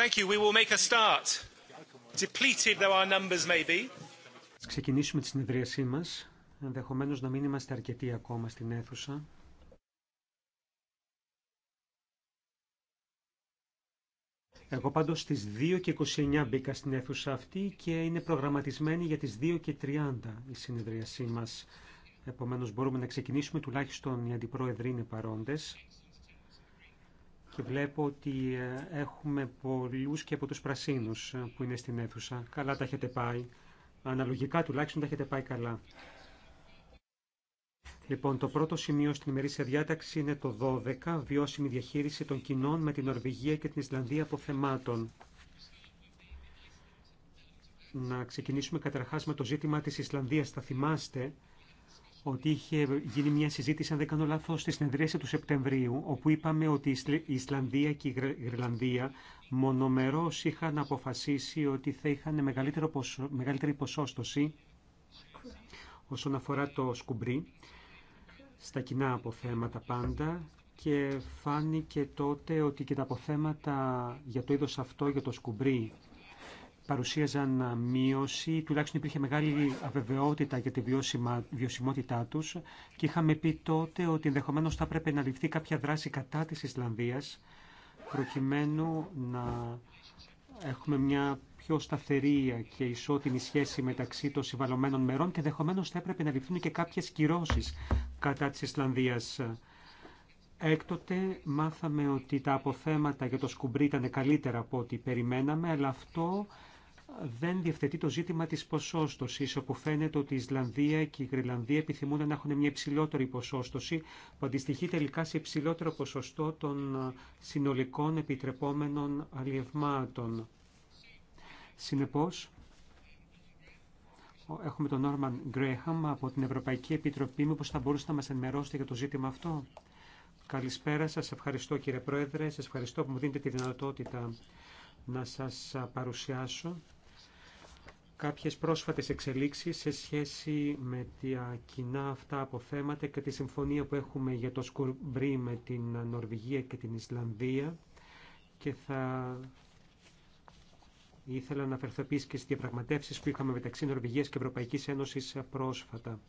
We will make a start. Depleted though our numbers may be. Ας ξεκινήσουμε τη συνεδρίασή μας. Ενδεχομένως να μην είμαστε αρκετοί ακόμα στην αίθουσα. Εγώ πάντως στις 2 και 29 μπήκα στην αίθουσα αυτή και είναι προγραμματισμένη για τις 2 και 30 η συνεδρίασή μας. Επομένως μπορούμε να ξεκινήσουμε, τουλάχιστον οι αντιπρόεδροι είναι παρόντες και βλέπω ότι ε, έχουμε πολλούς και από τους πρασίνους ε, που είναι στην αίθουσα. Καλά τα έχετε πάει. Αναλογικά τουλάχιστον τα έχετε πάει καλά. Λοιπόν, το πρώτο σημείο στην ημερήσια διάταξη είναι το 12, βιώσιμη διαχείριση των κοινών με την Νορβηγία και την Ισλανδία θεμάτων. Να ξεκινήσουμε καταρχάς με το ζήτημα της Ισλανδίας. Θα θυμάστε ότι είχε γίνει μια συζήτηση, αν δεν κάνω λάθο, στη συνεδρίαση του Σεπτεμβρίου, όπου είπαμε ότι η Ισλανδία και η Γρυλανδία μονομερό είχαν αποφασίσει ότι θα είχαν μεγαλύτερο μεγαλύτερη ποσόστοση όσον αφορά το σκουμπρί, στα κοινά αποθέματα πάντα, και φάνηκε τότε ότι και τα αποθέματα για το είδος αυτό, για το σκουμπρί, παρουσίαζαν μείωση, τουλάχιστον υπήρχε μεγάλη αβεβαιότητα για τη βιωσιμότητά του και είχαμε πει τότε ότι ενδεχομένω θα έπρεπε να ληφθεί κάποια δράση κατά τη Ισλανδία, προκειμένου να έχουμε μια πιο σταθερή και ισότιμη σχέση μεταξύ των συμβαλωμένων μερών και ενδεχομένω θα έπρεπε να ληφθούν και κάποιε κυρώσει κατά τη Ισλανδία. Έκτοτε μάθαμε ότι τα αποθέματα για το σκουμπρί ήταν καλύτερα από ό,τι περιμέναμε, αλλά αυτό δεν διευθετεί το ζήτημα της ποσόστοσης, όπου φαίνεται ότι η Ισλανδία και η Γρυλανδία επιθυμούν να έχουν μια υψηλότερη ποσόστοση, που αντιστοιχεί τελικά σε υψηλότερο ποσοστό των ε, συνολικών επιτρεπόμενων αλλιευμάτων. Συνεπώς, έχουμε τον Όρμαν Γκρέχαμ από την Ευρωπαϊκή Επιτροπή. Μήπως θα μπορούσατε να μας ενημερώσετε για το ζήτημα αυτό. Καλησπέρα σας, ευχαριστώ κύριε Πρόεδρε, σας ευχαριστώ που μου δίνετε τη δυνατότητα να σας ε, παρουσιάσω κάποιες πρόσφατες εξελίξεις σε σχέση με τα κοινά αυτά αποθέματα και τη συμφωνία που έχουμε για το Σκουρμπρί με την Νορβηγία και την Ισλανδία και θα ήθελα να αναφερθώ επίσης και στις διαπραγματεύσεις που είχαμε μεταξύ Νορβηγίας και Ευρωπαϊκής Ένωσης πρόσφατα.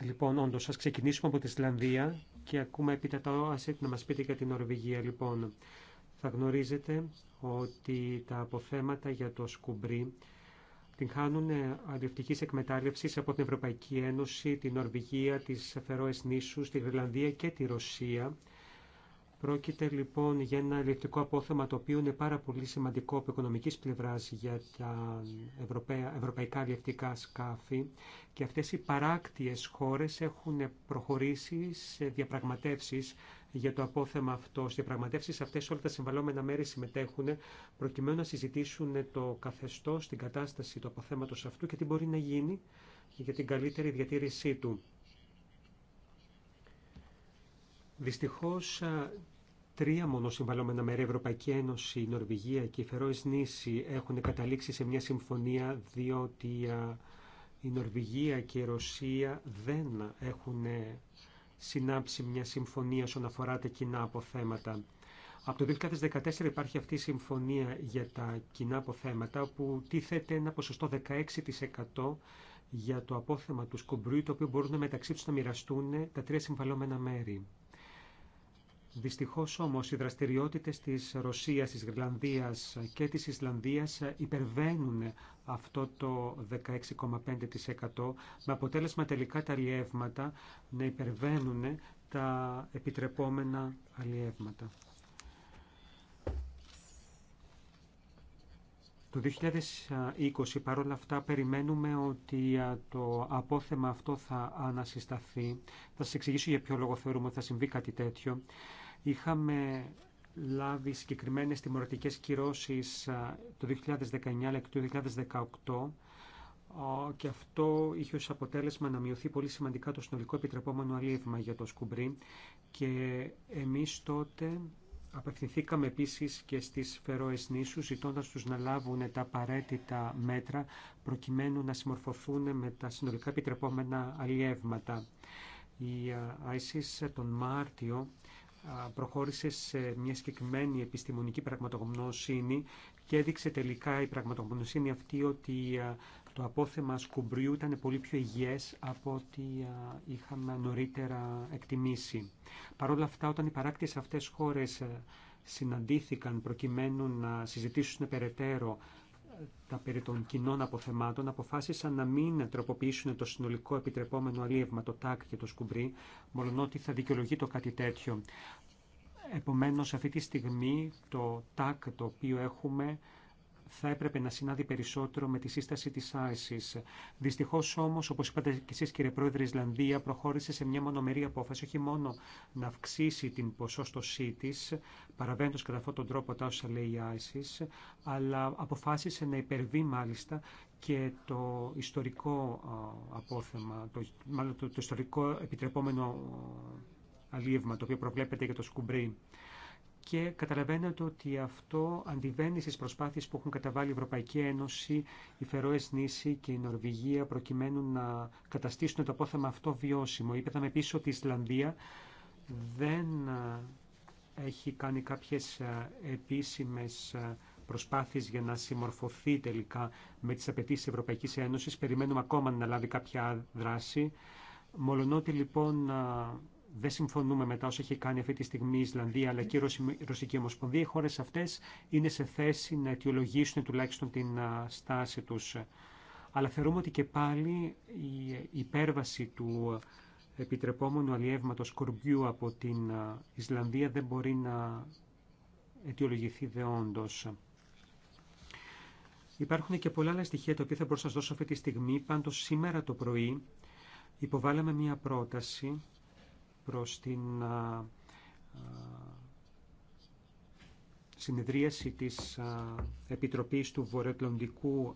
Λοιπόν, όντω, α ξεκινήσουμε από τη Ισλανδία και ακούμε έπειτα να μα πείτε για την Νορβηγία. Λοιπόν, θα γνωρίζετε ότι τα αποθέματα για το σκουμπρί την χάνουν ε, αλληλευτική εκμετάλλευση από την Ευρωπαϊκή Ένωση, την Νορβηγία, τι Φερόε νήσου, τη Γρυλανδία και τη Ρωσία. Πρόκειται λοιπόν για ένα αλληλευτικό απόθεμα το οποίο είναι πάρα πολύ σημαντικό από οικονομικής πλευράς για τα ευρωπαϊκά αλληλευτικά σκάφη και αυτές οι παράκτιες χώρες έχουν προχωρήσει σε διαπραγματεύσεις για το απόθεμα αυτό. Στι πραγματεύσει αυτέ όλα τα συμβαλώμενα μέρη συμμετέχουν προκειμένου να συζητήσουν το καθεστώ, την κατάσταση του αποθέματο αυτού και τι μπορεί να γίνει για την καλύτερη διατήρησή του. Δυστυχώς τρία μόνο συμβαλόμενα μέρη, Ευρωπαϊκή Ένωση, η Νορβηγία και η Φερόε Νήσι έχουν καταλήξει σε μια συμφωνία διότι η Νορβηγία και η Ρωσία δεν έχουν συνάψει μια συμφωνία όσον αφορά τα κοινά αποθέματα. Από το 2014 υπάρχει αυτή η συμφωνία για τα κοινά αποθέματα που τίθεται ένα ποσοστό 16% για το απόθεμα του Σκουμπρούι το οποίο μπορούν μεταξύ τους να μοιραστούν τα τρία συμβαλώμενα μέρη. Δυστυχώ όμω, οι δραστηριότητε τη Ρωσία, τη Γρυλανδία και τη Ισλανδία υπερβαίνουν αυτό το 16,5% με αποτέλεσμα τελικά τα αλλιεύματα να υπερβαίνουν τα επιτρεπόμενα αλλιεύματα. Το 2020 παρόλα αυτά περιμένουμε ότι το απόθεμα αυτό θα ανασυσταθεί. Θα σας εξηγήσω για ποιο λόγο θεωρούμε ότι θα συμβεί κάτι τέτοιο. Είχαμε λάβει συγκεκριμένες τιμωρητικές κυρώσεις το 2019 αλλά και το 2018 και αυτό είχε ως αποτέλεσμα να μειωθεί πολύ σημαντικά το συνολικό επιτρεπόμενο αλλιεύμα για το σκουμπρί και εμείς τότε Απευθυνθήκαμε επίσης και στις Φερόες νήσους, ζητώντα τους να λάβουν τα απαραίτητα μέτρα, προκειμένου να συμμορφωθούν με τα συνολικά επιτρεπόμενα αλλιεύματα. Η ΆΙΣΙΣ τον Μάρτιο προχώρησε σε μια συγκεκριμένη επιστημονική πραγματογνωσύνη και έδειξε τελικά η πραγματογνωσύνη αυτή ότι το απόθεμα σκουμπριού ήταν πολύ πιο υγιές από ό,τι είχαμε νωρίτερα εκτιμήσει. Παρ' όλα αυτά, όταν οι παράκτιες αυτές χώρες συναντήθηκαν προκειμένου να συζητήσουν περαιτέρω τα περί των κοινών αποθεμάτων αποφάσισαν να μην τροποποιήσουν το συνολικό επιτρεπόμενο αλίευμα, το τάκ και το σκουμπρί, ότι θα δικαιολογεί το κάτι τέτοιο. Επομένως, αυτή τη στιγμή το τάκ το οποίο έχουμε θα έπρεπε να συνάδει περισσότερο με τη σύσταση της ISIS. Δυστυχώ, όμως, όπως είπατε και εσεί, κύριε Πρόεδρε, η Ισλανδία προχώρησε σε μια μονομερή απόφαση, όχι μόνο να αυξήσει την ποσόστοσή τη, παραβαίνοντα κατά αυτόν τον τρόπο τα όσα λέει η ISIS, αλλά αποφάσισε να υπερβεί μάλιστα και το ιστορικό απόθεμα, το, μάλλον το, το ιστορικό επιτρεπόμενο αλίευμα, το οποίο προβλέπεται για το σκουμπρί και καταλαβαίνετε ότι αυτό αντιβαίνει στις προσπάθειες που έχουν καταβάλει η Ευρωπαϊκή Ένωση, η Φερόες Νήσι και η Νορβηγία προκειμένου να καταστήσουν το απόθεμα αυτό βιώσιμο. Είπαμε επίσης ότι η Ισλανδία δεν ε, έχει κάνει κάποιες ε, επίσημες ε, προσπάθειες για να συμμορφωθεί τελικά με τις απαιτήσεις της Ευρωπαϊκής Ένωσης. Περιμένουμε ακόμα να λάβει κάποια δράση. Μολονότι λοιπόν δεν συμφωνούμε μετά όσα έχει κάνει αυτή τη στιγμή η Ισλανδία αλλά και η Ρωσική Ομοσπονδία. Οι χώρε αυτέ είναι σε θέση να αιτιολογήσουν τουλάχιστον την στάση του. Αλλά θεωρούμε ότι και πάλι η υπέρβαση του επιτρεπόμενου αλλιεύματο κορμπιού από την Ισλανδία δεν μπορεί να αιτιολογηθεί δεόντω. Υπάρχουν και πολλά άλλα στοιχεία τα οποία θα μπορούσα να σα δώσω αυτή τη στιγμή. Πάντω, σήμερα το πρωί υποβάλαμε μία πρόταση προς την συνεδρίαση της Επιτροπής του Βορειοατλαντικού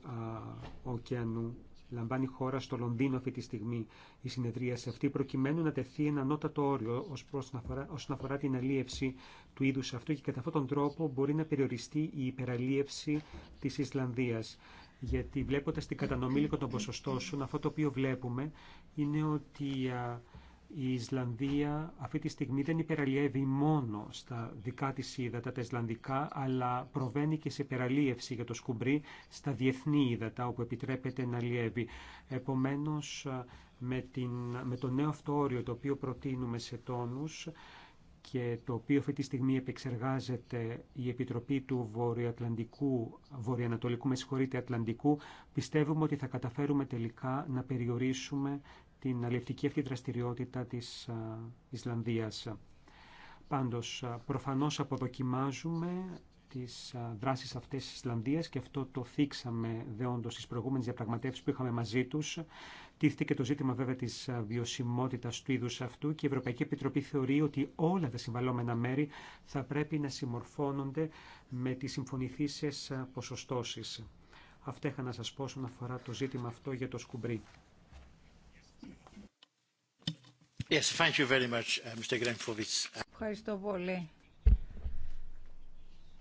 Ωκεανού λαμβάνει χώρα στο Λονδίνο αυτή τη στιγμή η συνεδρία αυτή, προκειμένου να τεθεί ένα ανώτατο όριο ως προς αφορά, όσον αφορά την αλίευση του είδους αυτού και κατά αυτόν τον τρόπο μπορεί να περιοριστεί η υπεραλίευση της Ισλανδίας. Γιατί βλέποντας την κατανομή των ποσοστώσεων, αυτό το οποίο βλέπουμε είναι ότι η Ισλανδία αυτή τη στιγμή δεν υπεραλλιεύει μόνο στα δικά της ύδατα, τα Ισλανδικά, αλλά προβαίνει και σε υπεραλλίευση για το σκουμπρί στα διεθνή ύδατα, όπου επιτρέπεται να λιεύει. Επομένως, με, την, με το νέο αυτό όριο το οποίο προτείνουμε σε τόνους, και το οποίο αυτή τη στιγμή επεξεργάζεται η Επιτροπή του Βορειοατλαντικού, Βορειοανατολικού, με Ατλαντικού, πιστεύουμε ότι θα καταφέρουμε τελικά να περιορίσουμε την αλληλευτική αυτή δραστηριότητα της Ισλανδίας. Πάντως, προφανώς αποδοκιμάζουμε τις δράσεις αυτές της Ισλανδίας και αυτό το θίξαμε δεόντως στις προηγούμενες διαπραγματεύσεις που είχαμε μαζί τους. Τίθεται το ζήτημα βέβαια της βιωσιμότητας του είδους αυτού και η Ευρωπαϊκή Επιτροπή θεωρεί ότι όλα τα συμβαλώμενα μέρη θα πρέπει να συμμορφώνονται με τις συμφωνηθήσεις ποσοστώσεις. Αυτά είχα να σας πω όσον αφορά το ζήτημα αυτό για το σκουμπρί. Ευχαριστώ πολύ.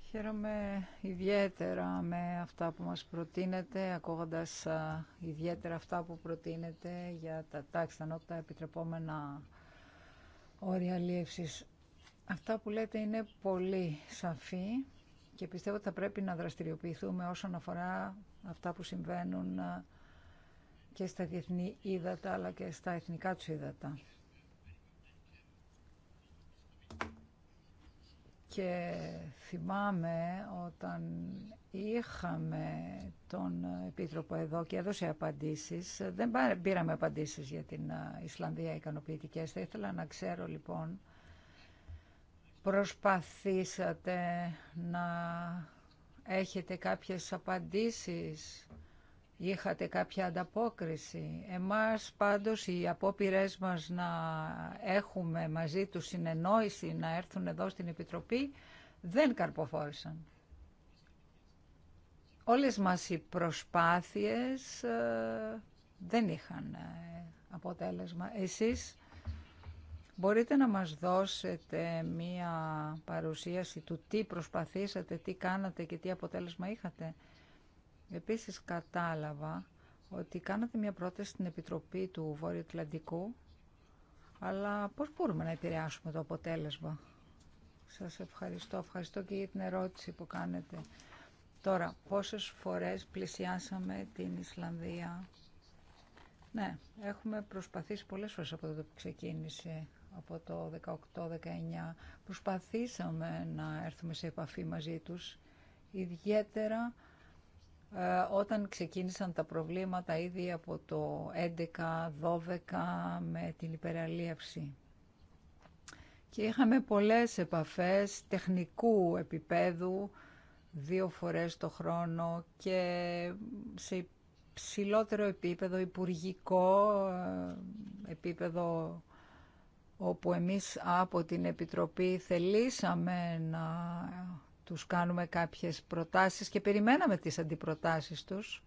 Χαίρομαι ιδιαίτερα με αυτά που μας προτείνετε, ακούγοντας ιδιαίτερα αυτά που προτείνετε για τα τάξη τα επιτρεπόμενα όρια λήψης. Αυτά που λέτε είναι πολύ σαφή και πιστεύω ότι θα πρέπει να δραστηριοποιηθούμε όσον αφορά αυτά που συμβαίνουν και στα διεθνή ύδατα αλλά και στα εθνικά τους ύδατα. Και θυμάμαι όταν είχαμε τον Επίτροπο εδώ και έδωσε απαντήσεις, δεν πήραμε απαντήσεις για την Ισλανδία ικανοποιητικές. Θα ήθελα να ξέρω λοιπόν, προσπαθήσατε να έχετε κάποιες απαντήσεις είχατε κάποια ανταπόκριση. Εμάς πάντως οι απόπειρέ μας να έχουμε μαζί τους συνεννόηση να έρθουν εδώ στην Επιτροπή δεν καρποφόρησαν. Όλες μας οι προσπάθειες ε, δεν είχαν ε, αποτέλεσμα. Εσείς μπορείτε να μας δώσετε μία παρουσίαση του τι προσπαθήσατε, τι κάνατε και τι αποτέλεσμα είχατε. Επίσης κατάλαβα ότι κάνατε μια πρόταση στην Επιτροπή του Βόρειο Ατλαντικού, αλλά πώς μπορούμε να επηρεάσουμε το αποτέλεσμα. Σας ευχαριστώ. Ευχαριστώ και για την ερώτηση που κάνετε. Τώρα, πόσες φορές πλησιάσαμε την Ισλανδία. Ναι, έχουμε προσπαθήσει πολλές φορές από τότε που ξεκίνησε, από το 18-19. Προσπαθήσαμε να έρθουμε σε επαφή μαζί τους, ιδιαίτερα ε, όταν ξεκίνησαν τα προβλήματα ήδη από το 11-12 με την υπεραλίευση. Και είχαμε πολλές επαφές τεχνικού επίπεδου, δύο φορές το χρόνο και σε ψηλότερο επίπεδο, υπουργικό ε, επίπεδο, όπου εμείς από την Επιτροπή θελήσαμε να τους κάνουμε κάποιες προτάσεις και περιμέναμε τις αντιπροτάσεις τους.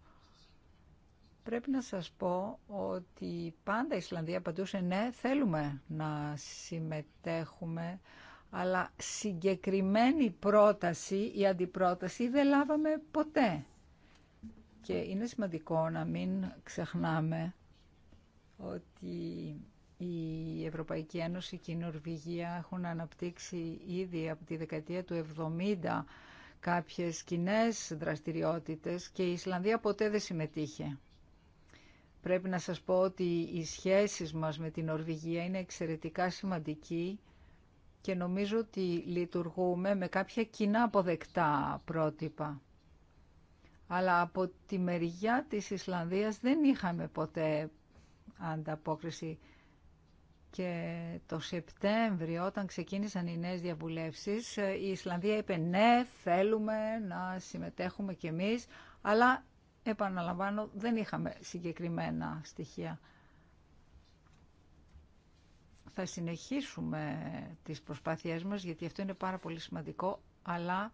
Πρέπει να σας πω ότι πάντα η Ισλανδία απαντούσε ναι, θέλουμε να συμμετέχουμε, αλλά συγκεκριμένη πρόταση ή αντιπρόταση δεν λάβαμε ποτέ. Και είναι σημαντικό να μην ξεχνάμε ότι η Ευρωπαϊκή Ένωση και η Νορβηγία έχουν αναπτύξει ήδη από τη δεκαετία του 70 κάποιες κοινέ δραστηριότητες και η Ισλανδία ποτέ δεν συμμετείχε. Πρέπει να σας πω ότι οι σχέσεις μας με την Νορβηγία είναι εξαιρετικά σημαντικοί και νομίζω ότι λειτουργούμε με κάποια κοινά αποδεκτά πρότυπα. Αλλά από τη μεριά της Ισλανδίας δεν είχαμε ποτέ ανταπόκριση και το Σεπτέμβριο όταν ξεκίνησαν οι νέες διαβουλεύσεις ε, η Ισλανδία είπε ναι θέλουμε να συμμετέχουμε κι εμείς αλλά επαναλαμβάνω δεν είχαμε συγκεκριμένα στοιχεία. Θα συνεχίσουμε τις προσπάθειές μας γιατί αυτό είναι πάρα πολύ σημαντικό αλλά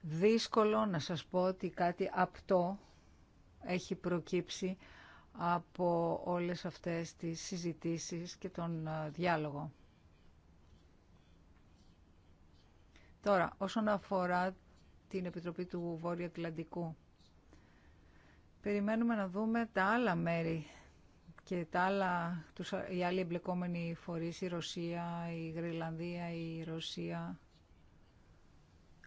δύσκολο να σας πω ότι κάτι απτό έχει προκύψει από όλες αυτές τις συζητήσεις και τον ε, διάλογο. Τώρα, όσον αφορά την Επιτροπή του Βόρειο Ατλαντικού, περιμένουμε να δούμε τα άλλα μέρη και τα άλλα, τους, οι άλλοι εμπλεκόμενοι φορείς, η Ρωσία, η Γρυλανδία, η Ρωσία,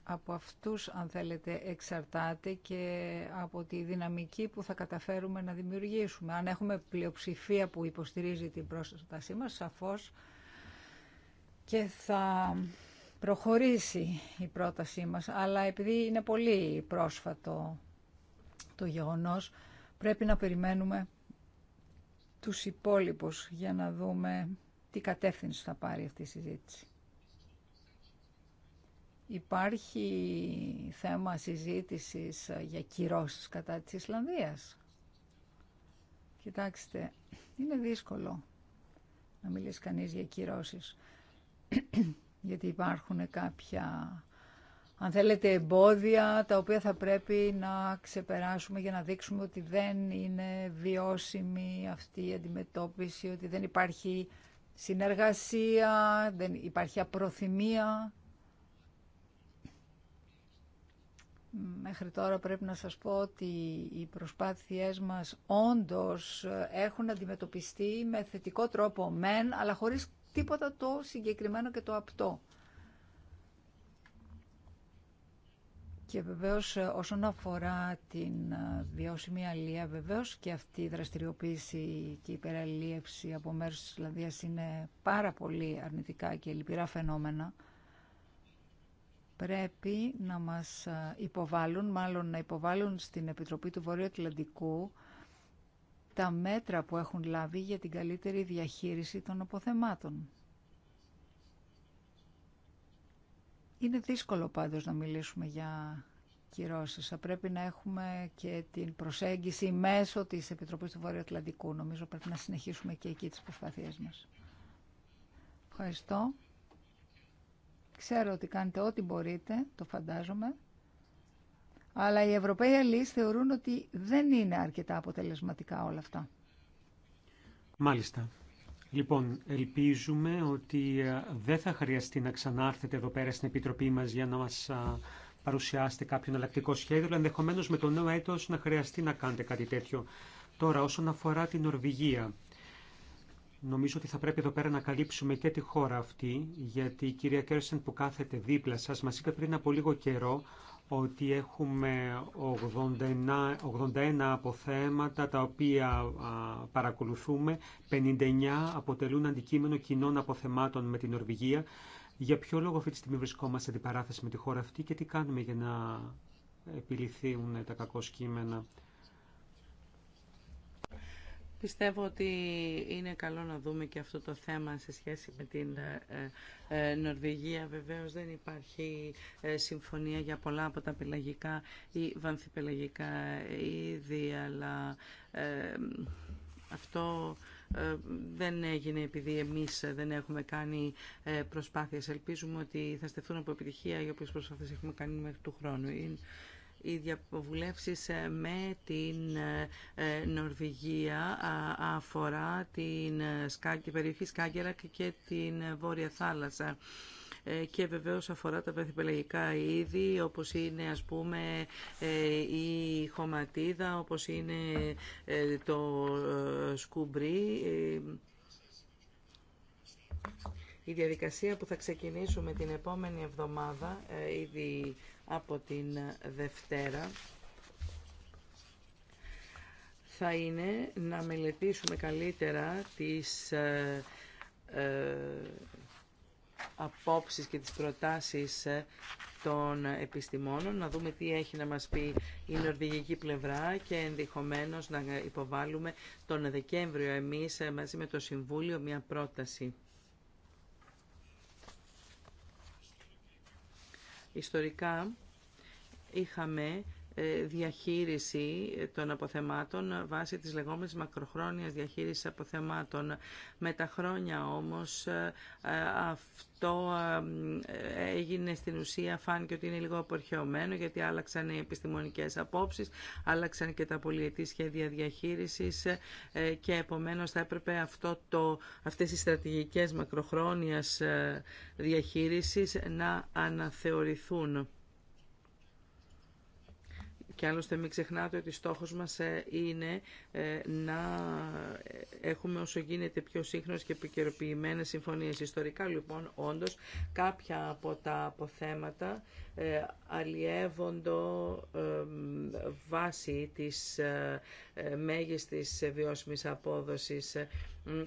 από αυτούς, αν θέλετε, εξαρτάται και από τη δυναμική που θα καταφέρουμε να δημιουργήσουμε. Αν έχουμε πλειοψηφία που υποστηρίζει την πρότασή μας, σαφώς και θα προχωρήσει η πρότασή μας. Αλλά επειδή είναι πολύ πρόσφατο το γεγονός, πρέπει να περιμένουμε τους υπόλοιπους για να δούμε τι κατεύθυνση θα πάρει αυτή η συζήτηση. Υπάρχει θέμα συζήτησης ε, για κυρώσεις κατά της Ισλανδίας. Κοιτάξτε, είναι δύσκολο να μιλήσει κανείς για κυρώσεις, γιατί υπάρχουν κάποια, αν θέλετε, εμπόδια τα οποία θα πρέπει να ξεπεράσουμε για να δείξουμε ότι δεν είναι βιώσιμη αυτή η αντιμετώπιση, ότι δεν υπάρχει συνεργασία, δεν υπάρχει απροθυμία Μέχρι τώρα πρέπει να σας πω ότι οι προσπάθειές μας όντως έχουν αντιμετωπιστεί με θετικό τρόπο μεν, αλλά χωρίς τίποτα το συγκεκριμένο και το απτό. Και βεβαίως όσον αφορά την βιώσιμη αλληλεία βεβαίως και αυτή η δραστηριοποίηση και η υπεραλλίευση από μέρους της Ισλανδίας είναι πάρα πολύ αρνητικά και λυπηρά φαινόμενα πρέπει να μας ε, υποβάλουν, μάλλον να υποβάλουν στην Επιτροπή του Βορείου Ατλαντικού τα μέτρα που έχουν λάβει για την καλύτερη διαχείριση των αποθεμάτων. Είναι δύσκολο πάντως να μιλήσουμε για κυρώσεις. Θα πρέπει να έχουμε και την προσέγγιση μέσω της Επιτροπής του Ατλαντικού. Νομίζω πρέπει να συνεχίσουμε και εκεί τις προσπάθειές μας. Ευχαριστώ. Ξέρω ότι κάνετε ό,τι μπορείτε, το φαντάζομαι. Αλλά οι Ευρωπαίοι αλληλείς θεωρούν ότι δεν είναι αρκετά αποτελεσματικά όλα αυτά. Μάλιστα. Λοιπόν, ελπίζουμε ότι ε, δεν θα χρειαστεί να ξανάρθετε εδώ πέρα στην Επιτροπή μας για να μας παρουσιάσετε κάποιο εναλλακτικό σχέδιο, αλλά ενδεχομένως με το νέο έτος να χρειαστεί να κάνετε κάτι τέτοιο. Τώρα, όσον αφορά την Νορβηγία, Νομίζω ότι θα πρέπει εδώ πέρα να καλύψουμε και τη χώρα αυτή, γιατί η κυρία Κέρσεν που κάθεται δίπλα σας μας είπε πριν από λίγο καιρό ότι έχουμε 81, 81 αποθέματα τα οποία παρακολουθούμε, 59 αποτελούν αντικείμενο κοινών αποθεμάτων με την Νορβηγία. Για ποιο λόγο αυτή τη στιγμή βρισκόμαστε αντιπαράθεση με τη χώρα αυτή και τι κάνουμε για να επιληθούν τα κακό κείμενα. Πιστεύω ότι είναι καλό να δούμε και αυτό το θέμα σε σχέση με την ε, ε, Νορβηγία. Βεβαίως δεν υπάρχει ε, συμφωνία για πολλά από τα πελαγικά ή βανθυπελαγικά είδη, αλλά αυτό δεν έγινε επειδή εμείς δεν έχουμε κάνει προσπάθειες. Ελπίζουμε ότι θα στεφθούν από επιτυχία οι οποίες προσπάθειες έχουμε κάνει μέχρι του χρόνου οι διαβουλεύσεις ε, με την ε, Νορβηγία αφορά ε, την, περιοχή Σκάγκερακ και την Βόρεια Θάλασσα και βεβαίως αφορά τα πεθυπελαγικά είδη όπως είναι ας πούμε η χωματίδα, όπως είναι το σκουμπρί. Η διαδικασία που θα ξεκινήσουμε την επόμενη εβδομάδα ήδη από την Δευτέρα θα είναι να μελετήσουμε καλύτερα τις ε, ε απόψεις και τις προτάσεις ε, των επιστημόνων, να δούμε τι έχει να μας πει η νορβηγική πλευρά και ενδεχομένως να υποβάλουμε τον Δεκέμβριο εμείς ε, μαζί με το Συμβούλιο μια πρόταση. Ιστορικά είχαμε ε, διαχείριση των αποθεμάτων βάσει της λεγόμενης μακροχρόνιας διαχείρισης αποθεμάτων. Με τα χρόνια όμως ε, αυτό ε, έγινε στην ουσία φάνηκε ότι είναι λίγο απορχαιωμένο γιατί άλλαξαν οι επιστημονικές απόψεις, άλλαξαν και τα πολιετή σχέδια διαχείρισης και επομένως θα έπρεπε αυτό το, αυτές οι στρατηγικές μακροχρόνιας διαχείρισης να αναθεωρηθούν. Και άλλωστε μην ξεχνάτε ότι στόχος μας ε, είναι ε, να έχουμε όσο γίνεται πιο σύγχρονες και επικαιροποιημένες συμφωνίες. Ιστορικά λοιπόν όντως κάποια από τα αποθέματα ε, αλλιεύονται βάση της μέγιστης βιώσιμης απόδοσης.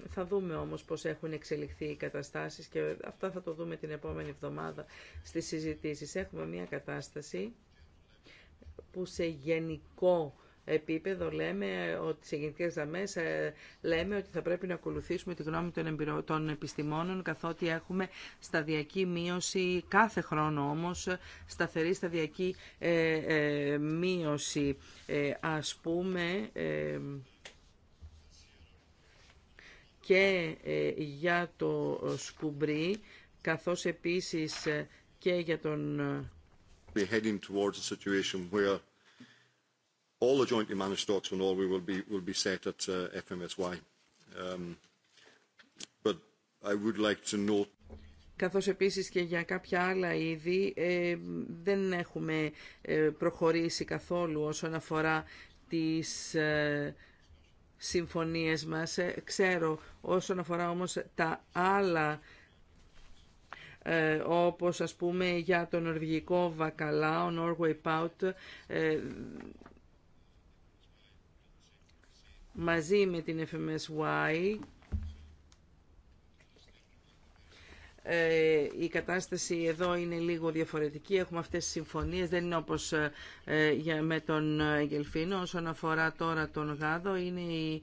Θα δούμε όμως πώς έχουν εξελιχθεί οι καταστάσεις και αυτά θα το δούμε την επόμενη εβδομάδα στις συζητήσεις. Έχουμε μια κατάσταση που σε γενικό επίπεδο λέμε ότι σε γενικές ε, λέμε ότι θα πρέπει να ακολουθήσουμε τη γνώμη των, επιστημόνων καθότι έχουμε σταδιακή μείωση κάθε χρόνο όμως σταθερή σταδιακή ε, ε μείωση ε, ας πούμε ε, και για το σκουμπρί καθώς επίσης και για τον be heading towards a situation where all the jointly managed stocks in Norway will be will be set at FMSY. But I would like to note καθώς επίσης και για κάποια άλλα είδη δεν έχουμε προχωρήσει καθόλου όσον αφορά τις συμφωνίες μας. Ξέρω όσον αφορά όμως τα άλλα ε, όπως ας πούμε για τον νορβηγικό βακαλάο, Norway Pout, ε, μαζί με την FMSY ε, η κατάσταση εδώ είναι λίγο διαφορετική. Έχουμε αυτές τις συμφωνίες, δεν είναι όπως με τον Γελφίνο. Όσον αφορά τώρα τον Γάδο, είναι η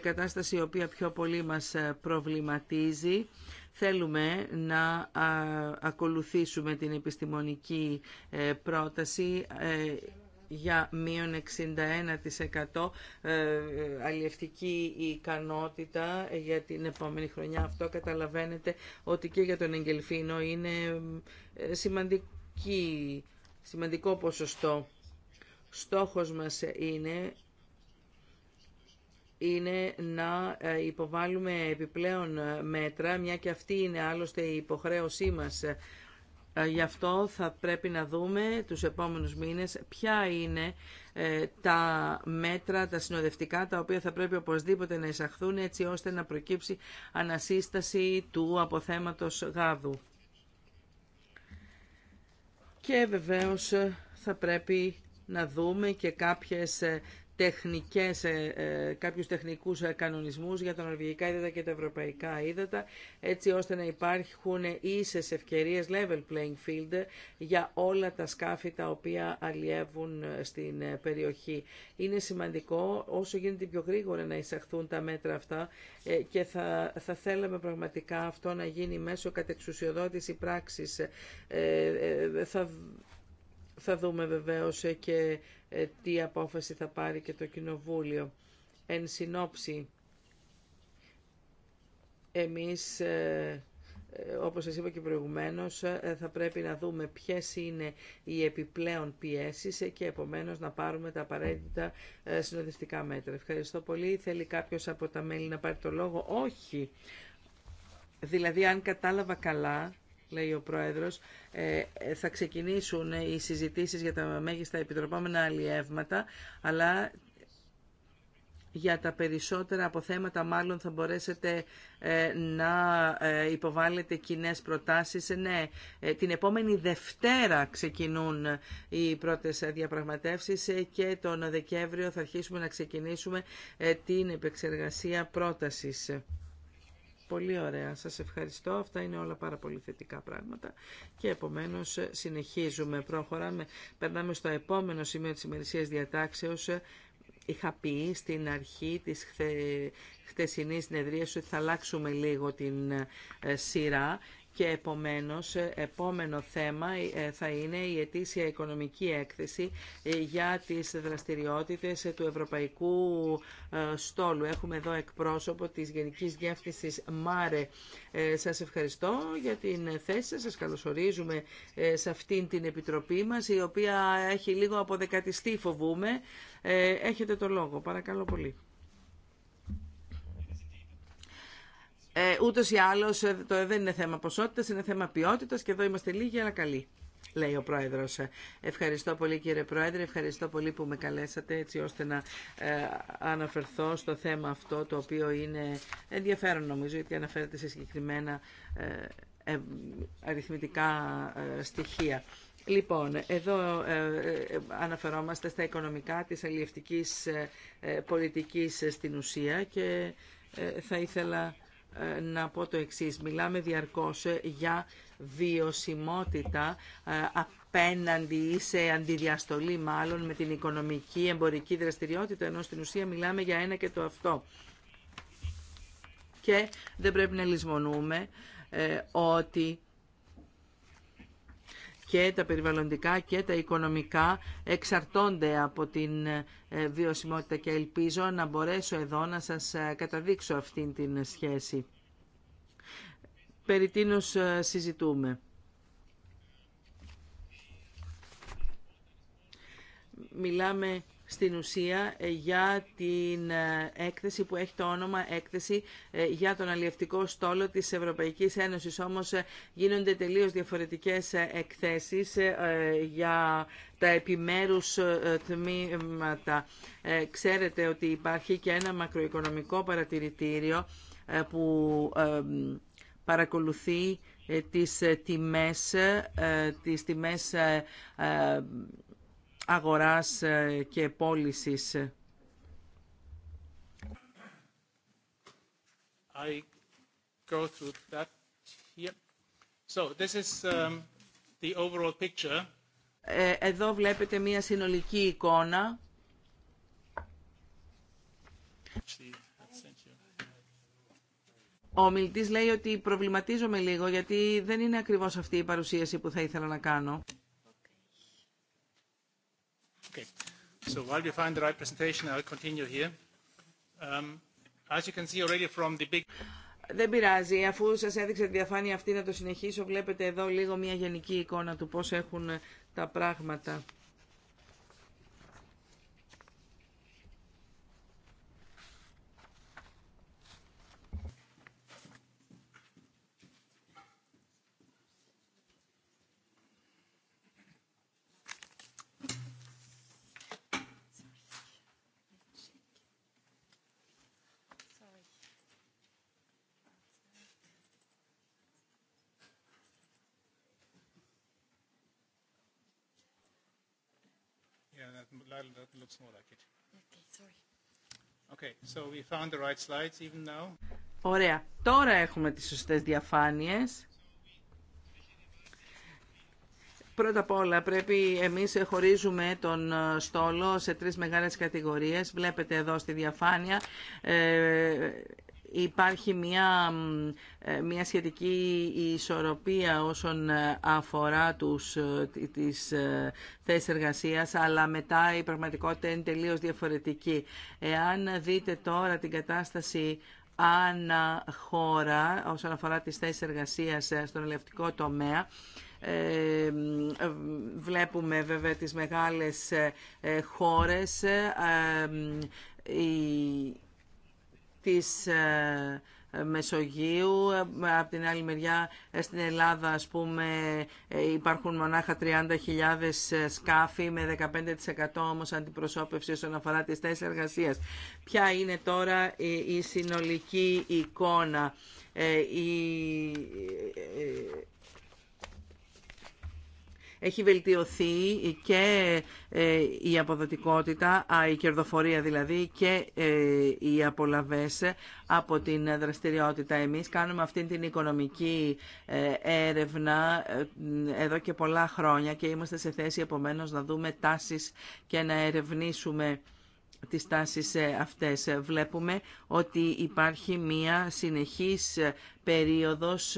κατάσταση η οποία πιο πολύ μας προβληματίζει. Θέλουμε να ακολουθήσουμε την επιστημονική ε, πρόταση ε, για μείον 61% ε, αλλιευτική ικανότητα για την επόμενη χρονιά. Αυτό καταλαβαίνετε ότι και για τον Εγγελφίνο είναι σημαντική, σημαντικό ποσοστό. Στόχος μας είναι είναι να ε, υποβάλουμε επιπλέον ε, μέτρα, μια και αυτή είναι άλλωστε η υποχρέωσή μας. Ε, γι' αυτό θα πρέπει να δούμε τους επόμενους μήνες ποια είναι τα μέτρα, τα συνοδευτικά, τα οποία θα πρέπει οπωσδήποτε να εισαχθούν έτσι ώστε να προκύψει ανασύσταση του αποθέματος γάδου. Και βεβαίως θα πρέπει να δούμε και κάποιες τεχνικές, ε, ε, κάποιους τεχνικούς ε, κανονισμούς για τα νορβηγικά ύδατα και τα ευρωπαϊκά ύδατα, έτσι ώστε να υπάρχουν ίσες ευκαιρίες level playing field για όλα τα σκάφη τα οποία αλλιεύουν στην περιοχή. Είναι σημαντικό όσο γίνεται πιο γρήγορα να εισαχθούν τα μέτρα αυτά και θα, θα θέλαμε πραγματικά αυτό να γίνει μέσω κατεξουσιοδότηση πράξης. θα, θα δούμε βεβαίως και ε, τι απόφαση θα πάρει και το Κοινοβούλιο. Εν συνόψη, εμείς ε, ε, όπως σας είπα και προηγουμένως, θα πρέπει να δούμε ποιες είναι οι επιπλέον πιέσεις και επομένως να πάρουμε τα απαραίτητα συνοδευτικά μέτρα. Ευχαριστώ πολύ. Θέλει κάποιος από τα μέλη να πάρει το λόγο. Όχι. Δηλαδή, αν κατάλαβα καλά, λέει ο Πρόεδρος, ε, θα ξεκινήσουν οι συζητήσεις για τα μέγιστα επιτροπόμενα αλλιεύματα, αλλά για τα περισσότερα από θέματα μάλλον θα μπορέσετε ε, να ε, υποβάλλετε κοινέ προτάσεις. Ναι, την επόμενη Δευτέρα ξεκινούν οι πρώτες διαπραγματεύσεις και τον Δεκέμβριο θα αρχίσουμε να ξεκινήσουμε την επεξεργασία πρότασης. Πολύ ωραία. Σας ευχαριστώ. Αυτά είναι όλα πάρα πολύ θετικά πράγματα και επομένως συνεχίζουμε. Προχωράμε, περνάμε στο επόμενο σημείο της ημερησίας διατάξεως. Είχα πει στην αρχή της χθε, χτεσινής συνεδρίας ότι θα αλλάξουμε λίγο την ε, σειρά και επομένως ε, επόμενο θέμα ε, θα είναι η ετήσια οικονομική έκθεση ε, για τις δραστηριότητες του Ευρωπαϊκού Στόλου. Έχουμε εδώ εκπρόσωπο της Γενικής Διεύθυνσης ΜΑΡΕ. Σας ευχαριστώ για την θέση σας. Σας καλωσορίζουμε σε αυτήν την επιτροπή μας η οποία έχει λίγο αποδεκατιστεί φοβούμε. Έχετε το λόγο. Παρακαλώ πολύ. Ε, ούτως ή άλλως ε, το ε, δεν είναι θέμα ποσότητας, είναι θέμα ποιότητας και εδώ είμαστε λίγοι αλλά καλοί. Λέει ο πρόεδρο. Ε, ευχαριστώ πολύ κύριε Πρόεδρε, ευχαριστώ πολύ που με καλέσατε έτσι ώστε να αναφερθώ στο θέμα αυτό το οποίο είναι ενδιαφέρον νομίζω γιατί αναφέρεται σε συγκεκριμένα αριθμητικά στοιχεία. Λοιπόν, εδώ αναφερόμαστε στα οικονομικά της αλληλευτικής πολιτικής στην ουσία και θα ήθελα ε, να πω το εξής. Μιλάμε διαρκώς για βιωσιμότητα ε, απέναντι ή σε αντιδιαστολή μάλλον με την οικονομική εμπορική δραστηριότητα, ενώ στην ουσία μιλάμε για ένα και το αυτό. Και δεν πρέπει να λησμονούμε ε, ότι και τα περιβαλλοντικά και τα οικονομικά εξαρτώνται από την ε, βιωσιμότητα και ελπίζω να μπορέσω εδώ να σας ε, καταδείξω αυτήν την σχέση. Περί ε, συζητούμε. Μιλάμε στην ουσία ε, για την ε, έκθεση που έχει το όνομα έκθεση ε, για τον αλλιευτικό στόλο της Ευρωπαϊκής Ένωσης. Όμως γίνονται τελείως διαφορετικές εκθέσεις για τα επιμέρους τμήματα. Ξέρετε ότι υπάρχει και ένα μακροοικονομικό παρατηρητήριο που παρακολουθεί τις τιμές, τις τιμές αγοράς ε, και πώλησης. Εδώ βλέπετε μία συνολική εικόνα. Ο μιλητής λέει ότι προβληματίζομαι λίγο γιατί δεν είναι ακριβώς αυτή η παρουσίαση που θα ήθελα να κάνω. Δεν πειράζει. Αφού σας έδειξε τη διαφάνεια αυτή να το συνεχίσω, βλέπετε εδώ λίγο μια γενική εικόνα του πώς έχουν τα πράγματα. looks Ωραία. Τώρα έχουμε τις σωστές διαφάνειες. Πρώτα απ' όλα πρέπει εμείς χωρίζουμε τον ε, στόλο σε τρεις μεγάλες κατηγορίες. Βλέπετε εδώ στη διαφάνεια ε, υπάρχει μια, ε, μια σχετική ισορροπία όσον αφορά τους, ε, τις ε, θέσεις εργασίας, αλλά μετά η πραγματικότητα είναι τελείως διαφορετική. Εάν δείτε τώρα την κατάσταση ανά χώρα όσον αφορά τις θέσεις εργασίας στον ελευτικό τομέα, ε, βλέπουμε βέβαια τις μεγάλες χώρες της ε, Μεσογείου, ε, από την άλλη μεριά ε, στην Ελλάδα ας πούμε υπάρχουν μονάχα 30.000 σκάφη με 15% όμως αντιπροσώπευση όσον αφορά τις θέσεις εργασίας. Ποια είναι τώρα η συνολική εικόνα. Η έχει βελτιωθεί και ε, η αποδοτικότητα, η κερδοφορία δηλαδή και ε, οι απολαβές από την δραστηριότητα. Εμείς κάνουμε αυτή την οικονομική ε, έρευνα εδώ και πολλά χρόνια και είμαστε σε θέση επομένως να δούμε τάσεις και να ερευνήσουμε τις τάσεις ε, αυτές. Ε, βλέπουμε ότι υπάρχει μία συνεχής ε, περίοδος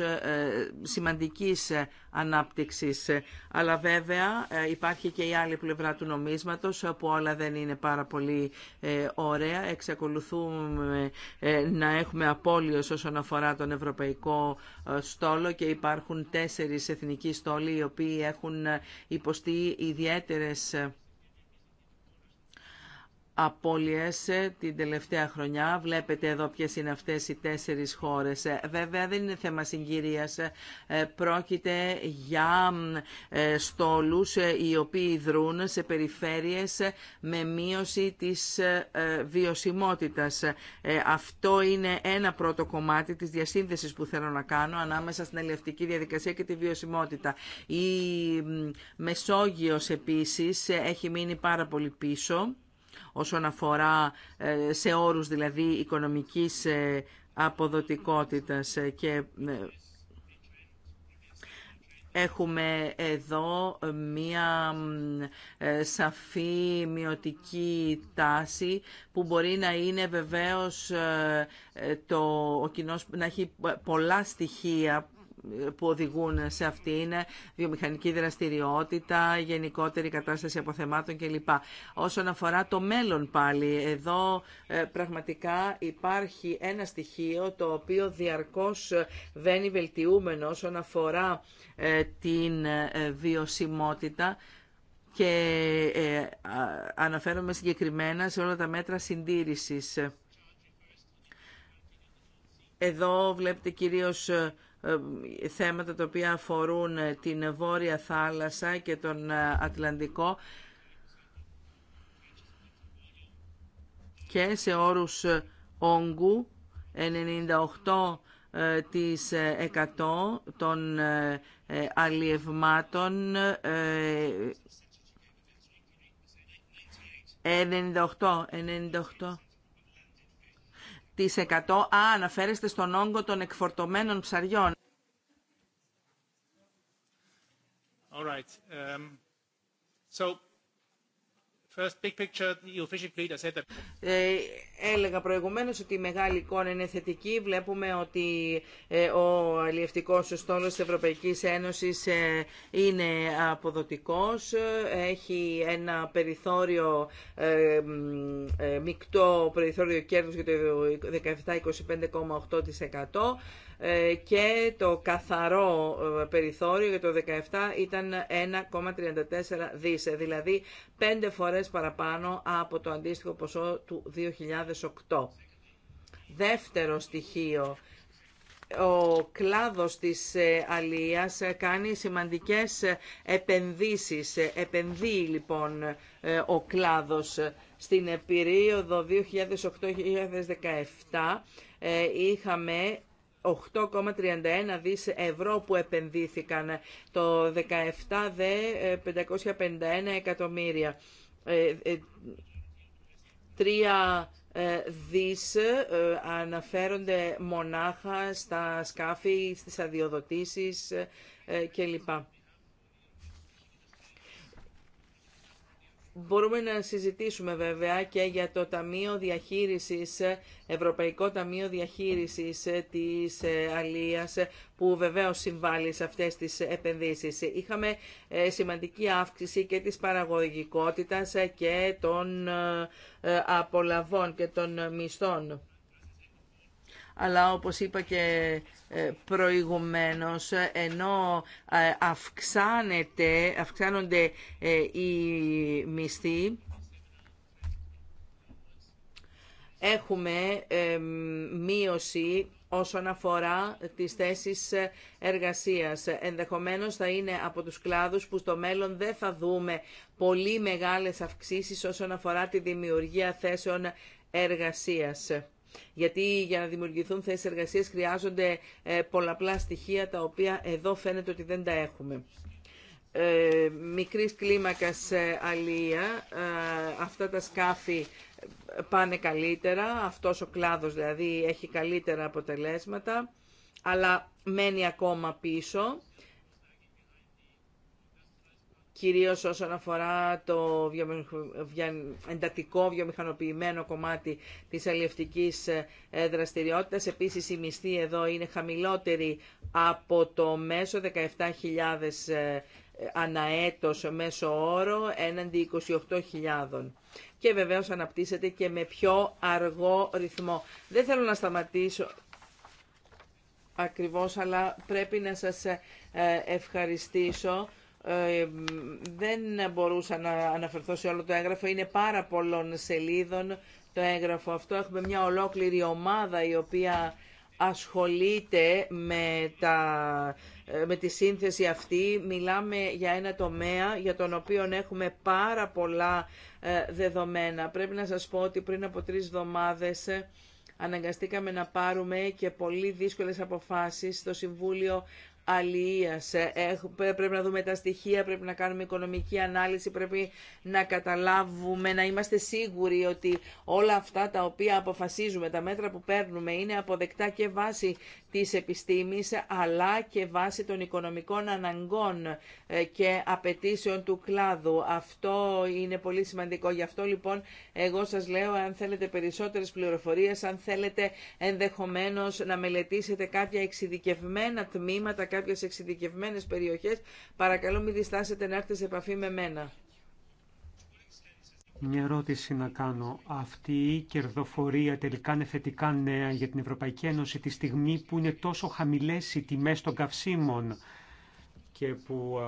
σημαντικής ανάπτυξης. Αλλά βέβαια υπάρχει και η άλλη πλευρά του νομίσματος που όλα δεν είναι πάρα πολύ ωραία. Εξακολουθούμε να έχουμε απώλειες όσον αφορά τον ευρωπαϊκό στόλο και υπάρχουν τέσσερις εθνικοί στόλοι οι οποίοι έχουν υποστεί ιδιαίτερες απώλειες ε, την τελευταία χρονιά. Βλέπετε εδώ ποιες είναι αυτές οι τέσσερις χώρες. Ε, βέβαια δεν είναι θέμα συγκυρίας. Ε, πρόκειται για στόλους οι οποίοι δρούν σε περιφέρειες με μείωση της βιωσιμότητας. Αυτό είναι ένα πρώτο κομμάτι της διασύνδεσης που θέλω να κάνω ανάμεσα στην ελευτική διαδικασία και τη βιωσιμότητα. Η Μεσόγειος επίσης έχει μείνει πάρα πολύ πίσω όσον αφορά ε, σε όρους δηλαδή οικονομικής ε, αποδοτικότητας ε, και Έχουμε εδώ μία σαφή μειωτική τάση που μπορεί να είναι βεβαίως το, ο να έχει πολλά στοιχεία που οδηγούν σε αυτήν, βιομηχανική δραστηριότητα, γενικότερη κατάσταση αποθεμάτων κλπ. Όσον αφορά το μέλλον πάλι, εδώ ε, πραγματικά υπάρχει ένα στοιχείο το οποίο διαρκώς βαίνει βελτιούμενο όσον αφορά ε, την ε, βιωσιμότητα και αναφέρομαι συγκεκριμένα σε όλα τα μέτρα συντήρησης. Εδώ βλέπετε κυρίως ε, θέματα τα οποία αφορούν ε, την Βόρεια Θάλασσα και τον ε, Ατλαντικό και σε όρους όγκου 98% της 100 των αλλιευμάτων 98, 98 α αναφέρεστε στον όγκο των εκφορτωμένων ψαριών. Um, ε, έλεγα προηγουμένως ότι η μεγάλη εικόνα είναι θετική. Βλέπουμε ότι ε, ο αλλιευτικός στόλος της Ευρωπαϊκής Ένωσης ε, είναι αποδοτικός, έχει ένα περιθώριο μεικτό περιθώριο κέρδους για το 17-25,8% ε, και το καθαρό ε, περιθώριο για το 17 ήταν 1,34 δις, ε, δηλαδή πέντε φορές παραπάνω από το αντίστοιχο ποσό του 2008. Δεύτερο στοιχείο, ο κλάδος της αλίας κάνει σημαντικές επενδύσεις. Επενδύει λοιπόν ο κλάδος στην περίοδο 2008-2017 είχαμε 8,31 δις ευρώ που επενδύθηκαν το 17 δε 551 ε, εκατομμύρια. 3 ε, ε, δις αναφέρονται μονάχα στα σκάφη, στις αδειοδοτήσεις κλπ. Μπορούμε να συζητήσουμε βέβαια και για το Ταμείο Διαχείρισης, Ευρωπαϊκό Ταμείο Διαχείρισης της ε, Αλίας, που βεβαίως συμβάλλει σε αυτές τις επενδύσεις. Είχαμε ε, σημαντική αύξηση και της παραγωγικότητας ε, και των απολαβών και των μισθών αλλά όπως είπα και ε, προηγουμένως, ενώ ε, αυξάνεται, αυξάνονται ε, οι μισθοί, έχουμε μείωση όσον αφορά τις θέσεις εργασίας. Ενδεχομένως θα είναι από τους κλάδους που στο μέλλον δεν θα δούμε πολύ μεγάλες αυξήσεις όσον αφορά τη δημιουργία θέσεων εργασίας. Γιατί για να δημιουργηθούν θέσει εργασία χρειάζονται ε, πολλαπλά στοιχεία τα οποία εδώ φαίνεται ότι δεν τα έχουμε. Ε, μικρής κλίμακας ε, αλία, αυτά τα σκάφη πάνε καλύτερα, αυτός ο κλάδος δηλαδή έχει καλύτερα αποτελέσματα, αλλά μένει ακόμα πίσω κυρίως όσον αφορά το εντατικό βιομηχανοποιημένο κομμάτι της αλλιευτικής ε, δραστηριότητας. Επίσης η μισθή εδώ είναι χαμηλότερη από το μέσο 17.000 ε, αναέτος μέσο όρο έναντι 28.000. Και βεβαίως αναπτύσσεται και με πιο αργό ρυθμό. Δεν θέλω να σταματήσω ακριβώς, αλλά πρέπει να σας ε, ευχαριστήσω ε, δεν μπορούσα να αναφερθώ σε όλο το έγγραφο. Είναι πάρα πολλών σελίδων το έγγραφο αυτό. Έχουμε μια ολόκληρη ομάδα η οποία ασχολείται με, τα, ε, με τη σύνθεση αυτή. Μιλάμε για ένα τομέα για τον οποίο έχουμε πάρα πολλά ε, δεδομένα. Πρέπει να σας πω ότι πριν από τρεις εβδομάδες αναγκαστήκαμε να πάρουμε και πολύ δύσκολες αποφάσεις στο Συμβούλιο αλίας. Ε, πρέπει να δούμε τα στοιχεία, πρέπει να κάνουμε οικονομική ανάλυση, πρέπει να καταλάβουμε, να είμαστε σίγουροι ότι όλα αυτά τα οποία αποφασίζουμε, τα μέτρα που παίρνουμε είναι αποδεκτά και βάση της επιστήμης αλλά και βάσει των οικονομικών αναγκών ε, και απαιτήσεων του κλάδου. Αυτό είναι πολύ σημαντικό. Γι' αυτό λοιπόν εγώ σας λέω αν θέλετε περισσότερες πληροφορίες, αν θέλετε ενδεχομένως να μελετήσετε κάποια εξειδικευμένα τμήματα, κάποιες εξειδικευμένες περιοχές, παρακαλώ μην διστάσετε να έρθετε σε επαφή με μένα. Μια ερώτηση να κάνω. Αυτή η κερδοφορία τελικά είναι θετικά νέα για την Ευρωπαϊκή Ένωση τη στιγμή που είναι τόσο χαμηλές οι τιμές των καυσίμων και που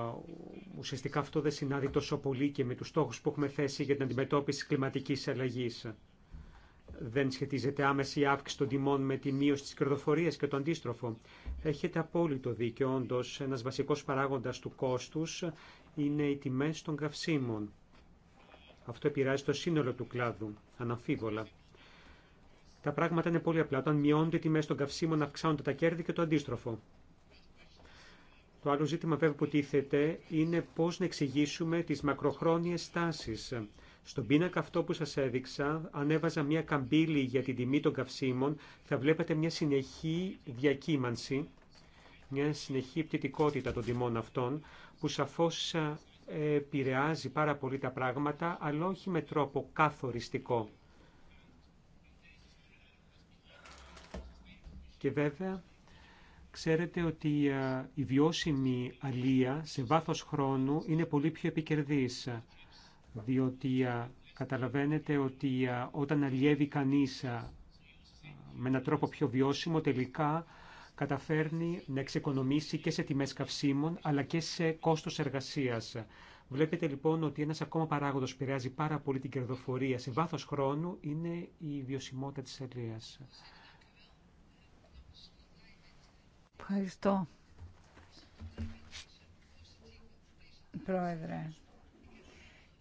ουσιαστικά αυτό δεν συνάδει τόσο πολύ και με τους στόχους που έχουμε θέσει για την αντιμετώπιση της κλιματικής αλλαγής. Δεν σχετίζεται άμεση η αύξηση των τιμών με τη μείωση της κερδοφορίας και το αντίστροφο. Έχετε απόλυτο δίκιο, όντως, ένας βασικός παράγοντας του κόστους είναι οι τιμές των καυσίμων. Αυτό επηρεάζει το σύνολο του κλάδου, αναμφίβολα. Τα πράγματα είναι πολύ απλά. Όταν μειώνονται οι τιμέ των καυσίμων, αυξάνονται τα κέρδη και το αντίστροφο. Το άλλο ζήτημα βέβαια που τίθεται είναι πώ να εξηγήσουμε τι μακροχρόνιε τάσει. Στον πίνακα αυτό που σα έδειξα, αν έβαζα μια καμπύλη για την τιμή των καυσίμων, θα βλέπετε μια συνεχή διακύμανση, μια συνεχή πτυτικότητα των τιμών αυτών, που σαφώ επηρεάζει πάρα πολύ τα πράγματα, αλλά όχι με τρόπο καθοριστικό. Και βέβαια, ξέρετε ότι η βιώσιμη αλία σε βάθος χρόνου είναι πολύ πιο επικερδής, διότι καταλαβαίνετε ότι όταν αλλιεύει κανείς με έναν τρόπο πιο βιώσιμο, τελικά καταφέρνει να εξοικονομήσει και σε τιμές καυσίμων αλλά και σε κόστος εργασίας. Βλέπετε λοιπόν ότι ένας ακόμα παράγοντας που επηρεάζει πάρα πολύ την κερδοφορία σε βάθος χρόνου είναι η βιωσιμότητα της εταιρεία. Ευχαριστώ. Πρόεδρε,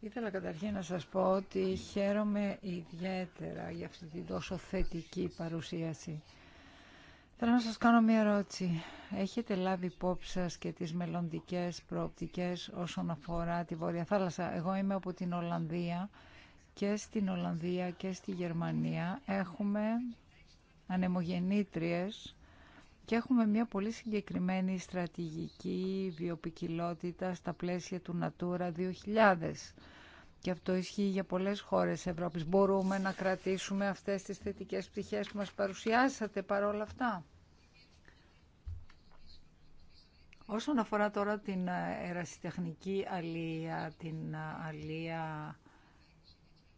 ήθελα καταρχήν να σας πω ότι χαίρομαι ιδιαίτερα για αυτή την τόσο θετική παρουσίαση. Θέλω να σας κάνω μια ερώτηση. Έχετε λάβει υπόψη και τις μελλοντικέ προοπτικές όσον αφορά τη Βόρεια Θάλασσα. Εγώ είμαι από την Ολλανδία και στην Ολλανδία και στη Γερμανία έχουμε ανεμογεννήτριες και έχουμε μια πολύ συγκεκριμένη στρατηγική βιοπικιλότητα στα πλαίσια του Natura 2000. Και αυτό ισχύει για πολλές χώρες Ευρώπης. Μπορούμε να κρατήσουμε αυτές τις θετικές πτυχές που μας παρουσιάσατε παρόλα αυτά. Όσον αφορά τώρα την ε, ερασιτεχνική αλία, την ε, αλία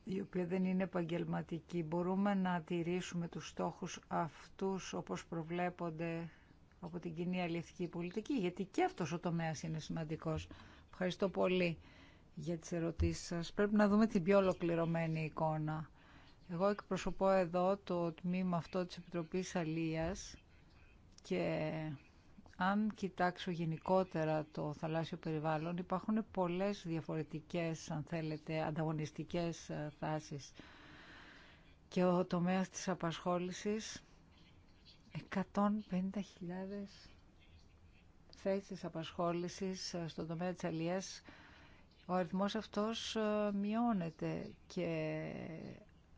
η οποία δεν είναι επαγγελματική, μπορούμε να τηρήσουμε τους στόχους αυτούς όπως προβλέπονται από την κοινή αλληλευτική πολιτική, γιατί και αυτός ο τομέας είναι σημαντικός. Ευχαριστώ πολύ για τις ερωτήσεις σας. Πρέπει να δούμε την πιο ολοκληρωμένη εικόνα. Εγώ εκπροσωπώ εδώ το τμήμα αυτό της Επιτροπής Αλίας και αν κοιτάξω γενικότερα το θαλάσσιο περιβάλλον υπάρχουν πολλές διαφορετικές, αν θέλετε, ανταγωνιστικές θάσεις ε, και ο τομέας της απασχόλησης 150.000 θέσεις απασχόλησης ε, στον τομέα της αλίας ο αριθμός αυτός ε, μειώνεται και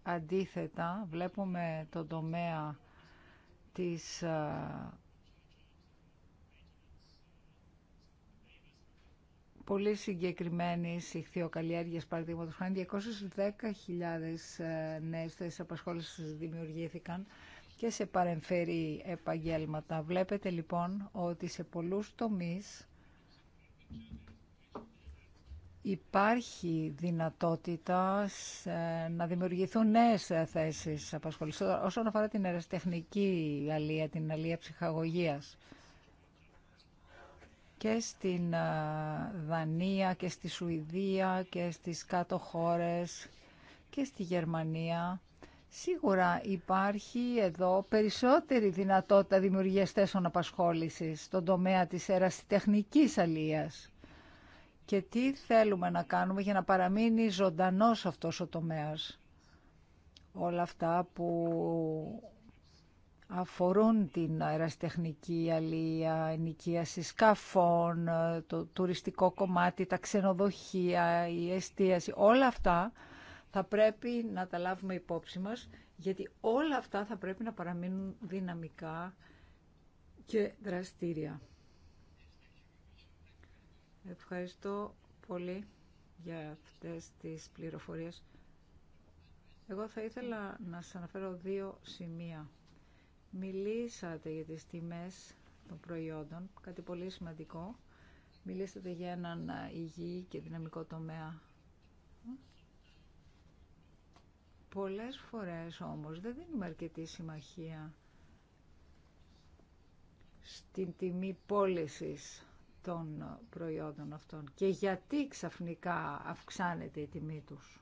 αντίθετα βλέπουμε τον τομέα της ε, πολύ συγκεκριμένη ηχθειοκαλλιέργεια, παραδείγματο χάρη, 210.000 ε, νέε θέσει απασχόληση δημιουργήθηκαν και σε παρεμφερή επαγγέλματα. Βλέπετε λοιπόν ότι σε πολλούς τομείς υπάρχει δυνατότητα να δημιουργηθούν νέε θέσει απασχόλησης όσον αφορά την αεραστεχνική αλία, την αλία ψυχαγωγία. Και στην Δανία και στη Σουηδία και στις κάτω χώρες και στη Γερμανία. Σίγουρα υπάρχει εδώ περισσότερη δυνατότητα δημιουργίας θέσεων απασχόλησης στον τομέα της αεραστεχνικής αλίας και τι θέλουμε να κάνουμε για να παραμείνει ζωντανός αυτός ο τομέας. Όλα αυτά που αφορούν την αεραστεχνική αλληλεία, ενοικίαση σκαφών, το τουριστικό κομμάτι, τα ξενοδοχεία, η εστίαση, όλα αυτά θα πρέπει να τα λάβουμε υπόψη μας, γιατί όλα αυτά θα πρέπει να παραμείνουν δυναμικά και δραστήρια. Ευχαριστώ πολύ για αυτές τις πληροφορίες. Εγώ θα ήθελα να σας αναφέρω δύο σημεία. Μιλήσατε για τις τιμές των προϊόντων, κάτι πολύ σημαντικό. Μιλήσατε για έναν υγιή και δυναμικό τομέα. Πολλές φορές όμως δεν δίνουμε αρκετή συμμαχία στην τιμή πώλησης των προϊόντων αυτών και γιατί ξαφνικά αυξάνεται η τιμή τους.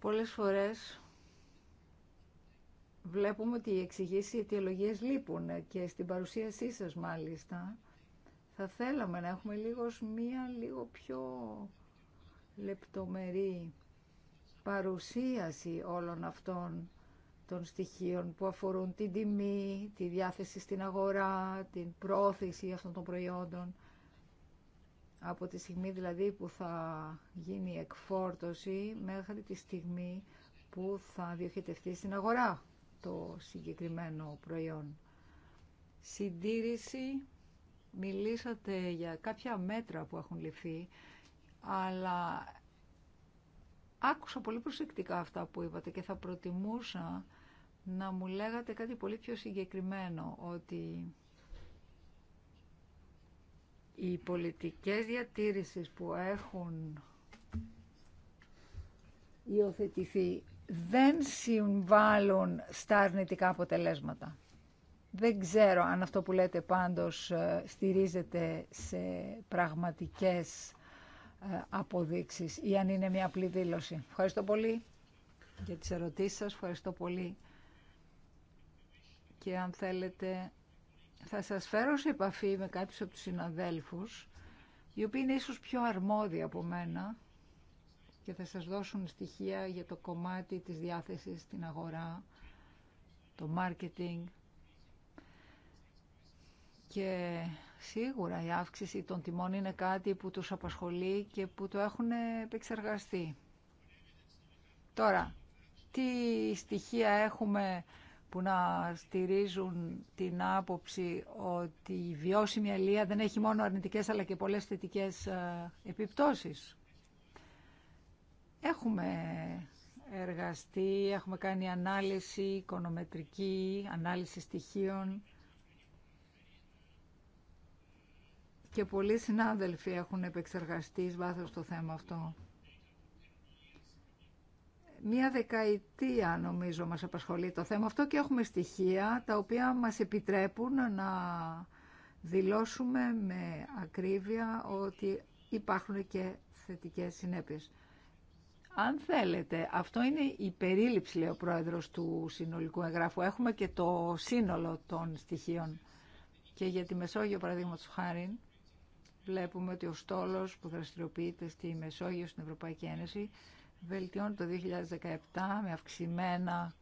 Πολλές φορές βλέπουμε ότι οι εξηγήσει οι αιτιολογίες λείπουν και στην παρουσίασή σας μάλιστα θα θέλαμε να έχουμε λίγο μία λίγο πιο λεπτομερή παρουσίαση όλων αυτών των στοιχείων που αφορούν την τιμή, τη διάθεση στην αγορά, την πρόθεση αυτών των προϊόντων. Από τη στιγμή δηλαδή που θα γίνει η εκφόρτωση μέχρι τη στιγμή που θα διοχετευτεί στην αγορά το συγκεκριμένο προϊόν. Συντήρηση, μιλήσατε για κάποια μέτρα που έχουν ληφθεί, αλλά άκουσα πολύ προσεκτικά αυτά που είπατε και θα προτιμούσα να μου λέγατε κάτι πολύ πιο συγκεκριμένο, ότι οι πολιτικές διατήρησης που έχουν υιοθετηθεί δεν συμβάλλουν στα αρνητικά αποτελέσματα. Δεν ξέρω αν αυτό που λέτε πάντως ε, στηρίζεται σε πραγματικές ε, αποδείξεις ή αν είναι μια απλή δήλωση. Ευχαριστώ πολύ για τις ερωτήσεις σας, ευχαριστώ πολύ και αν θέλετε θα σας φέρω σε επαφή με κάποιους από τους συναδέλφους οι οποίοι είναι ίσως πιο αρμόδιοι από μένα και θα σας δώσουν στοιχεία για το κομμάτι της διάθεσης στην αγορά, το marketing και σίγουρα η αύξηση των τιμών είναι κάτι που τους απασχολεί και που το έχουν επεξεργαστεί. Τώρα, τι στοιχεία έχουμε που να στηρίζουν την άποψη ότι η βιώσιμη αλληλεία δεν έχει μόνο αρνητικές αλλά και πολλές θετικές ε, επιπτώσεις. Έχουμε εργαστεί, έχουμε κάνει ανάλυση οικονομετρική, ανάλυση στοιχείων και πολλοί συνάδελφοι έχουν επεξεργαστεί βάθος το θέμα αυτό μία δεκαετία νομίζω μας απασχολεί το θέμα αυτό και έχουμε στοιχεία τα οποία μας επιτρέπουν να δηλώσουμε με ακρίβεια ότι υπάρχουν και θετικές συνέπειες. Αν θέλετε, αυτό είναι η περίληψη, λέει ο πρόεδρος του συνολικού εγγράφου. Έχουμε και το σύνολο των στοιχείων. Και για τη Μεσόγειο, παραδείγματος χάρη, βλέπουμε ότι ο στόλος που δραστηριοποιείται στη Μεσόγειο, στην Ευρωπαϊκή Ένωση, βελτιώνει το 2017 με αυξημένα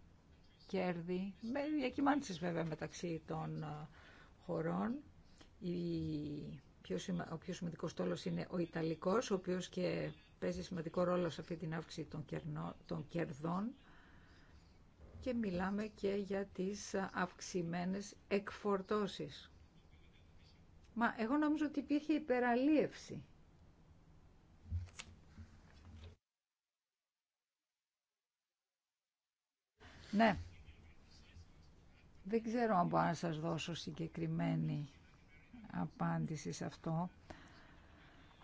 κέρδη, με διακυμάνσεις βέβαια μεταξύ των ε, χωρών. Ο πιο σημαντικός τόλος είναι ο Ιταλικός, ο οποίος και παίζει σημαντικό ρόλο σε αυτή την αύξηση των κερδών και μιλάμε και για τις αυξημένες εκφορτώσεις. Μα εγώ νομίζω ότι υπήρχε υπεραλίευση Ναι. Δεν ξέρω αν μπορώ να σας δώσω συγκεκριμένη απάντηση σε αυτό.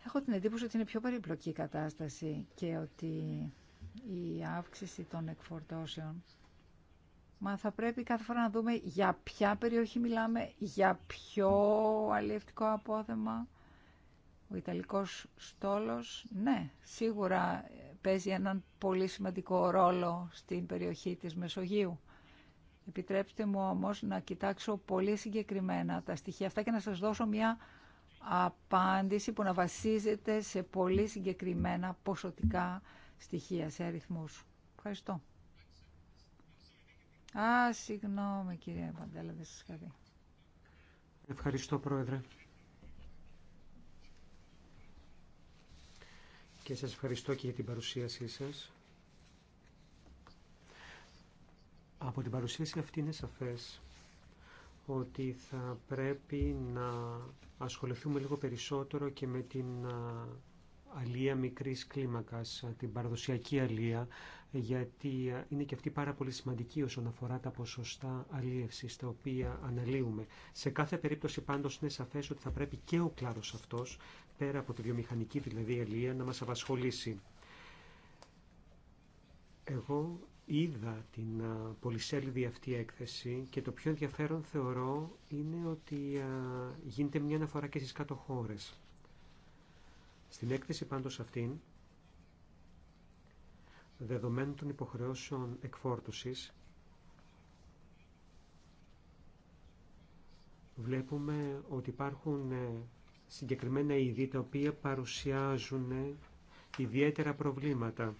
Έχω την εντύπωση ότι είναι πιο περίπλοκη η κατάσταση και ότι η αύξηση των εκφορτώσεων Μα θα πρέπει κάθε φορά να δούμε για ποια περιοχή μιλάμε, για ποιο αλλιευτικό απόθεμα. Ο Ιταλικός στόλος, ναι, σίγουρα παίζει έναν πολύ σημαντικό ρόλο στην περιοχή της Μεσογείου. Επιτρέψτε μου όμως να κοιτάξω πολύ συγκεκριμένα τα στοιχεία αυτά και να σας δώσω μια απάντηση που να βασίζεται σε πολύ συγκεκριμένα ποσοτικά στοιχεία, σε αριθμούς. Ευχαριστώ. Α, συγγνώμη κύριε Παντέλα, δεν σας είχα Ευχαριστώ πρόεδρε. και σας ευχαριστώ και για την παρουσίασή σας. Από την παρουσίαση αυτή είναι σαφές ότι θα πρέπει να ασχοληθούμε λίγο περισσότερο και με την αλία μικρής κλίμακας, την παραδοσιακή αλία, γιατί είναι και αυτή πάρα πολύ σημαντική όσον αφορά τα ποσοστά αλίευσης τα οποία αναλύουμε. Σε κάθε περίπτωση πάντως είναι σαφές ότι θα πρέπει και ο κλάδος αυτός πέρα από τη βιομηχανική δηλαδή να μας απασχολήσει. Εγώ είδα την πολυσέλιδη αυτή έκθεση και το πιο ενδιαφέρον θεωρώ είναι ότι γίνεται μια αναφορά και στις κάτω χώρες. Στην έκθεση πάντως αυτήν, δεδομένου των υποχρεώσεων εκφόρτωσης, βλέπουμε ότι υπάρχουν ε, συγκεκριμένα είδη τα οποία παρουσιάζουν ιδιαίτερα προβλήματα.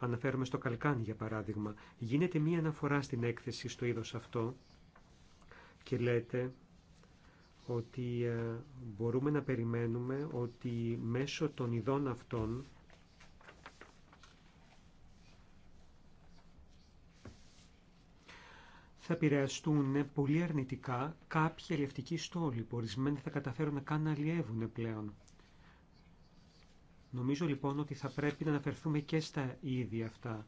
Αναφέρουμε στο καλκάνι για παράδειγμα. Γίνεται μία αναφορά στην έκθεση στο είδος αυτό και λέτε ότι ε, μπορούμε να περιμένουμε ότι μέσω των ειδών αυτών θα επηρεαστούν πολύ αρνητικά κάποιοι αλλιευτικοί στόλοι που ορισμένοι θα καταφέρουν να καν αλλιεύουν πλέον. Νομίζω λοιπόν ότι θα πρέπει να αναφερθούμε και στα ίδια αυτά.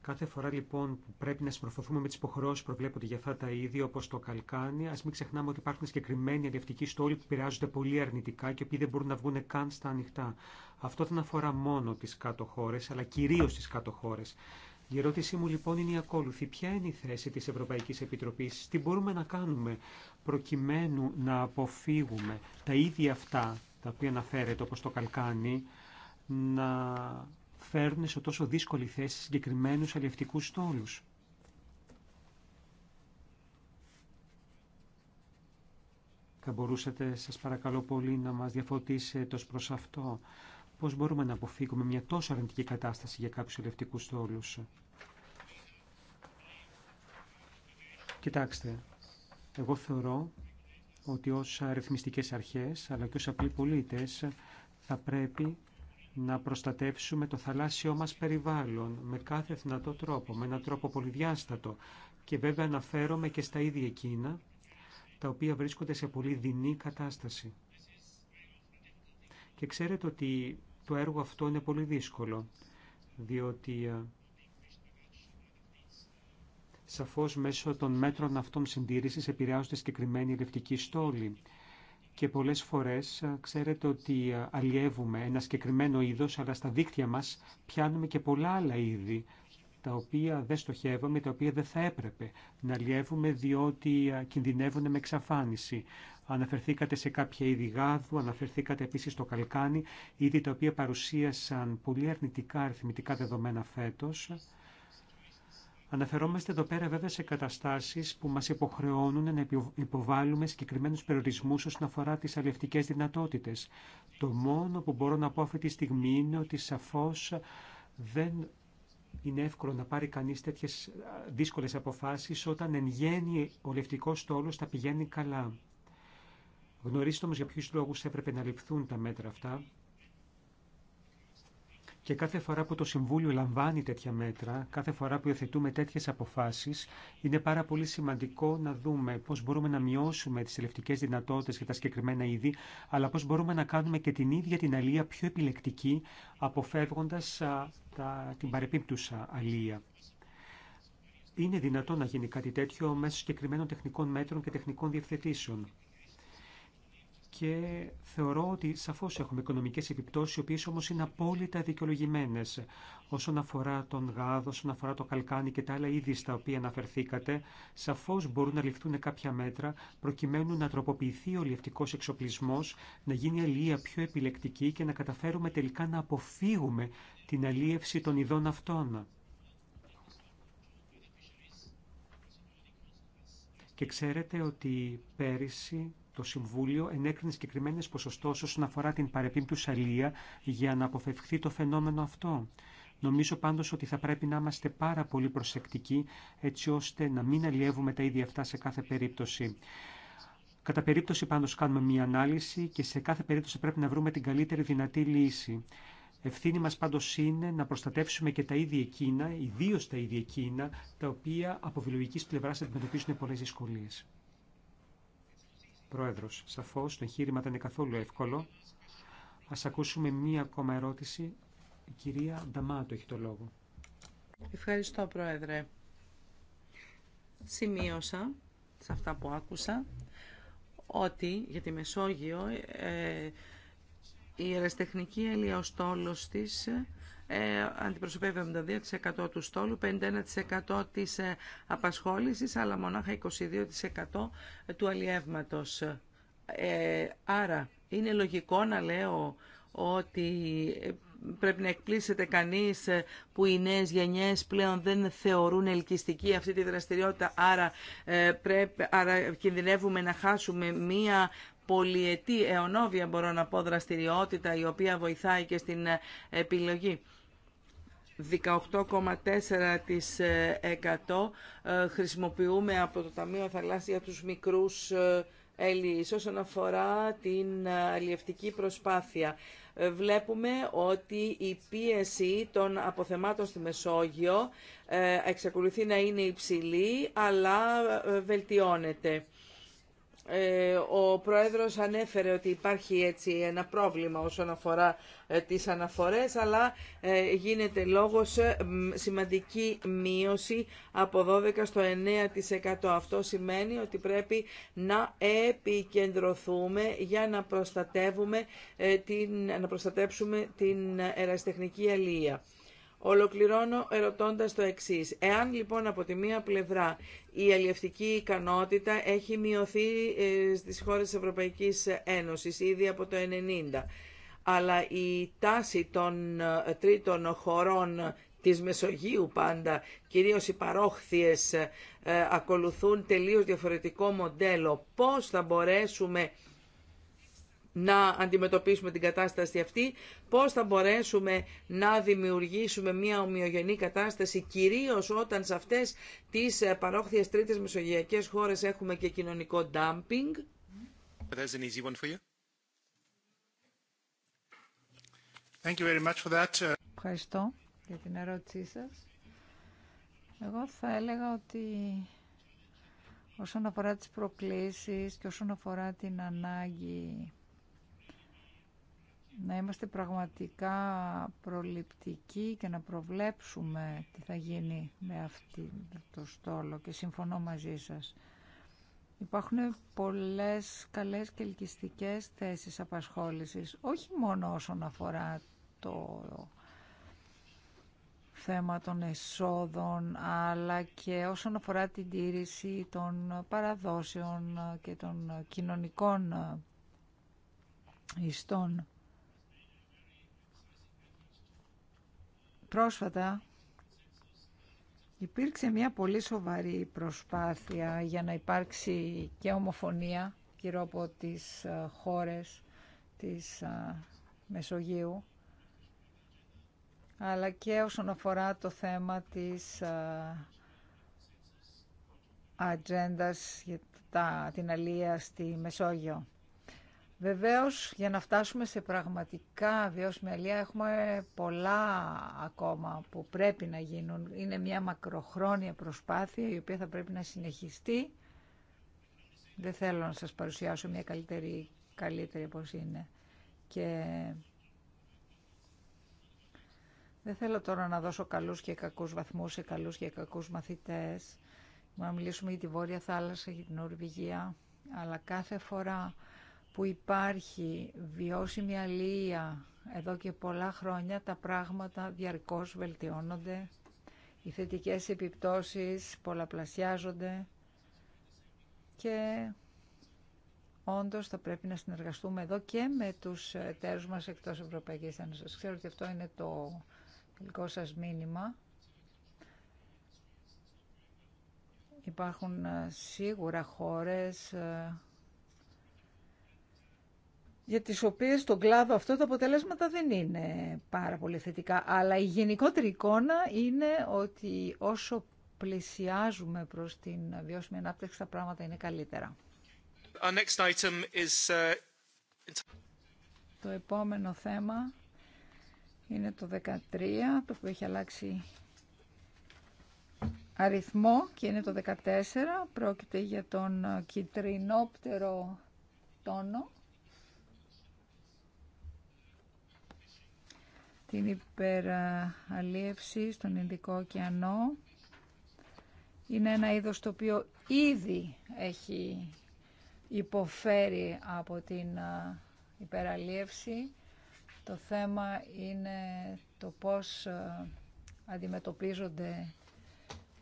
Κάθε φορά λοιπόν που πρέπει να συμμορφωθούμε με τι υποχρεώσει που προβλέπονται για αυτά τα είδη, όπω το καλκάνι, α μην ξεχνάμε ότι υπάρχουν συγκεκριμένοι αλληλευτικοί στόλοι που επηρεάζονται πολύ αρνητικά και οι δεν μπορούν να βγουν καν στα ανοιχτά. Αυτό δεν αφορά μόνο τι κάτω χώρε, αλλά κυρίω τι κάτω χώρε. Η ερώτησή μου λοιπόν είναι η ακόλουθη. Ποια είναι η θέση της Ευρωπαϊκής Επιτροπής, τι μπορούμε να κάνουμε προκειμένου να αποφύγουμε τα ίδια αυτά τα οποία αναφέρεται όπως το καλκάνι να φέρουν σε τόσο δύσκολη θέση συγκεκριμένους αλληλευτικούς στόλους. Θα μπορούσατε σας παρακαλώ πολύ να μας διαφωτίσετε ως προς αυτό πώς μπορούμε να αποφύγουμε μια τόσο αρνητική κατάσταση για κάποιους ελευτικούς στόλους. Κοιτάξτε, εγώ θεωρώ ότι ως αριθμιστικές αρχές, αλλά και ως απλοί πολίτες, θα πρέπει να προστατεύσουμε το θαλάσσιό μας περιβάλλον με κάθε δυνατό τρόπο, με έναν τρόπο πολυδιάστατο. Και βέβαια αναφέρομαι και στα ίδια εκείνα, τα οποία βρίσκονται σε πολύ δεινή κατάσταση. Και ξέρετε ότι το έργο αυτό είναι πολύ δύσκολο, διότι ε, σαφώς μέσω των μέτρων αυτών συντήρησης επηρεάζονται συγκεκριμένοι ελευτικοί στόλοι. Και πολλές φορές ε, ξέρετε ότι ε, αλλιεύουμε ένα συγκεκριμένο είδος, αλλά στα δίκτυα μας πιάνουμε και πολλά άλλα είδη, τα οποία δεν στοχεύαμε, τα οποία δεν θα έπρεπε να λιεύουμε, διότι κινδυνεύουν με εξαφάνιση. Αναφερθήκατε σε κάποια είδη γάδου, αναφερθήκατε επίσης στο καλκάνι, είδη τα οποία παρουσίασαν πολύ αρνητικά αριθμητικά δεδομένα φέτος. Αναφερόμαστε εδώ πέρα βέβαια σε καταστάσεις που μας υποχρεώνουν να υποβάλουμε συγκεκριμένους περιορισμούς όσον αφορά τις αλληλευτικές δυνατότητες. Το μόνο που μπορώ να πω αυτή τη στιγμή είναι ότι σαφώς δεν είναι εύκολο να πάρει κανείς τέτοιες δύσκολες αποφάσεις όταν εν γέννη ο λευτικός στόλος τα πηγαίνει καλά. Γνωρίζετε όμως για ποιους λόγους έπρεπε να ληφθούν τα μέτρα αυτά και κάθε φορά που το Συμβούλιο λαμβάνει τέτοια μέτρα, κάθε φορά που υιοθετούμε τέτοιε αποφάσει, είναι πάρα πολύ σημαντικό να δούμε πώ μπορούμε να μειώσουμε τι ελευτικέ δυνατότητε για τα συγκεκριμένα είδη, αλλά πώ μπορούμε να κάνουμε και την ίδια την αλία πιο επιλεκτική, αποφεύγοντα την παρεπίπτουσα αλία. Είναι δυνατό να γίνει κάτι τέτοιο μέσω συγκεκριμένων τεχνικών μέτρων και τεχνικών διευθετήσεων και θεωρώ ότι σαφώς έχουμε οικονομικές επιπτώσεις, οι οποίες όμως είναι απόλυτα δικαιολογημένε. Όσον αφορά τον γάδο, όσον αφορά το καλκάνι και τα άλλα είδη στα οποία αναφερθήκατε, σαφώς μπορούν να ληφθούν κάποια μέτρα προκειμένου να τροποποιηθεί ο λιευτικός εξοπλισμός, να γίνει η αλληλεία πιο επιλεκτική και να καταφέρουμε τελικά να αποφύγουμε την αλίευση των ειδών αυτών. Και ξέρετε ότι πέρυσι το Συμβούλιο ενέκρινε συγκεκριμένε ποσοστώσει όσον αφορά την αλία για να αποφευχθεί το φαινόμενο αυτό. Νομίζω πάντως ότι θα πρέπει να είμαστε πάρα πολύ προσεκτικοί έτσι ώστε να μην αλλιεύουμε τα ίδια αυτά σε κάθε περίπτωση. Κατά περίπτωση πάντως κάνουμε μία ανάλυση και σε κάθε περίπτωση πρέπει να βρούμε την καλύτερη δυνατή λύση. Ευθύνη μας πάντως είναι να προστατεύσουμε και τα ίδια εκείνα, ιδίως τα ίδια εκείνα, τα οποία από βιολογικής πλευράς αντιμετωπίζουν πολλέ δυσκολίε. Προέδρο. Σαφώ το εγχείρημα δεν είναι καθόλου εύκολο. Α ακούσουμε μία ακόμα ερώτηση. Η κυρία Νταμάτο έχει το λόγο. Ευχαριστώ, Πρόεδρε. Σημείωσα σε αυτά που άκουσα ότι για τη Μεσόγειο ε, η αεραστεχνική ελιοστόλος της ε, αντιπροσωπεύει 72% του στόλου, 51% της ε, απασχόλησης, αλλά μονάχα 22% του αλλιεύματος. Ε, άρα, είναι λογικό να λέω ότι πρέπει να εκπλήσεται κανείς που οι νέες γενιές πλέον δεν θεωρούν ελκυστική αυτή τη δραστηριότητα, άρα, πρέπει, άρα κινδυνεύουμε να χάσουμε μία πολυετή αιωνόβια μπορώ να πω δραστηριότητα η οποία βοηθάει και στην επιλογή 18,4% ε, χρησιμοποιούμε από το Ταμείο Θαλάσσια τους μικρούς ε, Έλλης, όσον αφορά την ε, αλλιευτική προσπάθεια. Βλέπουμε ότι η πίεση των αποθεμάτων στη Μεσόγειο εξακολουθεί να είναι υψηλή, αλλά βελτιώνεται. Ε, ο Πρόεδρος ανέφερε ότι υπάρχει έτσι ένα πρόβλημα όσον αφορά ε, τις αναφορές, αλλά ε, γίνεται λόγος σημαντική μείωση από 12% στο 9%. Αυτό σημαίνει ότι πρέπει να επικεντρωθούμε για να, προστατεύουμε την, να προστατέψουμε την ερασιτεχνική αλληλεία. Ολοκληρώνω ερωτώντας το εξής. Εάν λοιπόν από τη μία πλευρά η αλλιευτική ικανότητα έχει μειωθεί ε, στις χώρες της Ευρωπαϊκής Ένωσης ήδη από το 1990, αλλά η τάση των ε, τρίτων χωρών της Μεσογείου πάντα, κυρίως οι παρόχθιες, ε, ακολουθούν τελείως διαφορετικό μοντέλο. Πώς θα μπορέσουμε να αντιμετωπίσουμε την κατάσταση αυτή, πώς θα μπορέσουμε να δημιουργήσουμε μια ομοιογενή κατάσταση, κυρίως όταν σε αυτές τις ε, παρόχθιες τρίτες μεσογειακές χώρες έχουμε και κοινωνικό dumping. Uh, Ευχαριστώ για την ερώτησή σας. Εγώ θα έλεγα ότι όσον αφορά τις προκλήσεις και όσον αφορά την ανάγκη να είμαστε πραγματικά προληπτικοί και να προβλέψουμε τι θα γίνει με αυτό το στόλο και συμφωνώ μαζί σας. Υπάρχουν πολλές καλές και ελκυστικές θέσεις απασχόλησης, όχι μόνο όσον αφορά το θέμα των εσόδων, αλλά και όσον αφορά την τήρηση των παραδόσεων και των κοινωνικών ιστών. Πρόσφατα υπήρξε μια πολύ σοβαρή προσπάθεια για να υπάρξει και ομοφωνία γύρω από τις ε, χώρες της ε, Μεσογείου αλλά και όσον αφορά το θέμα της ε, ατζέντα για την αλία στη Μεσόγειο. Βεβαίως, για να φτάσουμε σε πραγματικά βιώσιμη αλία, έχουμε πολλά ακόμα που πρέπει να γίνουν. Είναι μια μακροχρόνια προσπάθεια, η οποία θα πρέπει να συνεχιστεί. Δεν θέλω να σας παρουσιάσω μια καλύτερη, καλύτερη όπως είναι. Και δεν θέλω τώρα να δώσω καλούς και κακούς βαθμούς σε καλούς και κακούς μαθητές. Να μιλήσουμε για τη Βόρεια Θάλασσα, για την Ορβηγία, αλλά κάθε φορά που υπάρχει βιώσιμη αλλήλεια εδώ και πολλά χρόνια, τα πράγματα διαρκώς βελτιώνονται, οι θετικές επιπτώσεις πολλαπλασιάζονται και όντως θα πρέπει να συνεργαστούμε εδώ και με τους εταίρους μας εκτός Ευρωπαϊκής Ένωσης. Ξέρω ότι αυτό είναι το τελικό σας μήνυμα. Υπάρχουν ε, σίγουρα χώρες ε, για τις οποίες στον κλάδο αυτό τα αποτελέσματα δεν είναι πάρα πολύ θετικά. Αλλά η γενικότερη εικόνα είναι ότι όσο πλησιάζουμε προς την βιώσιμη ανάπτυξη, τα πράγματα είναι καλύτερα. Uh, το επόμενο θέμα είναι το 13, το οποίο έχει αλλάξει αριθμό και είναι το 14. Πρόκειται για τον κυτρινόπτερο τόνο. την υπεραλίευση στον Ινδικό ωκεανό. Είναι ένα είδος το οποίο ήδη έχει υποφέρει από την υπεραλίευση. Το θέμα είναι το πώς αντιμετωπίζονται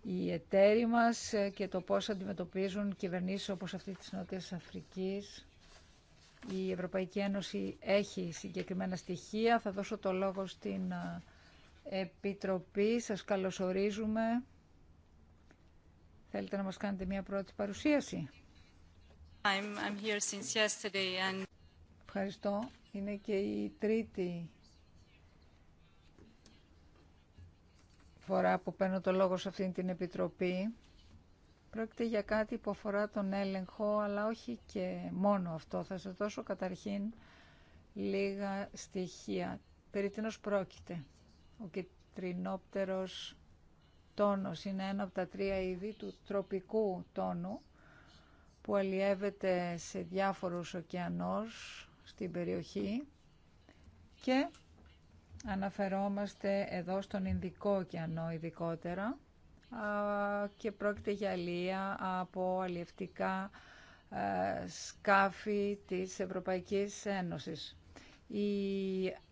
οι εταίροι μας και το πώς αντιμετωπίζουν κυβερνήσεις όπως αυτή της Νότιας Αφρικής η Ευρωπαϊκή Ένωση έχει συγκεκριμένα στοιχεία. Θα δώσω το λόγο στην ε, Επιτροπή. Σας καλωσορίζουμε. Θέλετε να μας κάνετε μια πρώτη παρουσίαση. I'm, I'm Ευχαριστώ. Είναι και η τρίτη φορά που παίρνω το λόγο σε αυτήν την Επιτροπή. Πρόκειται για κάτι που αφορά τον έλεγχο, αλλά όχι και μόνο αυτό. Θα σας δώσω καταρχήν λίγα στοιχεία. Περί τίνος πρόκειται. Ο κυτρινόπτερος τόνος είναι ένα από τα τρία είδη του τροπικού τόνου που αλλιεύεται σε διάφορους ωκεανός στην περιοχή και αναφερόμαστε εδώ στον Ινδικό ωκεανό ειδικότερα και πρόκειται για αλεία από αλλιευτικά ε, σκάφη της Ευρωπαϊκής Ένωσης. Η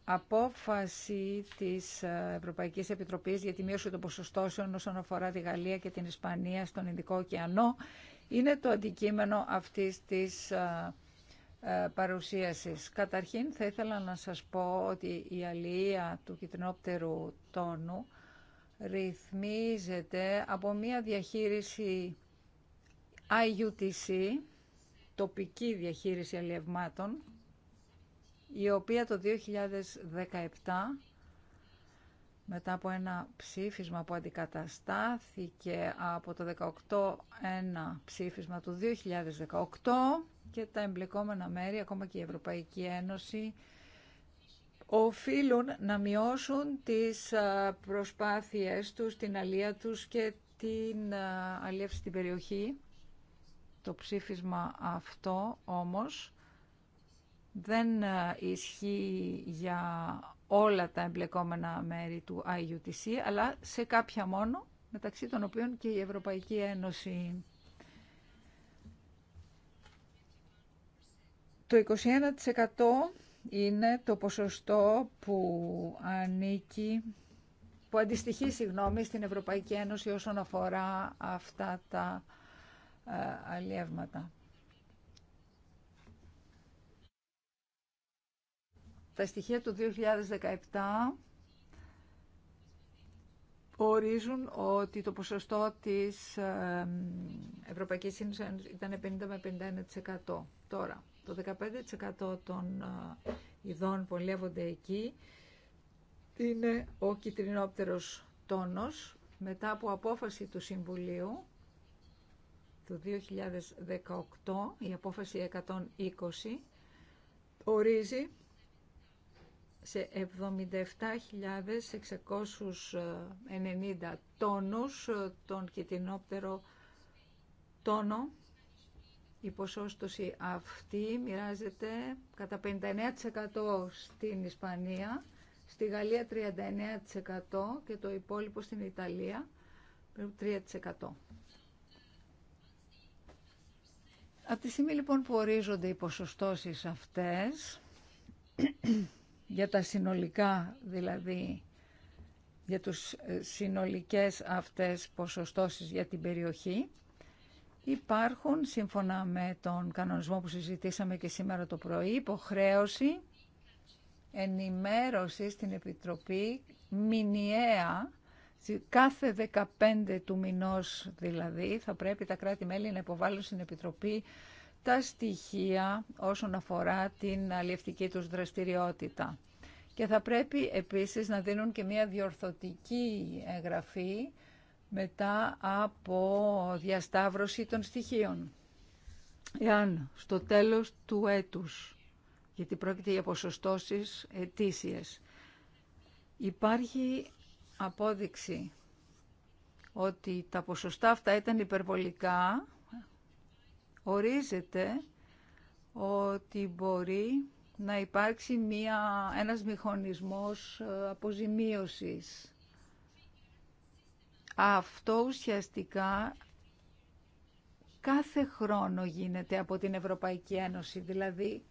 απόφαση της ε, Ευρωπαϊκής Επιτροπής για τη μείωση των ποσοστώσεων όσον αφορά τη Γαλλία και την Ισπανία στον Ινδικό ωκεανό είναι το αντικείμενο αυτής της ε, παρουσίασης. Καταρχήν θα ήθελα να σας πω ότι η αλληλεία του κυτρινόπτερου τόνου ρυθμίζεται από μια διαχείριση IUTC, τοπική διαχείριση αλλιευμάτων, η οποία το 2017 μετά από ένα ψήφισμα που αντικαταστάθηκε από το 18 ένα ψήφισμα του 2018 και τα εμπλεκόμενα μέρη, ακόμα και η Ευρωπαϊκή Ένωση, οφείλουν να μειώσουν τις προσπάθειές τους, την αλία τους και την αλίευση στην περιοχή. Το ψήφισμα αυτό όμως δεν ισχύει για όλα τα εμπλεκόμενα μέρη του IUTC, αλλά σε κάποια μόνο, μεταξύ των οποίων και η Ευρωπαϊκή Ένωση. Το 21% είναι το ποσοστό που ανήκει που αντιστοιχεί συγγνώμη στην Ευρωπαϊκή Ένωση όσον αφορά αυτά τα ε, αλλιεύματα. Τα στοιχεία του 2017 ορίζουν ότι το ποσοστό της ε, Ευρωπαϊκής Ένωσης ήταν 50 με 51%. Τώρα, το 15% των ε, ειδών που ελεύονται εκεί είναι ο κυτρινόπτερος τόνος μετά από απόφαση του Συμβουλίου του 2018, η απόφαση 120 ορίζει σε 77.690 τόνους ε, τον κυτρινόπτερο τόνο η ποσόστοση αυτή μοιράζεται κατά 59% στην Ισπανία, στη Γαλλία 39% και το υπόλοιπο στην Ιταλία 3%. Από τη στιγμή λοιπόν που ορίζονται οι ποσοστώσεις αυτές, για τα συνολικά δηλαδή, για τους ε, συνολικές αυτές ποσοστώσεις για την περιοχή, Υπάρχουν, σύμφωνα με τον κανονισμό που συζητήσαμε και σήμερα το πρωί, υποχρέωση ενημέρωση στην Επιτροπή μηνιαία, κάθε 15 του μηνός δηλαδή, θα πρέπει τα κράτη-μέλη να υποβάλουν στην Επιτροπή τα στοιχεία όσον αφορά την αλληλευτική τους δραστηριότητα. Και θα πρέπει επίσης να δίνουν και μια διορθωτική εγγραφή μετά από διασταύρωση των στοιχείων. Εάν στο τέλος του έτους, γιατί πρόκειται για ποσοστώσεις ετήσιες, υπάρχει απόδειξη ότι τα ποσοστά αυτά ήταν υπερβολικά, ορίζεται ότι μπορεί να υπάρξει μία, ένας μηχανισμός ε, αποζημίωσης αυτό ουσιαστικά κάθε χρόνο γίνεται από την Ευρωπαϊκή Ένωση. Δηλαδή,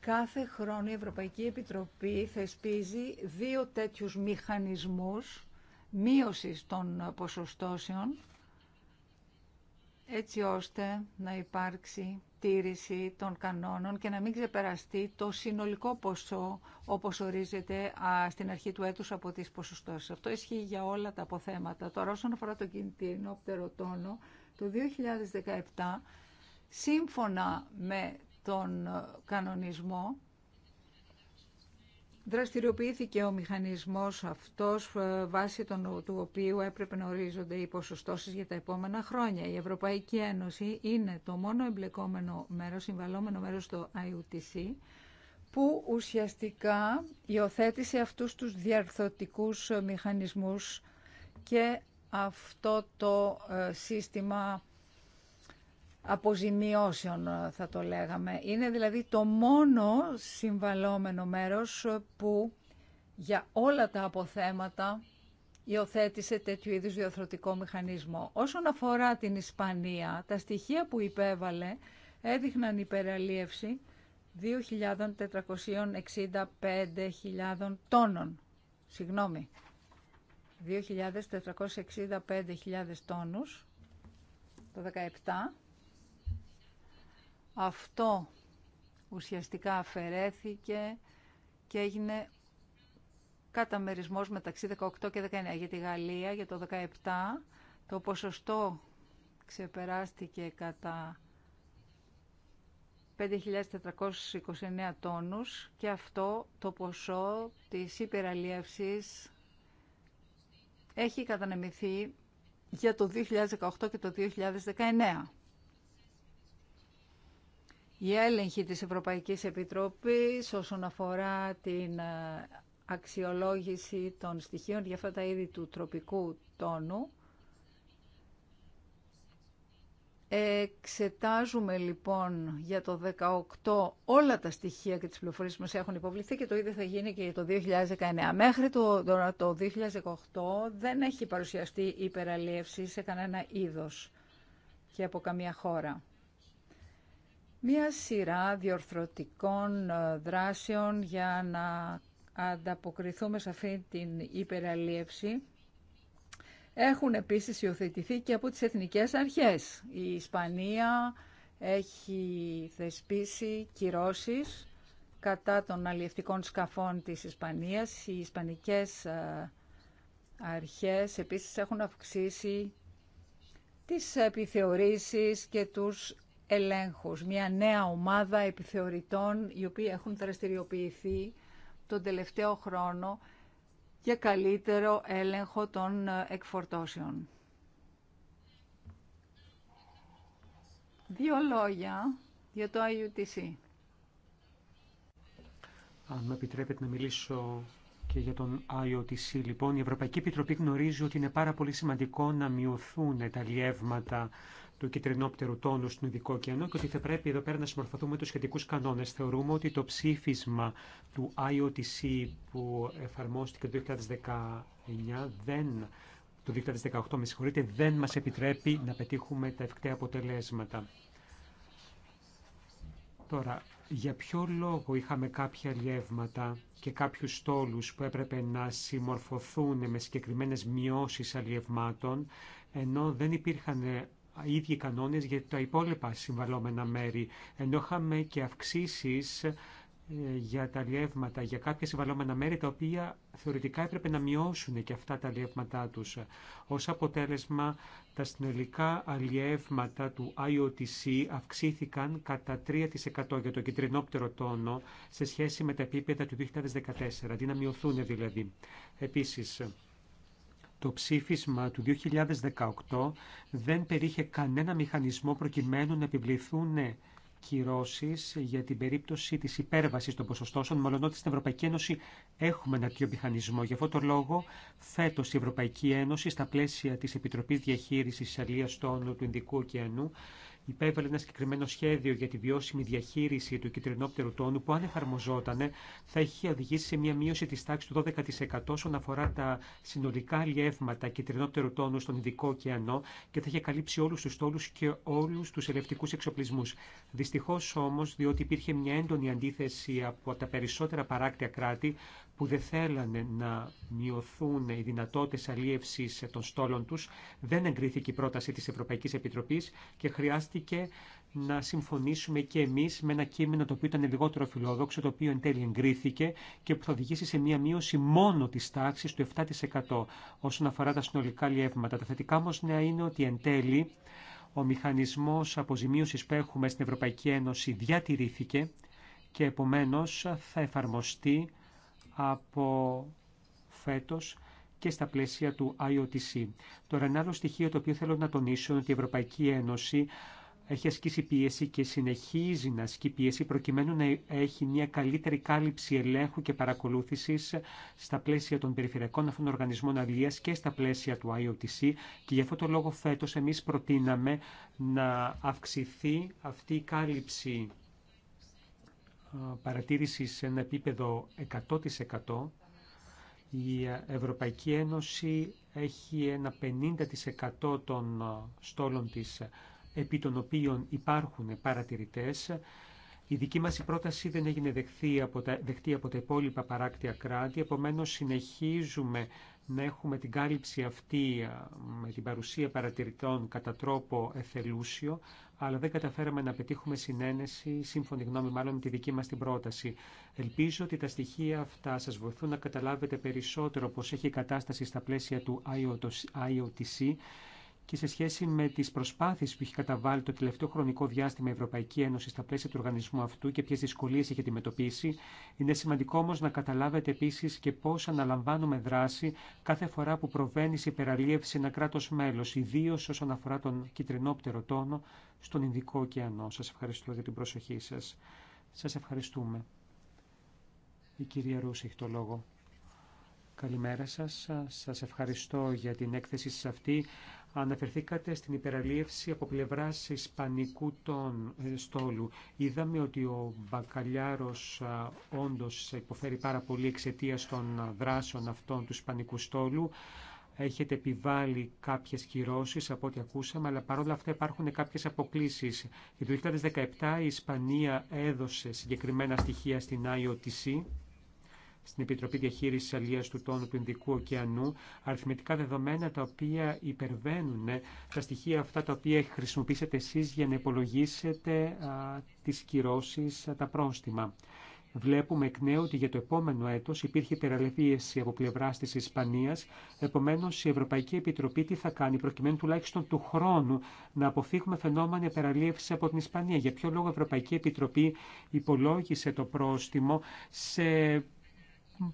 κάθε χρόνο η Ευρωπαϊκή Επιτροπή θεσπίζει δύο τέτοιους μηχανισμούς μείωσης των ποσοστώσεων, έτσι ώστε να υπάρξει τήρηση των κανόνων και να μην ξεπεραστεί το συνολικό ποσό όπως ορίζεται στην αρχή του έτους από τις ποσοστώσεις. Αυτό ισχύει για όλα τα αποθέματα. Τώρα όσον αφορά τον κινητήρινο πτεροτόνο, το 2017 σύμφωνα με τον κανονισμό Δραστηριοποιήθηκε ο μηχανισμός αυτός ε, βάσει τον, του οποίου έπρεπε να ορίζονται οι ποσοστώσεις για τα επόμενα χρόνια. Η Ευρωπαϊκή Ένωση είναι το μόνο εμπλεκόμενο μέρος, συμβαλόμενο μέρος στο IUTC, που ουσιαστικά υιοθέτησε αυτούς τους διαρθωτικούς μηχανισμούς και αυτό το ε, σύστημα αποζημιώσεων ε, θα το λέγαμε. Είναι δηλαδή το μόνο συμβαλόμενο μέρος ε, που για όλα τα αποθέματα υιοθέτησε τέτοιου είδους διοθροτικό μηχανισμό. Όσον αφορά την Ισπανία, τα στοιχεία που υπέβαλε έδειχναν υπεραλίευση 2.465.000 τόνων. Συγγνώμη. 2.465.000 τόνους το 17 αυτό ουσιαστικά αφαιρέθηκε και έγινε καταμερισμός μεταξύ 18 και 19. Για τη Γαλλία για το 17 το ποσοστό ξεπεράστηκε κατά 5.429 τόνους και αυτό το ποσό της υπεραλίευσης έχει κατανεμηθεί για το 2018 και το 2019. Η έλεγχη της Ευρωπαϊκής Επιτροπής όσον αφορά την ε, αξιολόγηση των στοιχείων για αυτά τα είδη του τροπικού τόνου. Εξετάζουμε λοιπόν για το 18 όλα τα στοιχεία και τις πληροφορίες που μας έχουν υποβληθεί και το ίδιο θα γίνει και για το 2019. Μέχρι το, το 2018 δεν έχει παρουσιαστεί υπεραλίευση σε κανένα είδος και από καμία χώρα μία σειρά διορθωτικών ε, δράσεων για να ανταποκριθούμε σε αυτή την υπεραλίευση. Έχουν επίσης υιοθετηθεί και από τις εθνικές αρχές. Η Ισπανία έχει θεσπίσει κυρώσεις κατά των αλλιευτικών σκαφών της Ισπανίας. Οι ισπανικές ε, αρχές επίσης έχουν αυξήσει τις επιθεωρήσεις και τους ελέγχους, μια νέα ομάδα επιθεωρητών οι οποίοι έχουν δραστηριοποιηθεί τον τελευταίο χρόνο για καλύτερο έλεγχο των ε, εκφορτώσεων. Δύο λόγια για το IUTC. Αν με επιτρέπετε να μιλήσω και για τον IOTC, λοιπόν, η Ευρωπαϊκή Επιτροπή γνωρίζει ότι είναι πάρα πολύ σημαντικό να μειωθούν τα λιεύματα του κυτρινόπτερου τόνου στον Ειδικό Κενό και ότι θα πρέπει εδώ πέρα να συμμορφωθούμε του σχετικού κανόνε. Θεωρούμε ότι το ψήφισμα του IOTC που εφαρμόστηκε το 2019 δεν το 2018, με συγχωρείτε, δεν μας επιτρέπει να πετύχουμε τα ευκταία αποτελέσματα. Τώρα, για ποιο λόγο είχαμε κάποια αλλιεύματα και κάποιους στόλους που έπρεπε να συμμορφωθούν με συγκεκριμένες μειώσεις αλλιευμάτων, ενώ δεν υπήρχαν οι ίδιοι κανόνες για τα υπόλοιπα συμβαλόμενα μέρη. Ενώ είχαμε και αυξήσεις ε, για τα λιεύματα, για κάποια συμβαλόμενα μέρη τα οποία θεωρητικά έπρεπε να μειώσουν και αυτά τα λιεύματά τους. Ως αποτέλεσμα, τα συνολικά αλλιεύματα του IOTC αυξήθηκαν κατά 3% για το κεντρινόπτερο τόνο σε σχέση με τα επίπεδα του 2014, αντί να μειωθούν δηλαδή. Επίσης, το ψήφισμα του 2018 δεν περίχε κανένα μηχανισμό προκειμένου να επιβληθούν κυρώσεις για την περίπτωση της υπέρβασης των ποσοστώσεων, μόλον ότι στην Ευρωπαϊκή Ένωση έχουμε ένα τέτοιο μηχανισμό. Γι' αυτό το λόγο, φέτος η Ευρωπαϊκή Ένωση, στα πλαίσια τη Επιτροπή Διαχείριση Αλία Τόνου του Ινδικού Ωκεανού, υπέβαλε ένα συγκεκριμένο σχέδιο για τη βιώσιμη διαχείριση του κυτρινόπτερου τόνου που αν εφαρμοζόταν θα είχε οδηγήσει σε μια μείωση της τάξης του 12% όσον αφορά τα συνολικά αλλιεύματα κυτρινόπτερου τόνου στον Ειδικό ωκεανό και θα είχε καλύψει όλους τους τόλους και όλους τους ελευτικούς εξοπλισμούς. Δυστυχώς όμως, διότι υπήρχε μια έντονη αντίθεση από τα περισσότερα παράκτια κράτη, που δεν θέλανε να μειωθούν οι δυνατότητε αλίευση των στόλων του. Δεν εγκρίθηκε η πρόταση τη Ευρωπαϊκή Επιτροπή και χρειάστηκε να συμφωνήσουμε και εμεί με ένα κείμενο το οποίο ήταν λιγότερο φιλόδοξο, το οποίο εν τέλει εγκρίθηκε και που θα οδηγήσει σε μία μείωση μόνο τη τάξη του 7% όσον αφορά τα συνολικά λιεύματα. Τα θετικά όμω νέα είναι ότι εν τέλει ο μηχανισμό αποζημίωση που έχουμε στην Ευρωπαϊκή Ένωση διατηρήθηκε και επομένως θα εφαρμοστεί από φέτος και στα πλαίσια του IOTC. Τώρα ένα άλλο στοιχείο το οποίο θέλω να τονίσω είναι ότι η Ευρωπαϊκή Ένωση έχει ασκήσει πίεση και συνεχίζει να ασκεί πίεση προκειμένου να έχει μια καλύτερη κάλυψη ελέγχου και παρακολούθησης στα πλαίσια των περιφερειακών αυτών οργανισμών αλληλεία και στα πλαίσια του IOTC και γι' αυτό το λόγο Φέτο εμεί προτείναμε να αυξηθεί αυτή η κάλυψη παρατήρηση σε ένα επίπεδο 100%, η Ευρωπαϊκή Ένωση έχει ένα 50% των στόλων της επί των οποίων υπάρχουν παρατηρητές. Η δική μας η πρόταση δεν έγινε δεχτή από τα, δεχτή από τα υπόλοιπα παράκτια κράτη, επομένως συνεχίζουμε να έχουμε την κάλυψη αυτή ε, με την παρουσία παρατηρητών κατά τρόπο εθελούσιο, αλλά δεν καταφέραμε να πετύχουμε συνένεση, σύμφωνη γνώμη μάλλον με τη δική μας την πρόταση. Ελπίζω ότι τα στοιχεία αυτά σας βοηθούν να καταλάβετε περισσότερο πώς έχει η κατάσταση στα πλαίσια του IOTC και σε σχέση με τι προσπάθειε που έχει καταβάλει το τελευταίο χρονικό διάστημα η Ευρωπαϊκή Ένωση στα πλαίσια του οργανισμού αυτού και ποιε δυσκολίε έχει αντιμετωπίσει, είναι σημαντικό όμω να καταλάβετε επίση και πώ αναλαμβάνουμε δράση κάθε φορά που προβαίνει σε υπεραλίευση ένα κράτο μέλο, ιδίω όσον αφορά τον κυτρινόπτερο τόνο στον Ινδικό ωκεανό. Σα ευχαριστώ για την προσοχή σα. Σα ευχαριστούμε. Η κυρία Ρούση έχει το λόγο. Καλημέρα σας. Σας ευχαριστώ για την έκθεση σας αυτή. Αναφερθήκατε στην υπεραλίευση από πλευρά ισπανικού των ε, στόλου. Είδαμε ότι ο Μπακαλιάρο όντω υποφέρει πάρα πολύ εξαιτία των δράσεων αυτών του ισπανικού στόλου. Έχετε επιβάλει κάποιες κυρώσει από ό,τι ακούσαμε, αλλά παρόλα αυτά υπάρχουν κάποιες αποκλήσει. το 2017 η Ισπανία έδωσε συγκεκριμένα στοιχεία στην IOTC στην Επιτροπή Διαχείριση Αλληλεία του Τόνου του Ινδικού Ωκεανού, αριθμητικά δεδομένα τα οποία υπερβαίνουν τα στοιχεία αυτά τα οποία χρησιμοποιήσατε εσεί για να υπολογίσετε τι κυρώσει τα πρόστιμα. Βλέπουμε εκ νέου ότι για το επόμενο έτος υπήρχε υπεραλευίεση από πλευρά τη Ισπανία. Επομένω, η Ευρωπαϊκή Επιτροπή τι θα κάνει, προκειμένου τουλάχιστον του χρόνου να αποφύγουμε φαινόμενα υπεραλίευση από την Ισπανία. Για ποιο λόγο η Ευρωπαϊκή Επιτροπή υπολόγισε το πρόστιμο σε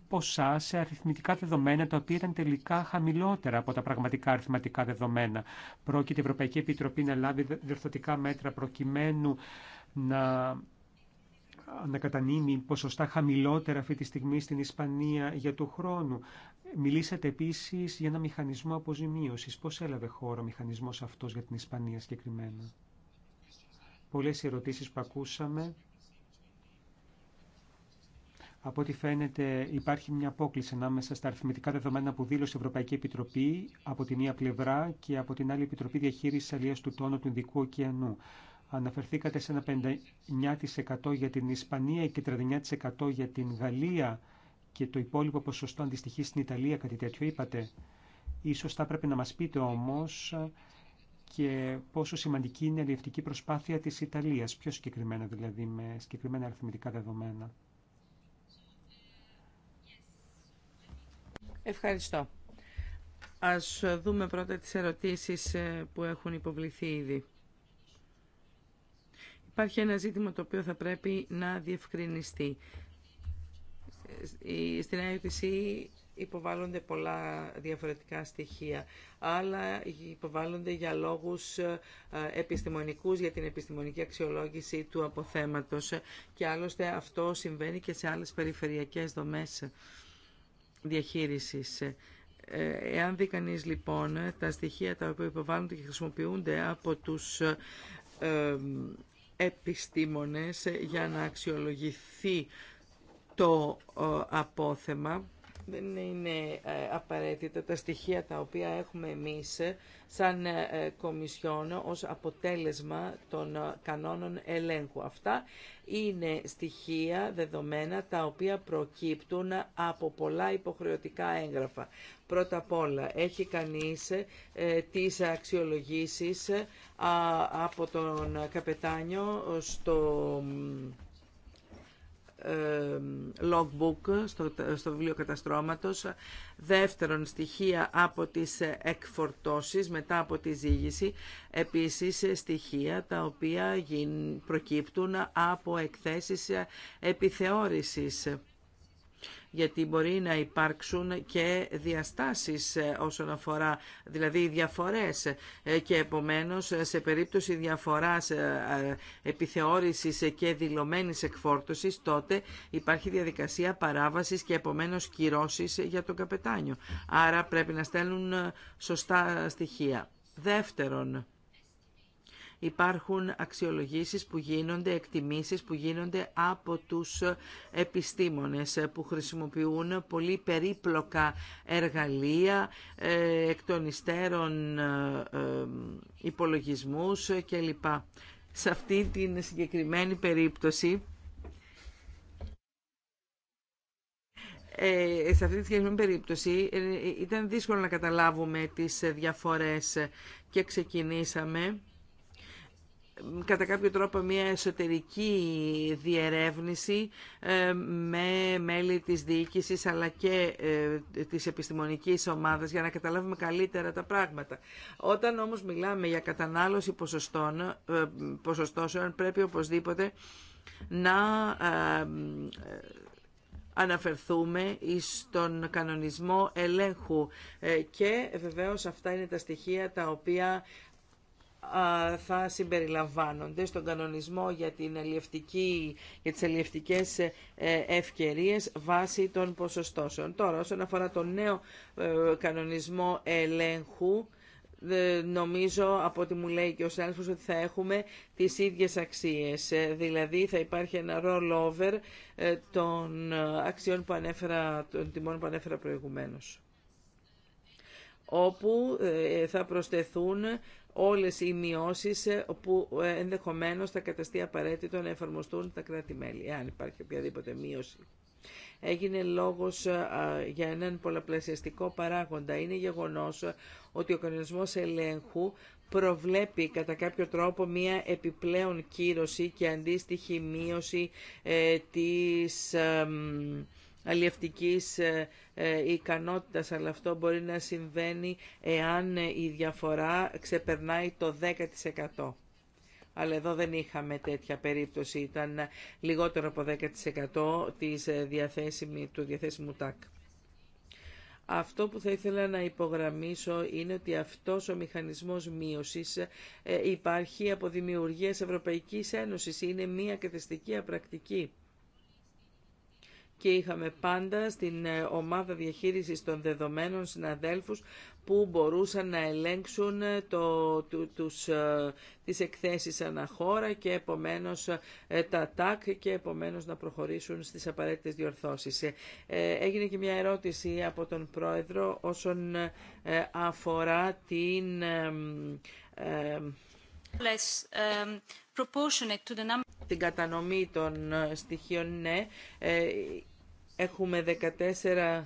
ποσά σε αριθμητικά δεδομένα τα οποία ήταν τελικά χαμηλότερα από τα πραγματικά αριθματικά δεδομένα. Πρόκειται η Ευρωπαϊκή Επιτροπή να λάβει διορθωτικά μέτρα προκειμένου να ανακατανείμει ποσοστά χαμηλότερα αυτή τη στιγμή στην Ισπανία για του χρόνου. Μιλήσατε επίσης για ένα μηχανισμό αποζημίωσης. Πώς έλαβε χώρο ο μηχανισμός αυτός για την Ισπανία συγκεκριμένα. Πολλές ερωτήσεις που ακούσαμε από ό,τι φαίνεται υπάρχει μια απόκληση ανάμεσα στα αριθμητικά δεδομένα που δήλωσε η Ευρωπαϊκή Επιτροπή από τη μία πλευρά και από την άλλη Επιτροπή διαχείριση Αλία του Τόνου του Ινδικού Ωκεανού. Αναφερθήκατε σε ένα 59% για την Ισπανία και 39% για την Γαλλία και το υπόλοιπο ποσοστό αντιστοιχεί στην Ιταλία, κάτι τέτοιο είπατε. Ίσως θα έπρεπε να μας πείτε όμως και πόσο σημαντική είναι η αλληλευτική προσπάθεια της Ιταλίας, πιο συγκεκριμένα δηλαδή, με συγκεκριμένα αριθμητικά δεδομένα. Ευχαριστώ. Ας δούμε πρώτα τις ερωτήσεις ε, που έχουν υποβληθεί ήδη. Υπάρχει ένα ζήτημα το οποίο θα πρέπει να διευκρινιστεί. Ε, ε, στην IOTC υποβάλλονται πολλά διαφορετικά στοιχεία. Άλλα υποβάλλονται για λόγους επιστημονικούς, για την επιστημονική αξιολόγηση του αποθέματος. Και άλλωστε αυτό συμβαίνει και σε άλλες περιφερειακές δομές διαχείρισης. Ε, εάν δει κανεί λοιπόν τα στοιχεία τα οποία υποβάλλονται και χρησιμοποιούνται από τους ε, ε, επιστήμονες για να αξιολογηθεί το απόθεμα, δεν είναι ε, απαραίτητα τα στοιχεία τα οποία έχουμε εμείς ε, σαν ε, Κομισιόν ως αποτέλεσμα των κανόνων ελέγχου. Αυτά είναι στοιχεία δεδομένα τα οποία προκύπτουν από πολλά υποχρεωτικά έγγραφα. Πρώτα απ' όλα έχει κανείς τις αξιολογήσεις από τον καπετάνιο στο ε, logbook στο, στο βιβλίο καταστρώματος. Δεύτερον, στοιχεία από τις εκφορτώσεις μετά από τη ζήγηση. Επίσης, στοιχεία τα οποία προκύπτουν από εκθέσεις επιθεώρησης γιατί μπορεί να υπάρξουν και διαστάσεις ε, όσον αφορά, δηλαδή διαφορές ε, και επομένως σε περίπτωση διαφοράς ε, επιθεώρησης και δηλωμένης εκφόρτωσης τότε υπάρχει διαδικασία παράβασης και επομένως κυρώσεις για τον καπετάνιο. Άρα πρέπει να στέλνουν σωστά στοιχεία. Δεύτερον, Υπάρχουν αξιολογήσεις που γίνονται, εκτιμήσεις που γίνονται από τους επιστήμονες που χρησιμοποιούν πολύ περίπλοκα εργαλεία, ε, εκ των υστέρων ε, ε, υπολογισμούς κλπ. Σε αυτή την συγκεκριμένη περίπτωση, σε αυτή τη συγκεκριμένη περίπτωση ήταν δύσκολο να καταλάβουμε τις διαφορές και ξεκινήσαμε κατά κάποιο τρόπο μια εσωτερική διερεύνηση ε, με μέλη της διοίκησης αλλά και ε, της επιστημονικής ομάδας για να καταλάβουμε καλύτερα τα πράγματα. Όταν όμως μιλάμε για κατανάλωση ποσοστών, ε, ποσοστώσεων πρέπει οπωσδήποτε να αναφερθούμε στον κανονισμό ελέγχου και βεβαίως αυτά είναι τα στοιχεία τα οποία θα συμπεριλαμβάνονται στον κανονισμό για, την αλλιευτική, για τις αλλιευτικές ε, ευκαιρίες βάσει των ποσοστώσεων. Τώρα, όσον αφορά τον νέο ε, κανονισμό ελέγχου, ε, νομίζω από ό,τι μου λέει και ο ότι θα έχουμε τις ίδιες αξίες. Δηλαδή θα υπάρχει ένα rollover των αξιών που ανέφερα, των τιμών που ανέφερα προηγουμένως όπου ε, θα προσθεθούν όλες οι μειώσεις ε, που ε, ενδεχομένως θα καταστεί απαραίτητο να εφαρμοστούν τα κράτη-μέλη, εάν υπάρχει οποιαδήποτε μείωση. Έγινε λόγος για έναν πολλαπλασιαστικό παράγοντα. Είναι γεγονός ότι ο κανονισμός ελέγχου προβλέπει κατά κάποιο τρόπο μία επιπλέον κύρωση και αντίστοιχη μείωση της αλλιευτικής ε, ε, ικανότητας, αλλά αυτό μπορεί να συμβαίνει εάν ε, η διαφορά ξεπερνάει το 10%. Αλλά εδώ δεν είχαμε τέτοια περίπτωση, ήταν λιγότερο από 10% της διαθέσιμη, του διαθέσιμου ΤΑΚ. Αυτό που θα ήθελα να υπογραμμίσω είναι ότι αυτός ο μηχανισμός μείωσης υπάρχει από δημιουργίες Ευρωπαϊκής Ένωσης. Είναι μία κατεστική απρακτική και είχαμε πάντα στην ε, ομάδα διαχείρισης των δεδομένων συναδέλφους που μπορούσαν να ελέγξουν ε, το, το, τους, ε, τις εκθέσεις αναχώρα και επομένως τα ΤΑΚ και επομένως να προχωρήσουν στις απαραίτητες διορθώσεις. Έγινε και μια ερώτηση από τον Πρόεδρο όσον αφορά την... um, την κατανομή των ε, στοιχείων, ναι, ε, έχουμε 14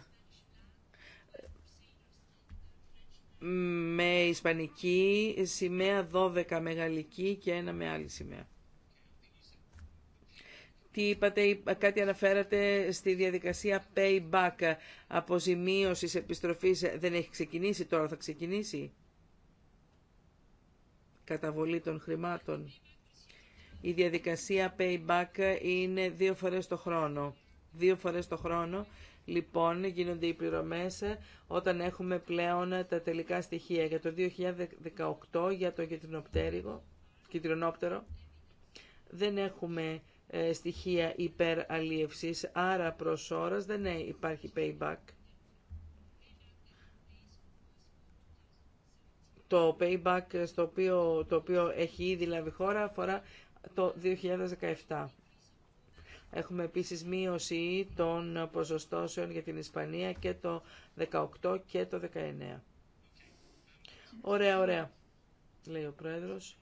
με ισπανική σημαία, 12 με γαλλική και ένα με άλλη σημαία. Τι είπατε, κάτι αναφέρατε στη διαδικασία payback, αποζημίωσης, επιστροφής. Δεν έχει ξεκινήσει τώρα, θα ξεκινήσει. Καταβολή των χρημάτων. Η διαδικασία payback είναι δύο φορές το χρόνο. Δύο φορές το χρόνο λοιπόν γίνονται οι πληρωμές όταν έχουμε πλέον τα τελικά στοιχεία για το 2018 για το κυτρινόπτερο δεν έχουμε ε, στοιχεία υπεραλίευσης άρα προς ώρας δεν ε, υπάρχει payback το payback στο οποίο, το οποίο έχει ήδη λάβει χώρα αφορά το 2017. Έχουμε επίσης μείωση των ποσοστώσεων για την Ισπανία και το 18 και το 19. Ωραία, ωραία, λέει ο Πρόεδρος.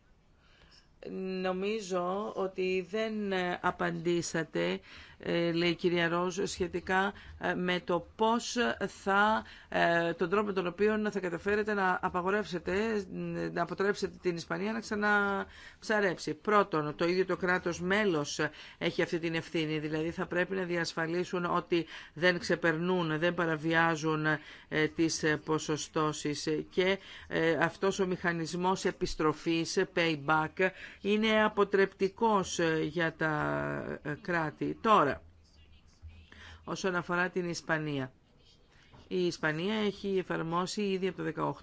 Νομίζω ότι δεν απαντήσατε ε, λέει η κυρία Ρόζ, σχετικά ε, με το πώς θα, ε, τον τρόπο με τον οποίο θα καταφέρετε να απαγορεύσετε, να αποτρέψετε την Ισπανία να ξαναψαρέψει. Πρώτον, το ίδιο το κράτος μέλος έχει αυτή την ευθύνη, δηλαδή θα πρέπει να διασφαλίσουν ότι δεν ξεπερνούν, δεν παραβιάζουν τις ποσοστώσεις και αυτός ο μηχανισμός επιστροφής, payback, είναι αποτρεπτικός για τα κράτη. Τώρα, όσον αφορά την Ισπανία. Η Ισπανία έχει εφαρμόσει ήδη από το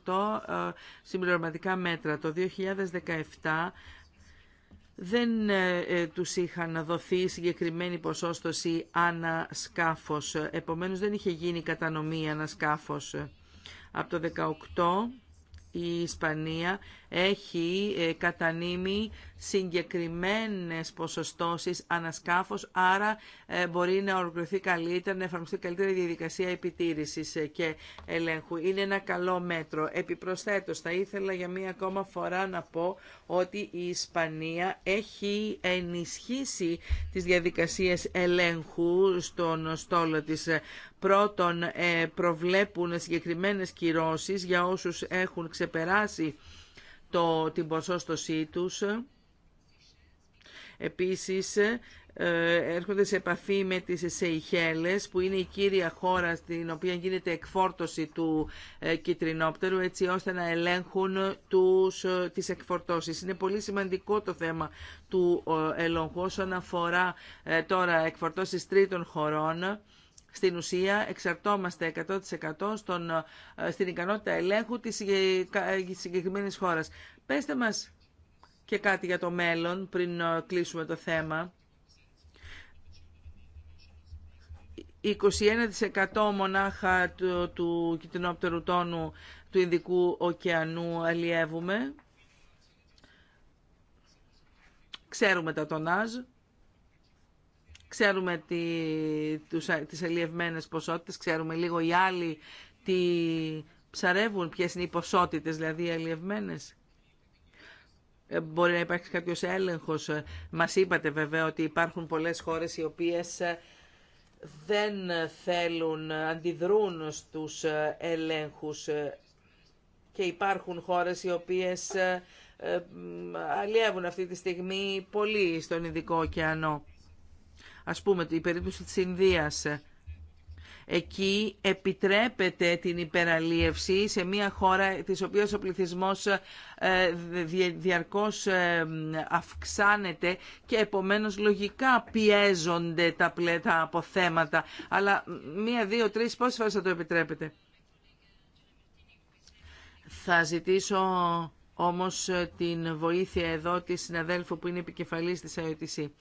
2018 ε, συμπληρωματικά μέτρα. Το 2017 δεν ε, ε, τους είχαν δοθεί συγκεκριμένη ποσόστοση ανασκάφος. Επομένως δεν είχε γίνει κατανομή ανασκάφος. Από το 2018 η Ισπανία έχει ε, κατανείμει συγκεκριμένες ποσοστώσεις ανασκάφος, άρα ε, μπορεί να ολοκληρωθεί καλύτερα, να εφαρμοστεί καλύτερη διαδικασία επιτήρησης ε, και ελέγχου. Είναι ένα καλό μέτρο. Επιπροσθέτως, θα ήθελα για μία ακόμα φορά να πω ότι η Ισπανία έχει ενισχύσει τις διαδικασίες ελέγχου στον στόλο της πρώτον προβλέπουν συγκεκριμένες κυρώσεις για όσους έχουν ξεπεράσει το, την ποσόστοσή τους. Επίσης, ε, έρχονται σε επαφή με τις Σεϊχέλες που είναι η κύρια χώρα στην οποία γίνεται εκφόρτωση του ε, κυτρινόπτερου, έτσι ώστε να ελέγχουν τους, ε, τις εκφορτώσεις. Είναι πολύ σημαντικό το θέμα του ελόγου όσον αφορά τώρα εκφορτώσεις τρίτων χωρών στην ουσία εξαρτόμαστε 100% στον, ε, στην ικανότητα ελέγχου ε, ε, της συγκεκριμένης χώρας. Πέστε μας και κάτι για το μέλλον πριν κλείσουμε το θέμα. 21% μονάχα του, του τόνου του Ινδικού ωκεανού αλλιεύουμε. Ξέρουμε τα τονάζ. Ξέρουμε τι, τους, τις ελιευμένες ποσότητες, ξέρουμε λίγο οι άλλοι τι ψαρεύουν, ποιες είναι οι ποσότητες δηλαδή ελιευμένες. Ε, μπορεί να υπάρχει κάποιος έλεγχος. Ε, μας είπατε βέβαια ότι υπάρχουν πολλές χώρες οι οποίες ε, δεν θέλουν, αντιδρούν στους ελέγχους και υπάρχουν χώρες οι οποίες αλλιεύουν αυτή τη στιγμή πολύ στον Ειδικό ωκεανό. Ας πούμε, η περίπτωση της Ινδίας. Εκεί επιτρέπεται την υπεραλίευση σε μια χώρα της οποίας ο πληθυσμός ε, διαρκώς ε, αυξάνεται και επομένως λογικά πιέζονται τα πλέτα αποθέματα. Αλλά μία, δύο, τρεις, πόσες φορές θα το επιτρέπετε. Θα ζητήσω όμως ε, την βοήθεια εδώ της συναδέλφου που είναι επικεφαλής της ΑΕΤΣΗ.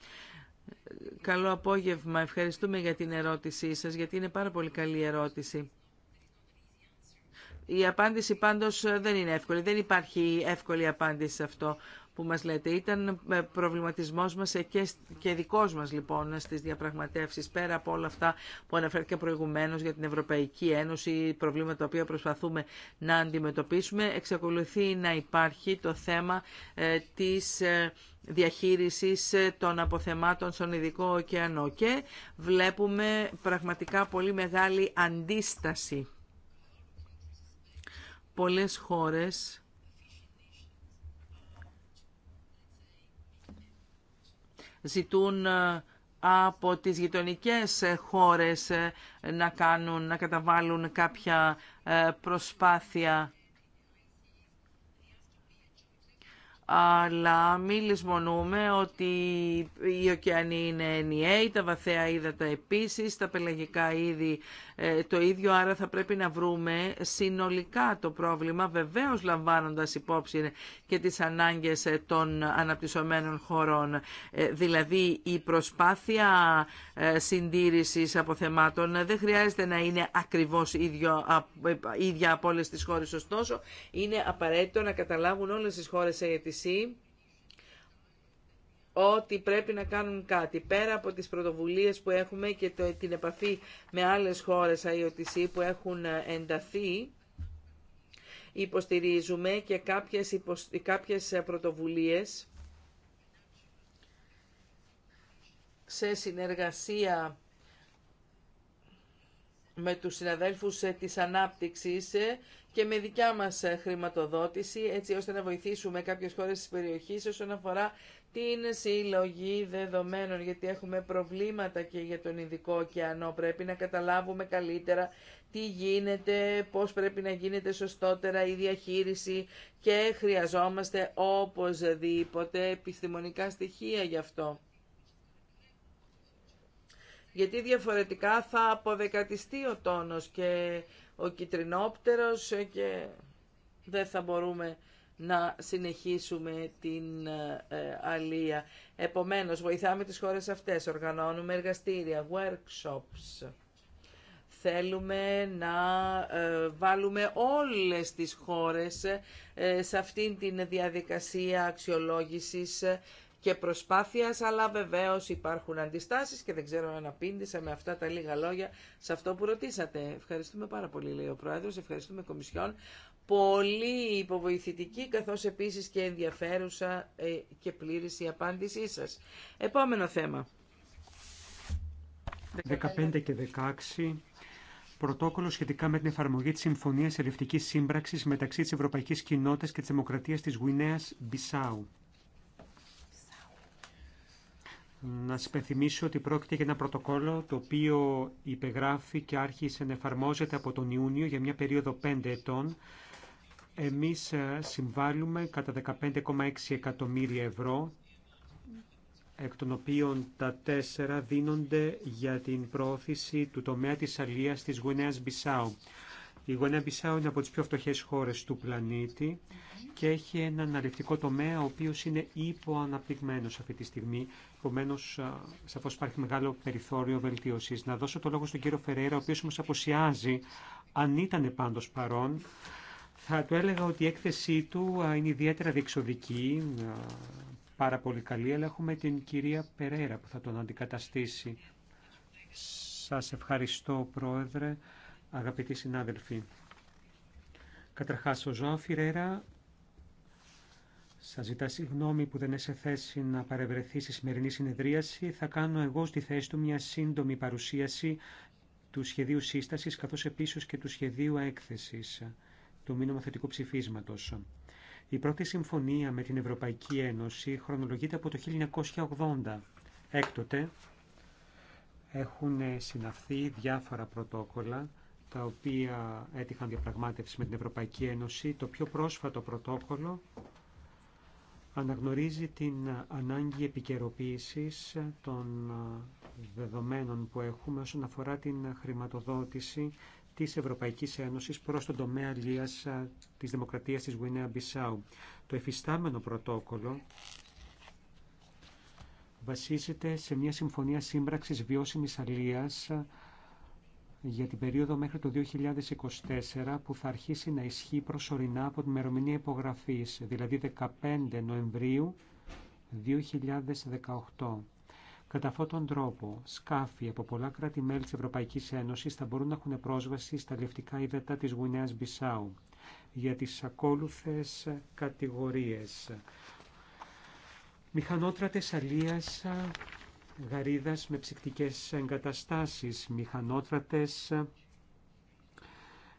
Καλό απόγευμα. Ευχαριστούμε για την ερώτησή σας, γιατί είναι πάρα πολύ καλή ερώτηση. Η απάντηση πάντως δεν είναι εύκολη. Δεν υπάρχει εύκολη απάντηση σε αυτό που μας λέτε. Ήταν ε, προβληματισμός μας ε, και, και δικός μας λοιπόν στις διαπραγματεύσεις πέρα από όλα αυτά που αναφέρθηκε προηγουμένως για την Ευρωπαϊκή Ένωση, προβλήματα τα οποία προσπαθούμε να αντιμετωπίσουμε. Εξακολουθεί να υπάρχει το θέμα ε, της διαχείρισης των αποθεμάτων στον Ειδικό ωκεανό και βλέπουμε πραγματικά πολύ μεγάλη αντίσταση. Πολλές χώρες ζητούν ε, από τις γειτονικές ε, χώρες ε, να κάνουν, να καταβάλουν κάποια προσπάθεια. Αλλά μην λησμονούμε ότι οι ωκεανοί είναι ενιαίοι, τα βαθαία ύδατα επίσης, τα πελαγικά είδη ε, το ίδιο άρα θα πρέπει να βρούμε συνολικά το πρόβλημα, βεβαίως λαμβάνοντας υπόψη και τις ανάγκες ε, των αναπτυσσομένων χωρών. Ε, δηλαδή η προσπάθεια συντήρησης αποθεμάτων δεν χρειάζεται να είναι ακριβώς ίδιο, ίδια από όλες τις χώρες. Ωστόσο, είναι απαραίτητο να καταλάβουν όλες τις χώρες αιτησία ότι πρέπει να κάνουν κάτι. Πέρα από τις πρωτοβουλίες που έχουμε και την επαφή με άλλες χώρες IOTC που έχουν ε, ενταθεί, υποστηρίζουμε και κάποιες, υποσ... κάποιες ε, πρωτοβουλίες σε συνεργασία με τους συναδέλφους ε, της ανάπτυξης ε, και με δικιά μας ε, χρηματοδότηση, έτσι ώστε να βοηθήσουμε κάποιες χώρες της περιοχής όσον αφορά την συλλογή δεδομένων, γιατί έχουμε προβλήματα και για τον Ειδικό ωκεανό. Πρέπει να καταλάβουμε καλύτερα τι γίνεται, πώς πρέπει να γίνεται σωστότερα η διαχείριση και χρειαζόμαστε οπωσδήποτε επιστημονικά στοιχεία γι' αυτό γιατί διαφορετικά θα αποδεκατιστεί ο τόνος και ο κιτρινόπτερος και δεν θα μπορούμε να συνεχίσουμε την ε, αλία. Επομένως, βοηθάμε τις χώρες αυτές, οργανώνουμε εργαστήρια, workshops. Θέλουμε να ε, βάλουμε όλες τις χώρες ε, σε αυτήν την διαδικασία αξιολόγησης και προσπάθειας, αλλά βεβαίως υπάρχουν αντιστάσεις και δεν ξέρω αν απήντησα με αυτά τα λίγα λόγια σε αυτό που ρωτήσατε. Ευχαριστούμε πάρα πολύ, λέει ο Πρόεδρος, ευχαριστούμε Κομισιόν. Πολύ υποβοηθητική, καθώς επίσης και ενδιαφέρουσα ε, και πλήρης η απάντησή σας. Επόμενο θέμα. 15 και 16 πρωτόκολλο σχετικά με την εφαρμογή τη Συμφωνία Ελευτική Σύμπραξη μεταξύ τη Ευρωπαϊκή Κοινότητα και τη Δημοκρατία τη Γουινέα Μπισάου. Να σα υπενθυμίσω ότι πρόκειται για ένα πρωτοκόλλο το οποίο υπεγράφει και άρχισε να εφαρμόζεται από τον Ιούνιο για μια περίοδο 5 ετών. Εμείς ε, συμβάλλουμε κατά 15,6 εκατομμύρια ευρώ, εκ των οποίων τα τέσσερα δίνονται για την πρόθεση του τομέα της αλίας της Γουινέας Μπισάου. Η Γωνία Μπισάου είναι από τις πιο φτωχές χώρες του πλανήτη και έχει ένα αναλυτικό τομέα ο οποίος είναι υποαναπτυγμένος αυτή τη στιγμή. Επομένω, σαφώς υπάρχει μεγάλο περιθώριο βελτίωσης. Να δώσω το λόγο στον κύριο Φεραίρα, ο οποίος όμως αποσιάζει, αν ήταν πάντως παρόν, θα του έλεγα ότι η έκθεσή του είναι ιδιαίτερα διεξοδική, πάρα πολύ καλή, αλλά έχουμε την κυρία Περέρα που θα τον αντικαταστήσει. Σας ευχαριστώ, Πρόεδρε αγαπητοί συνάδελφοι. Καταρχάς, ο Ζωάν Φιρέρα σας ζητά συγγνώμη που δεν είσαι θέση να παρευρεθεί στη σημερινή συνεδρίαση. Θα κάνω εγώ στη θέση του μια σύντομη παρουσίαση του σχεδίου σύστασης, καθώς επίσης και του σχεδίου έκθεσης του μήνυμα Θετικού ψηφίσματος. Η πρώτη συμφωνία με την Ευρωπαϊκή Ένωση χρονολογείται από το 1980. Έκτοτε έχουν συναυθεί διάφορα πρωτόκολλα τα οποία έτυχαν διαπραγμάτευση με την Ευρωπαϊκή Ένωση, το πιο πρόσφατο πρωτόκολλο αναγνωρίζει την ανάγκη επικαιροποίησης των δεδομένων που έχουμε όσον αφορά την χρηματοδότηση της Ευρωπαϊκής Ένωσης προς τον τομέα λίας της Δημοκρατίας της βουινεα Μπισάου. Το εφιστάμενο πρωτόκολλο βασίζεται σε μια συμφωνία σύμπραξης βιώσιμης αλίας για την περίοδο μέχρι το 2024 που θα αρχίσει να ισχύει προσωρινά από την ημερομηνία υπογραφής, δηλαδή 15 Νοεμβρίου 2018. Κατά αυτόν τον τρόπο, σκάφη από πολλά κράτη-μέλη της Ευρωπαϊκής Ένωσης θα μπορούν να έχουν πρόσβαση στα λευτικά ύδατα της Γουινέας Μπισάου για τις ακόλουθες κατηγορίες. Μηχανότρατες γαρίδας με ψυκτικές εγκαταστάσεις, μηχανότρατες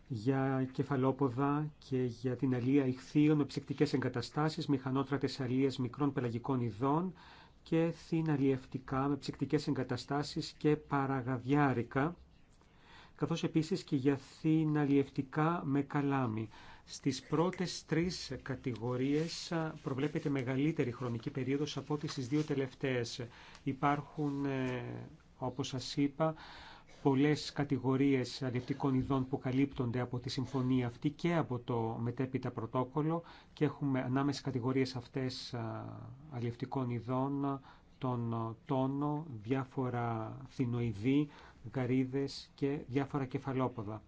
για κεφαλόποδα και για την αλία ηχθείων με ψυκτικές εγκαταστάσεις, μηχανότρατες αλίες μικρών πελαγικών ειδών και θυναλιευτικά με ψυκτικές εγκαταστάσεις και παραγαδιάρικα, καθώς επίσης και για θυναλιευτικά με καλάμι. Στις πρώτες τρεις κατηγορίες προβλέπεται μεγαλύτερη χρονική περίοδος από ό,τι στις δύο τελευταίες. Υπάρχουν, ε, όπως σας είπα, πολλές κατηγορίες αλληλευτικών ειδών που καλύπτονται από τη συμφωνία αυτή και από το μετέπειτα πρωτόκολλο και έχουμε ανάμεσα κατηγορίες αυτές αλληλευτικών ειδών τον τόνο, διάφορα θηνοειδή, γαρίδες και διάφορα κεφαλόποδα.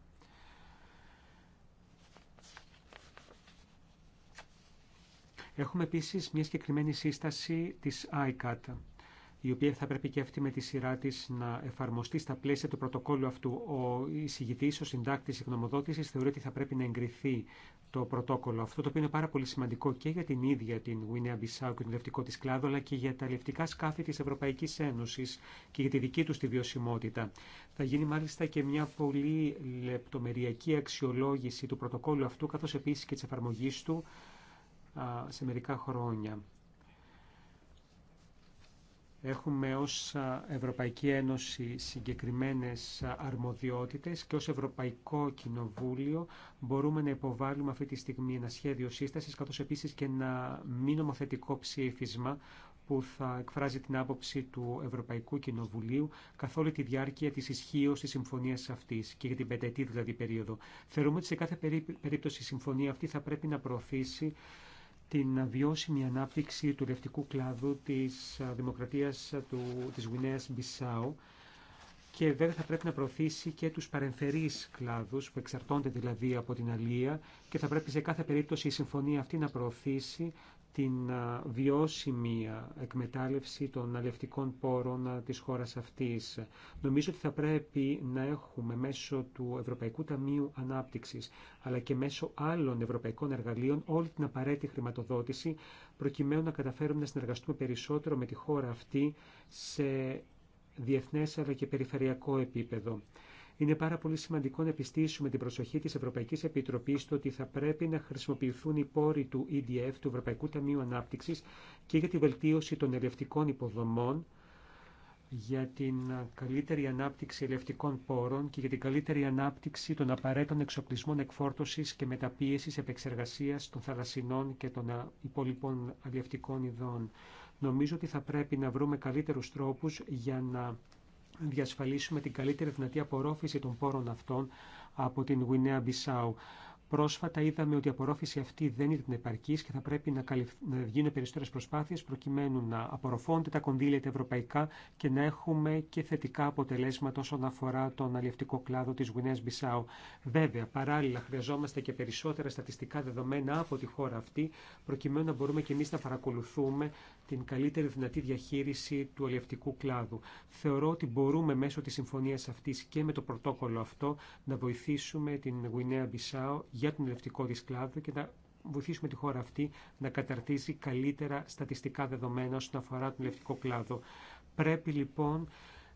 Έχουμε επίση μια συγκεκριμένη σύσταση τη ICAT, η οποία θα πρέπει και αυτή με τη σειρά τη να εφαρμοστεί στα πλαίσια του πρωτοκόλλου αυτού. Ο εισηγητή, ο συντάκτη γνωμοδότηση θεωρεί ότι θα πρέπει να εγκριθεί το πρωτόκολλο αυτό, το οποίο είναι πάρα πολύ σημαντικό και για την ίδια την Γουινέα Μπισάου και τον δευτικό τη κλάδο, αλλά και για τα λευτικά σκάφη τη Ευρωπαϊκή Ένωση και για τη δική του τη βιωσιμότητα. Θα γίνει μάλιστα και μια πολύ λεπτομεριακή αξιολόγηση του πρωτοκόλλου αυτού, καθώ επίση και τη εφαρμογή του σε μερικά χρόνια. Έχουμε ως Ευρωπαϊκή Ένωση συγκεκριμένες αρμοδιότητες και ως Ευρωπαϊκό Κοινοβούλιο μπορούμε να υποβάλουμε αυτή τη στιγμή ένα σχέδιο σύστασης καθώς επίσης και ένα μη νομοθετικό ψήφισμα που θα εκφράζει την άποψη του Ευρωπαϊκού Κοινοβουλίου καθ' όλη τη διάρκεια της ισχύω της συμφωνίας αυτής και για την πενταετή δηλαδή περίοδο. Θεωρούμε ότι σε κάθε περίπτωση η συμφωνία αυτή θα πρέπει να προωθήσει την βιώσιμη ανάπτυξη του λευτικού κλάδου της δημοκρατίας του, της Γουινέας Μπισάου και βέβαια θα πρέπει να προωθήσει και τους παρενθερείς κλάδους που εξαρτώνται δηλαδή από την αλία και θα πρέπει σε κάθε περίπτωση η συμφωνία αυτή να προωθήσει την βιώσιμη εκμετάλλευση των αλευτικών πόρων της χώρας αυτής. Νομίζω ότι θα πρέπει να έχουμε μέσω του Ευρωπαϊκού Ταμείου Ανάπτυξης, αλλά και μέσω άλλων ευρωπαϊκών εργαλείων όλη την απαραίτητη χρηματοδότηση, προκειμένου να καταφέρουμε να συνεργαστούμε περισσότερο με τη χώρα αυτή σε διεθνές αλλά και περιφερειακό επίπεδο. Είναι πάρα πολύ σημαντικό να επιστήσουμε την προσοχή της Ευρωπαϊκής Επιτροπής στο ότι θα πρέπει να χρησιμοποιηθούν οι πόροι του EDF, του Ευρωπαϊκού Ταμείου Ανάπτυξης, και για τη βελτίωση των ελευτικών υποδομών, για την καλύτερη ανάπτυξη ελευτικών πόρων και για την καλύτερη ανάπτυξη των απαραίτητων εξοπλισμών εκφόρτωσης και μεταπίεσης επεξεργασίας των θαλασσινών και των υπολοιπών αλλιευτικών ειδών. Νομίζω ότι θα πρέπει να βρούμε καλύτερου τρόπου για να διασφαλίσουμε την καλύτερη δυνατή απορρόφηση των πόρων αυτών από την Γουινέα Μπισάου. Πρόσφατα είδαμε ότι η απορρόφηση αυτή δεν ήταν επαρκή και θα πρέπει να, γίνουν περισσότερε προσπάθειε προκειμένου να απορροφώνται τα κονδύλια τα ευρωπαϊκά και να έχουμε και θετικά αποτελέσματα όσον αφορά τον αλλιευτικό κλάδο τη Γουινέα Μπισάου. Βέβαια, παράλληλα χρειαζόμαστε και περισσότερα στατιστικά δεδομένα από τη χώρα αυτή, προκειμένου να μπορούμε και εμεί να παρακολουθούμε την καλύτερη δυνατή διαχείριση του αλλιευτικού κλάδου. Θεωρώ ότι μπορούμε μέσω της συμφωνίας αυτής και με το πρωτόκολλο αυτό να βοηθήσουμε την Γουινέα Μπισάο για τον αλλιευτικό της κλάδο και να βοηθήσουμε τη χώρα αυτή να καταρτίζει καλύτερα στατιστικά δεδομένα όσον αφορά τον ελευτικό κλάδο. Πρέπει λοιπόν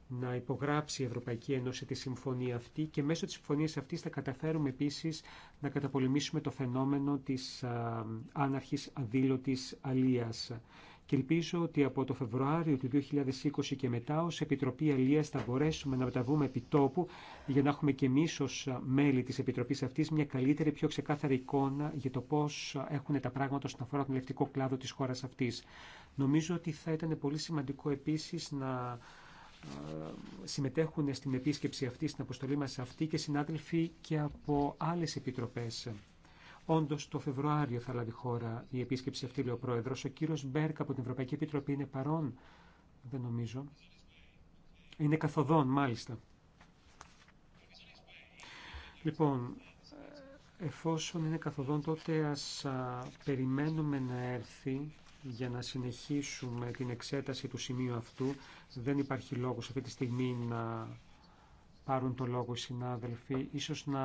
να υπογράψει η Ευρωπαϊκή Ένωση τη συμφωνία αυτή και μέσω της συμφωνίας αυτής θα καταφέρουμε επίσης να καταπολεμήσουμε το φαινόμενο της α, άναρχης αδήλωτης αλίας και ελπίζω ότι από το Φεβρουάριο του 2020 και μετά ως Επιτροπή Αλίας θα μπορέσουμε να μεταβούμε επί τόπου για να έχουμε και εμείς ως μέλη της Επιτροπής αυτής μια καλύτερη, πιο ξεκάθαρη εικόνα για το πώς έχουν τα πράγματα στον αφορά τον ελευτικό κλάδο της χώρας αυτής. Νομίζω ότι θα ήταν πολύ σημαντικό επίσης να ε, συμμετέχουν στην επίσκεψη αυτή, στην αποστολή μας αυτή και συνάδελφοι και από άλλες επιτροπές. Όντω, το Φεβρουάριο θα λάβει χώρα η επίσκεψη αυτή, λέει ο Πρόεδρο. Ο κύριο Μπέρκ από την Ευρωπαϊκή Επιτροπή είναι παρόν. Δεν νομίζω. Είναι καθοδόν, μάλιστα. Λοιπόν, εφόσον είναι καθοδόν, τότε ας περιμένουμε να έρθει για να συνεχίσουμε την εξέταση του σημείου αυτού. Δεν υπάρχει λόγος αυτή τη στιγμή να πάρουν το λόγο συνάδελφοι. Ίσως να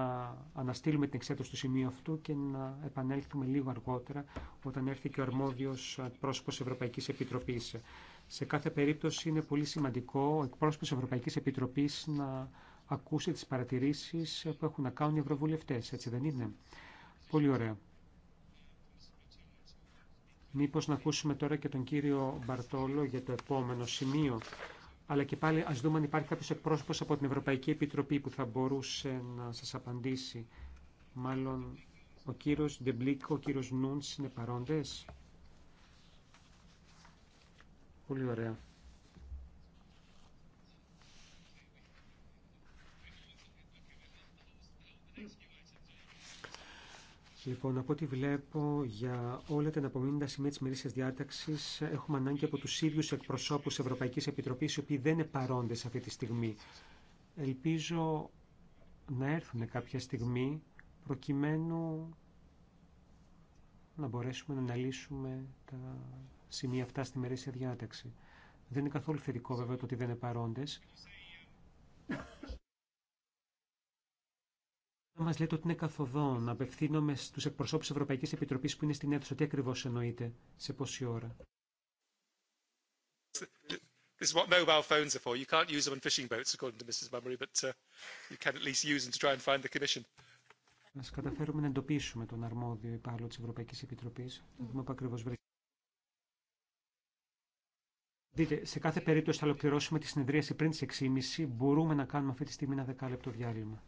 αναστείλουμε την εξέταση του σημείου αυτού και να επανέλθουμε λίγο αργότερα όταν έρθει και ο αρμόδιος πρόσωπος Ευρωπαϊκής Επιτροπής. Σε κάθε περίπτωση είναι πολύ σημαντικό ο εκπρόσωπος Ευρωπαϊκής Επιτροπής να ακούσει τις παρατηρήσεις που έχουν να κάνουν οι ευρωβουλευτές, έτσι δεν είναι. Πολύ ωραία. Μήπως να ακούσουμε τώρα και τον κύριο Μπαρτόλο για το επόμενο σημείο αλλά και πάλι ας δούμε αν υπάρχει κάποιος εκπρόσωπος από την Ευρωπαϊκή Επιτροπή που θα μπορούσε να σας απαντήσει. Μάλλον ο κύριος Ντεμπλίκ, ο κύριος Νούντς είναι παρόντες. Πολύ ωραία. Λοιπόν, από ό,τι βλέπω, για όλα τα αναπομείνοντα σημεία τη μερίσια διάταξη έχουμε ανάγκη από του ίδιου εκπροσώπου Ευρωπαϊκή Επιτροπή, οι οποίοι δεν είναι παρόντε αυτή τη στιγμή. Ελπίζω να έρθουν κάποια στιγμή προκειμένου να μπορέσουμε να αναλύσουμε τα σημεία αυτά στη μερίσια διάταξη. Δεν είναι καθόλου θετικό βέβαια το ότι δεν είναι παρόντε μας λέτε ότι είναι καθοδόν. Απευθύνομαι στους εκπροσώπους της Ευρωπαϊκής Επιτροπής που είναι στην αίθουσα. Τι ακριβώς εννοείτε, σε πόση ώρα. This is what mobile phones are for. You can't use them on fishing boats, according to Mrs. Mummery, but uh, you can at least use them to try and find the Commission. Να καταφέρουμε να εντοπίσουμε τον αρμόδιο υπάλληλο της Ευρωπαϊκής Επιτροπής. Δείτε, σε κάθε περίπτωση θα ολοκληρώσουμε τη συνεδρίαση πριν τις 6.30. Μπορούμε να κάνουμε αυτή τη στιγμή ένα δεκάλεπτο διάλειμμα.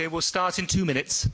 Okay, we'll start in two minutes.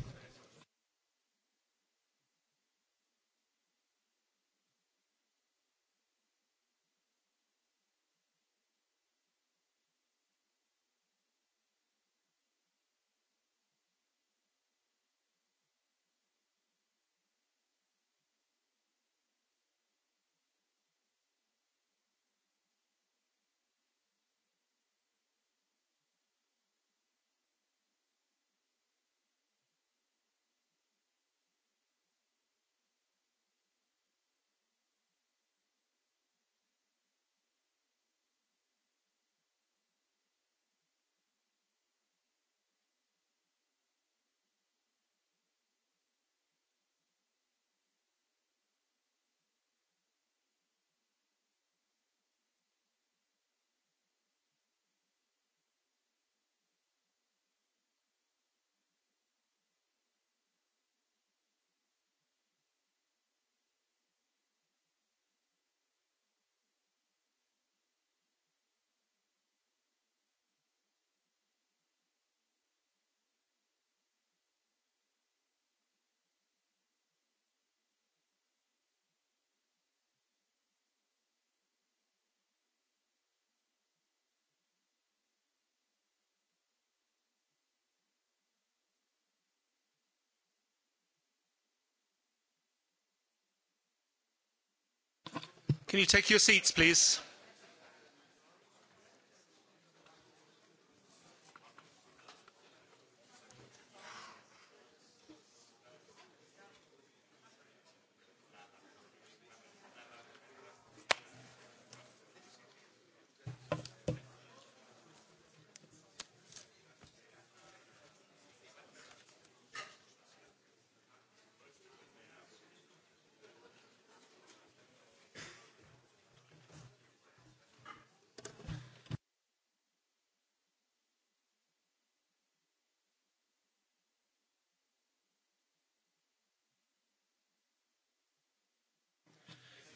Can you take your seats, please?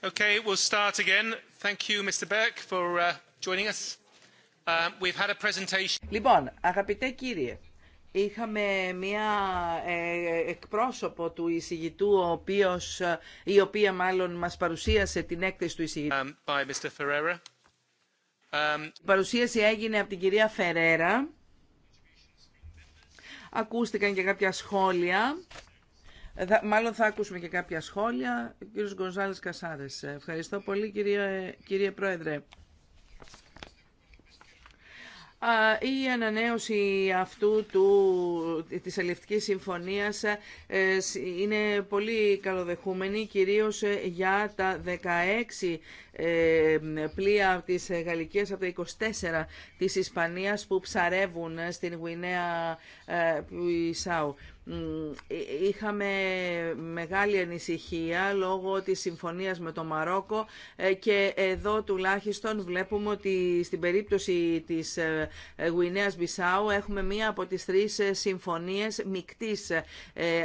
Okay, start again. Thank you, Mr. for uh, joining us. Uh, we've had a presentation. Λοιπόν, αγαπητέ κύριε, είχαμε μια ε, εκπρόσωπο του εισηγητού, ο οποίος, η οποία μάλλον μας παρουσίασε την έκθεση του εισηγητού. Um, by Mr. Ferreira. Um... Η παρουσίαση έγινε από την κυρία Φερέρα. Ακούστηκαν και κάποια σχόλια Μάλλον θα ακούσουμε και κάποια σχόλια. Ο κύριος Γκονζάλης Κασάρες. Ε, ευχαριστώ πολύ κύριε, Πρόεδρε. Η ανανέωση αυτού του, της Αλληλευτικής Συμφωνίας ε, είναι πολύ καλοδεχούμενη, κυρίως ε, για τα 16 πλοία της Γαλλικής από τα 24 της Ισπανίας που ψαρεύουν στην Γουινέα Ισάου είχαμε μεγάλη ανησυχία λόγω της συμφωνίας με το Μαρόκο ε, και εδώ τουλάχιστον βλέπουμε ότι στην περίπτωση της ε, Γουινέας Μπισάου έχουμε μία από τις τρεις ε, συμφωνίες μικτής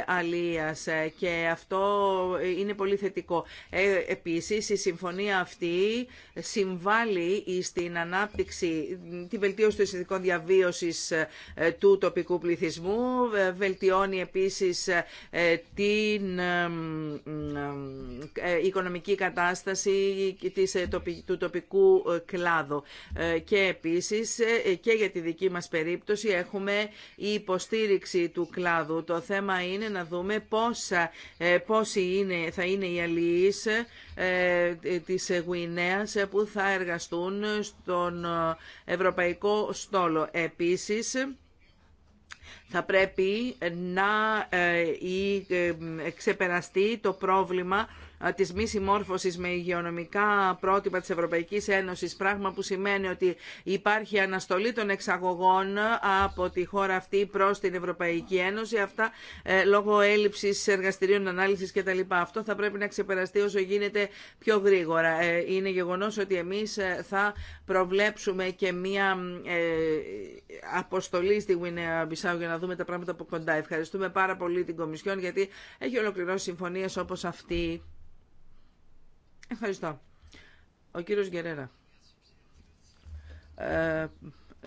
αλίας και αυτό είναι πολύ θετικό. Επίσης η συμφωνία αυτή συμβάλλει στην ανάπτυξη, την βελτίωση των συνθηκών διαβίωσης του τοπικού πληθυσμού, βελτιώνει επίσης ε, την ε, ε, οικονομική κατάσταση του τοπικού κλάδου. Και επίσης και για τη δική μας περίπτωση έχουμε η υποστήριξη του κλάδου. Το θέμα είναι να δούμε πόσα, πόσοι είναι, θα είναι οι αλληλείς της Γουινέας που θα εργαστούν στον Ευρωπαϊκό Στόλο. Επίσης, θα πρέπει να ε, ε, ξεπεραστεί το πρόβλημα ε, της μη συμμόρφωσης με υγειονομικά πρότυπα της Ευρωπαϊκής Ένωσης, πράγμα που σημαίνει ότι υπάρχει αναστολή των εξαγωγών από τη χώρα αυτή προς την Ευρωπαϊκή Ένωση, αυτά λόγω έλλειψης εργαστηρίων ανάλυσης κτλ. Αυτό θα πρέπει να ξεπεραστεί όσο γίνεται πιο γρήγορα. Είναι γεγονός ότι εμείς θα προβλέψουμε και μία αποστολή στη Γουινέα για να δούμε τα πράγματα από κοντά. Ευχαριστούμε πάρα πολύ την Κομισιόν γιατί έχει ολοκληρώσει συμφωνίε όπως αυτή. Ευχαριστώ. Ο κύριος Γκερέρα. Ε,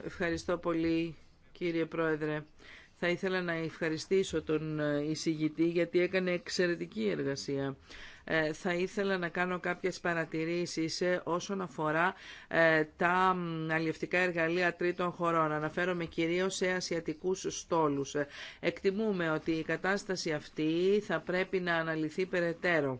ευχαριστώ πολύ κύριε Πρόεδρε. Θα ήθελα να ευχαριστήσω τον εισηγητή γιατί έκανε εξαιρετική εργασία. Ε, θα ήθελα να κάνω κάποιες παρατηρήσεις ε, όσον αφορά ε, τα αλληλευτικά εργαλεία τρίτων χωρών. Αναφέρομαι κυρίως σε ασιατικούς στόλους. Εκτιμούμε ότι η κατάσταση αυτή θα πρέπει να αναλυθεί περαιτέρω.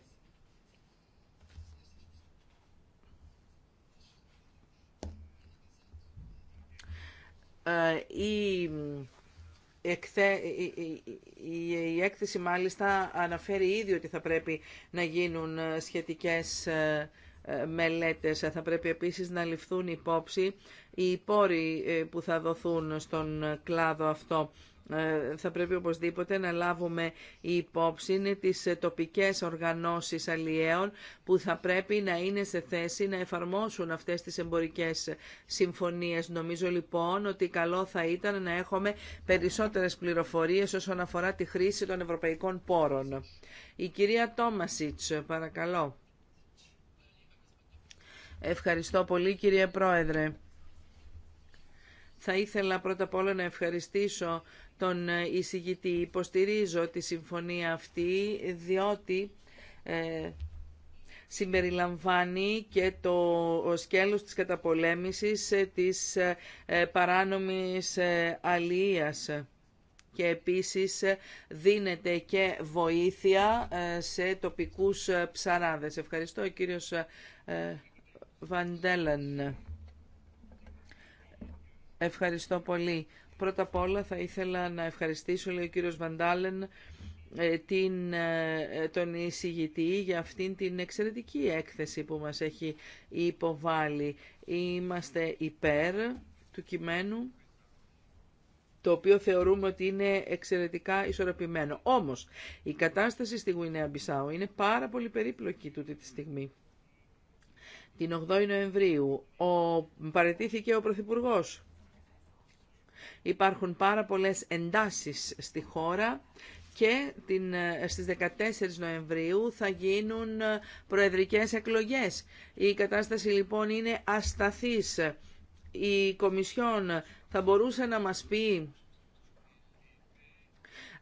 Η έκθεση μάλιστα αναφέρει ήδη ότι θα πρέπει να γίνουν ε, σχετικές ε, ε, μελέτες. Θα πρέπει επίσης να ληφθούν υπόψη οι πόροι που θα δοθούν στον κλάδο αυτό. Ε, θα πρέπει οπωσδήποτε να λάβουμε υπόψη είναι τις ε, τοπικές οργανώσεις αλλιέων που θα πρέπει να είναι σε θέση να εφαρμόσουν αυτές τις εμπορικές συμφωνίες. Νομίζω λοιπόν ότι καλό θα ήταν να έχουμε περισσότερες πληροφορίες όσον αφορά τη χρήση των ευρωπαϊκών πόρων. Η κυρία Τόμασιτς, παρακαλώ. Ευχαριστώ πολύ κύριε Πρόεδρε. Θα ήθελα πρώτα απ' όλα να ευχαριστήσω τον ε, εισηγητή. Υποστηρίζω τη συμφωνία αυτή διότι ε, συμπεριλαμβάνει και το σκέλος της καταπολέμησης ε, της ε, ε παράνομης αλίας και επίσης δίνεται και βοήθεια σε τοπικούς ψαράδες. Ευχαριστώ κύριος Βαντέλεν. Ευχαριστώ πολύ. Πρώτα απ' όλα θα ήθελα να ευχαριστήσω, λέει ο κύριος Βαντάλεν, ε, την, ε, τον εισηγητή για αυτήν την εξαιρετική έκθεση που μας έχει υποβάλει. Είμαστε υπέρ του κειμένου, το οποίο θεωρούμε ότι είναι εξαιρετικά ισορροπημένο. Όμως, η κατάσταση στη Γουινέα Μπισάου είναι πάρα πολύ περίπλοκη τούτη τη στιγμή. Την 8η Νοεμβρίου ο, παρετήθηκε ο Πρωθυπουργός Υπάρχουν πάρα πολλές εντάσεις στη χώρα και την, ε, στις 14 Νοεμβρίου θα γίνουν ε, προεδρικές εκλογές. Η κατάσταση λοιπόν είναι ασταθής. Η Κομισιόν θα μπορούσε να μας πει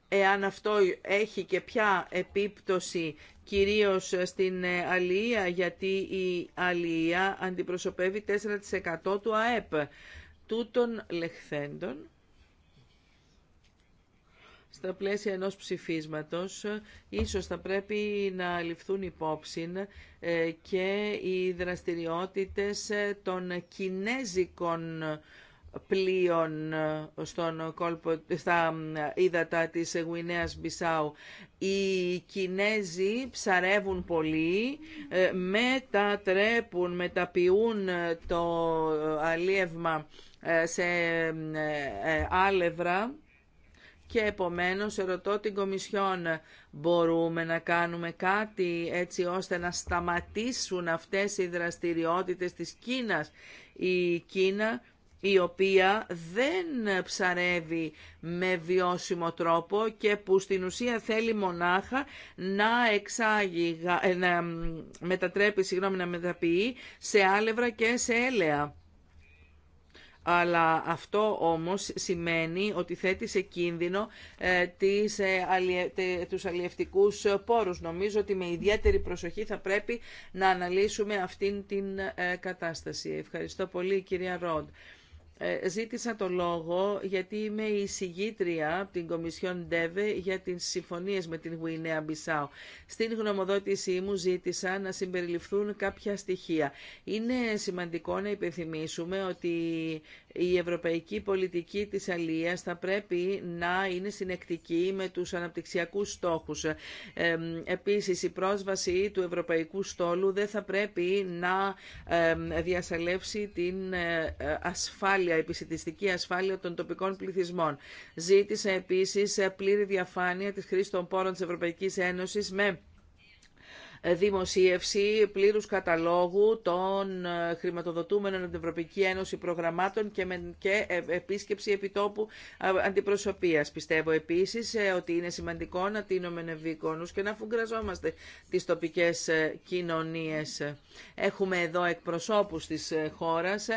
εάν αυτό έχει και ποια επίπτωση κυρίως στην ε, Αλία, γιατί η Αλία αντιπροσωπεύει 4% του ΑΕΠ. Τούτων λεχθέντων, στα πλαίσια ενός ψηφίσματος, ίσως θα πρέπει να ληφθούν υπόψη ε, και οι δραστηριότητες ε, των κινέζικων πλοίων ε, στον κόλπο, στα ύδατα της Γουινέας Μπισάου. Οι Κινέζοι ψαρεύουν πολύ, μετατρέπουν, μεταποιούν το αλίευμα ε, σε ε, ε, άλευρα και επομένως ρωτώ την Κομισιόν μπορούμε να κάνουμε κάτι έτσι ώστε να σταματήσουν αυτές οι δραστηριότητες της Κίνας. Η Κίνα η οποία δεν ψαρεύει με βιώσιμο τρόπο και που στην ουσία θέλει μονάχα να εξάγει, να μετατρέπει, συγγνώμη, να μεταποιεί σε άλευρα και σε έλεα αλλά αυτό όμως σημαίνει ότι θέτει σε κίνδυνο ε, τις, ε, αλλιε... τους αλλιευτικούς πόρους. Νομίζω ότι με ιδιαίτερη προσοχή θα πρέπει να αναλύσουμε αυτήν την ε, κατάσταση. Ευχαριστώ πολύ κυρία Ρόντ. Ε, ζήτησα το λόγο γιατί είμαι η συγγήτρια από την Κομισιόν ΔΕΒΕ για τις συμφωνίες με την Γουινέα Μπισάου. Στην γνωμοδότησή μου ζήτησα να συμπεριληφθούν κάποια στοιχεία. Είναι σημαντικό να υπενθυμίσουμε ότι η ευρωπαϊκή πολιτική της αλίας θα πρέπει να είναι συνεκτική με τους αναπτυξιακούς στόχους. Ε, επίσης, η πρόσβαση του ευρωπαϊκού στόλου δεν θα πρέπει να ε, διασαλεύσει την ε, ασφάλεια, επισητιστική ασφάλεια των τοπικών πληθυσμών. Ζήτησε επίσης πλήρη διαφάνεια της χρήσης των πόρων της Ευρωπαϊκής Ένωσης με δημοσίευση πλήρους καταλόγου των ε, χρηματοδοτούμενων από την Ευρωπαϊκή Ένωση προγραμμάτων και, και ε, επίσκεψη επιτόπου αντιπροσωπείας. Πιστεύω επίσης ε, ότι είναι σημαντικό να τίνουμε νευρικόνους και να φουγκραζόμαστε τις τοπικές κοινωνίες. Έχουμε εδώ εκπροσώπους της χώρας,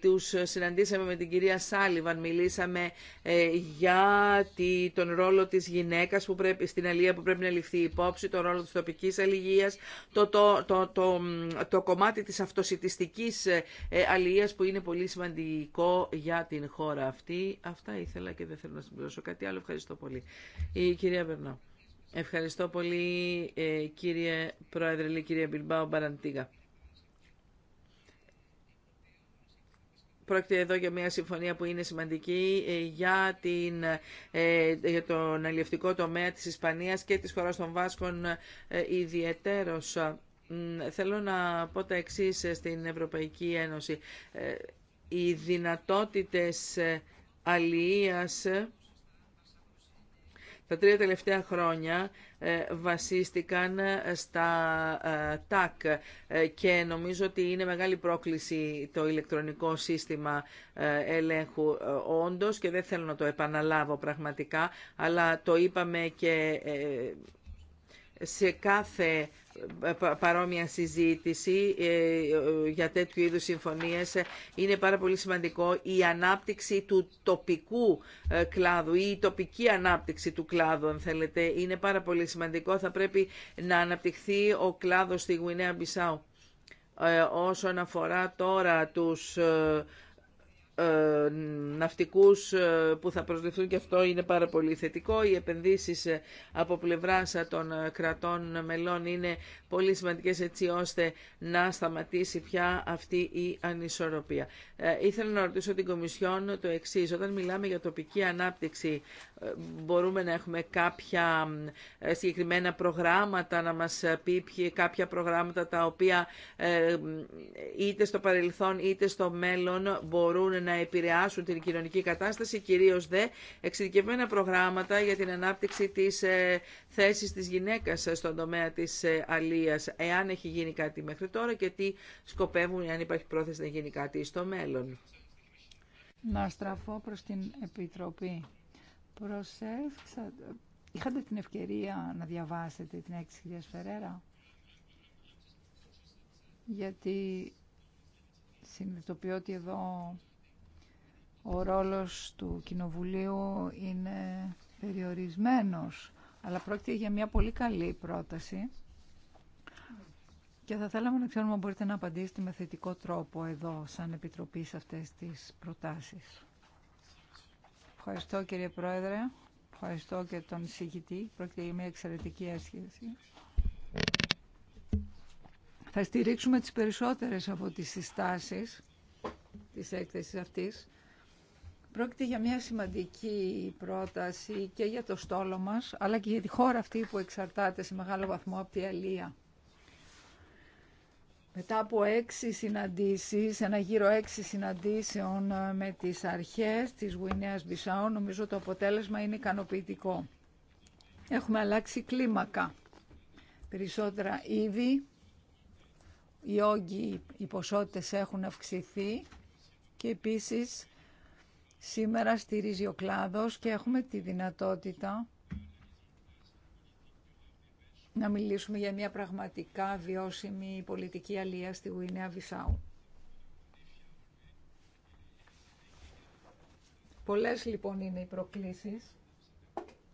τους συναντήσαμε με την κυρία Σάλιβαν, μιλήσαμε για τον ρόλο της γυναίκας που πρέπει, στην Αλία που πρέπει να ληφθεί υπόψη, τον ρόλο της τοπικής ψυχικής το, το, το, το, κομμάτι της αυτοσυτιστικής ε, ε, αλληλείας που είναι πολύ σημαντικό για την χώρα αυτή. Αυτά ήθελα και δεν θέλω να συμπληρώσω κάτι άλλο. Ευχαριστώ πολύ. Η κυρία Βερνά. Ευχαριστώ πολύ ε, κύριε Πρόεδρε, κυρία Μπιλμπάου Μπαραντίγα. Πρόκειται εδώ για μια συμφωνία που είναι σημαντική ε, για, την, ε, για τον αλληλευτικό τομέα της Ισπανίας και της χώρας των Βάσκων ε, ιδιαιτέρως. Θέλω να πω τα εξής στην Ευρωπαϊκή Ένωση. Οι δυνατότητες αλληλείας τα τρία τελευταία χρόνια ε, βασίστηκαν ε, στα ε, ΤΑΚ και νομίζω ότι είναι μεγάλη πρόκληση το ηλεκτρονικό σύστημα ελέγχου όντως και δεν θέλω να το επαναλάβω πραγματικά, αλλά το είπαμε και σε κάθε παρόμοια συζήτηση ε, για τέτοιου είδους συμφωνίες είναι πάρα πολύ σημαντικό η ανάπτυξη του τοπικού ε, κλάδου ή η τοπική ανάπτυξη του κλάδου αν θέλετε είναι πάρα πολύ σημαντικό θα πρέπει να αναπτυχθεί ο κλάδος στη Γουινέα Μπισάου ε, όσον αφορά τώρα τους ε, ναυτικούς ε, που θα προσληφθούν και αυτό είναι πάρα πολύ θετικό. Οι επενδύσεις ε, από πλευράς των κρατών μελών είναι πολύ σημαντικές έτσι ώστε να σταματήσει πια αυτή η ανισορροπία. Ήθελα να ρωτήσω την Κομισιόν το εξής. Όταν μιλάμε για τοπική ανάπτυξη ε, μπορούμε να έχουμε κάποια ε, συγκεκριμένα προγράμματα, να μας πει ποιοι, κάποια προγράμματα τα οποία ε, είτε στο παρελθόν είτε στο μέλλον μπορούν να επηρεάσουν την κοινωνική κατάσταση, κυρίως δε εξειδικευμένα προγράμματα για την ανάπτυξη της θέσης της γυναίκας στον τομέα της αλίας, εάν έχει γίνει κάτι μέχρι τώρα και τι σκοπεύουν, αν υπάρχει πρόθεση να γίνει κάτι στο μέλλον. Να στραφώ προς την Επιτροπή. Προσέξα. Είχατε την ευκαιρία να διαβάσετε την έξι χιλιάς Φερέρα. Γιατί συνειδητοποιώ ότι εδώ ο ρόλος του Κοινοβουλίου είναι περιορισμένος. Αλλά πρόκειται για μια πολύ καλή πρόταση. Και θα θέλαμε να ξέρουμε αν μπορείτε να απαντήσετε με θετικό τρόπο εδώ, σαν Επιτροπή, σε αυτές τις προτάσεις. Ευχαριστώ κύριε Πρόεδρε. Ευχαριστώ και τον εισηγητή. Πρόκειται για μια εξαιρετική άσκηση. Θα στηρίξουμε τις περισσότερες από τις συστάσεις της έκθεσης αυτής. Πρόκειται για μια σημαντική πρόταση και για το στόλο μας, αλλά και για τη χώρα αυτή που εξαρτάται σε μεγάλο βαθμό από τη Αλία. Μετά από έξι συναντήσεις, ένα γύρο έξι συναντήσεων ε, με τις αρχές της Γουινέας Μπισάου, νομίζω το αποτέλεσμα είναι ικανοποιητικό. Έχουμε αλλάξει κλίμακα. Περισσότερα ήδη, οι όγκοι, οι ποσότητες έχουν αυξηθεί και επίσης σήμερα στηρίζει ο κλάδος και έχουμε τη δυνατότητα να μιλήσουμε για μια πραγματικά βιώσιμη πολιτική αλία στη Γουινέα Βισάου. Πολλές λοιπόν είναι οι προκλήσεις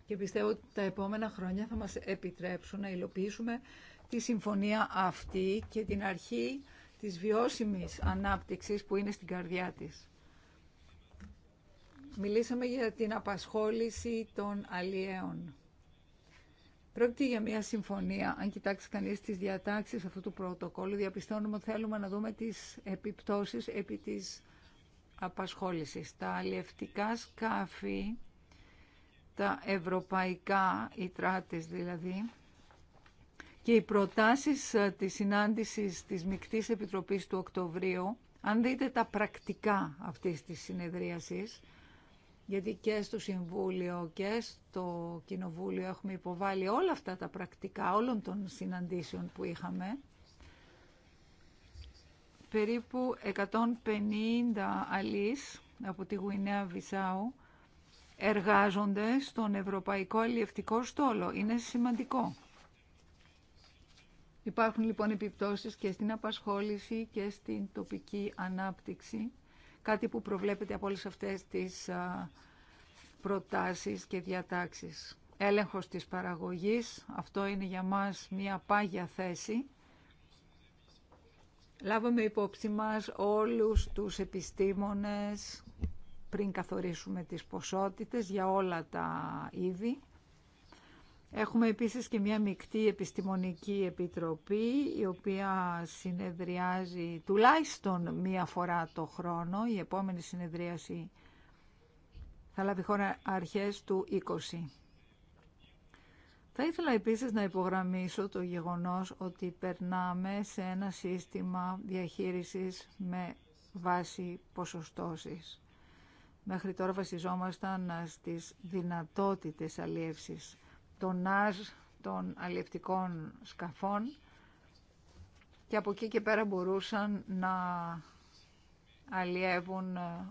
και πιστεύω ότι τα επόμενα χρόνια θα μας επιτρέψουν να υλοποιήσουμε τη συμφωνία αυτή και την αρχή της βιώσιμης ανάπτυξης που είναι στην καρδιά της. Μιλήσαμε για την απασχόληση των αλλιέων. Πρόκειται για μια συμφωνία. Αν κοιτάξει κανεί τι διατάξει αυτού του πρωτοκόλλου, διαπιστώνουμε ότι θέλουμε να δούμε τι επιπτώσει επί τη απασχόληση. Τα αλλιευτικά σκάφη, τα ευρωπαϊκά, οι δηλαδή, και οι προτάσεις ε, της συνάντηση της Μικτής Επιτροπής του Οκτωβρίου, αν δείτε τα πρακτικά αυτή της συνεδρίασης, γιατί και στο Συμβούλιο και στο Κοινοβούλιο έχουμε υποβάλει όλα αυτά τα πρακτικά όλων των συναντήσεων που είχαμε. Περίπου 150 αλείς από τη Γουινέα Βισάου εργάζονται στον Ευρωπαϊκό Αλλιευτικό Στόλο. Είναι σημαντικό. Υπάρχουν λοιπόν επιπτώσεις και στην απασχόληση και στην τοπική ανάπτυξη κάτι που προβλέπεται από όλες αυτές τις προτάσεις και διατάξεις. Έλεγχος της παραγωγής, αυτό είναι για μας μια πάγια θέση. Λάβουμε υπόψη μας όλους τους επιστήμονες πριν καθορίσουμε τις ποσότητες για όλα τα είδη. Έχουμε επίσης και μια μεικτή επιστημονική επιτροπή, η οποία συνεδριάζει τουλάχιστον μία φορά το χρόνο. Η επόμενη συνεδρίαση θα λάβει χώρα αρχές του 20. Θα ήθελα επίσης να υπογραμμίσω το γεγονός ότι περνάμε σε ένα σύστημα διαχείρισης με βάση ποσοστώσεις. Μέχρι τώρα βασιζόμασταν στις δυνατότητες αλλιεύσης τονάζ των αλλιευτικών σκαφών και από εκεί και πέρα μπορούσαν να αλλιεύουν ε,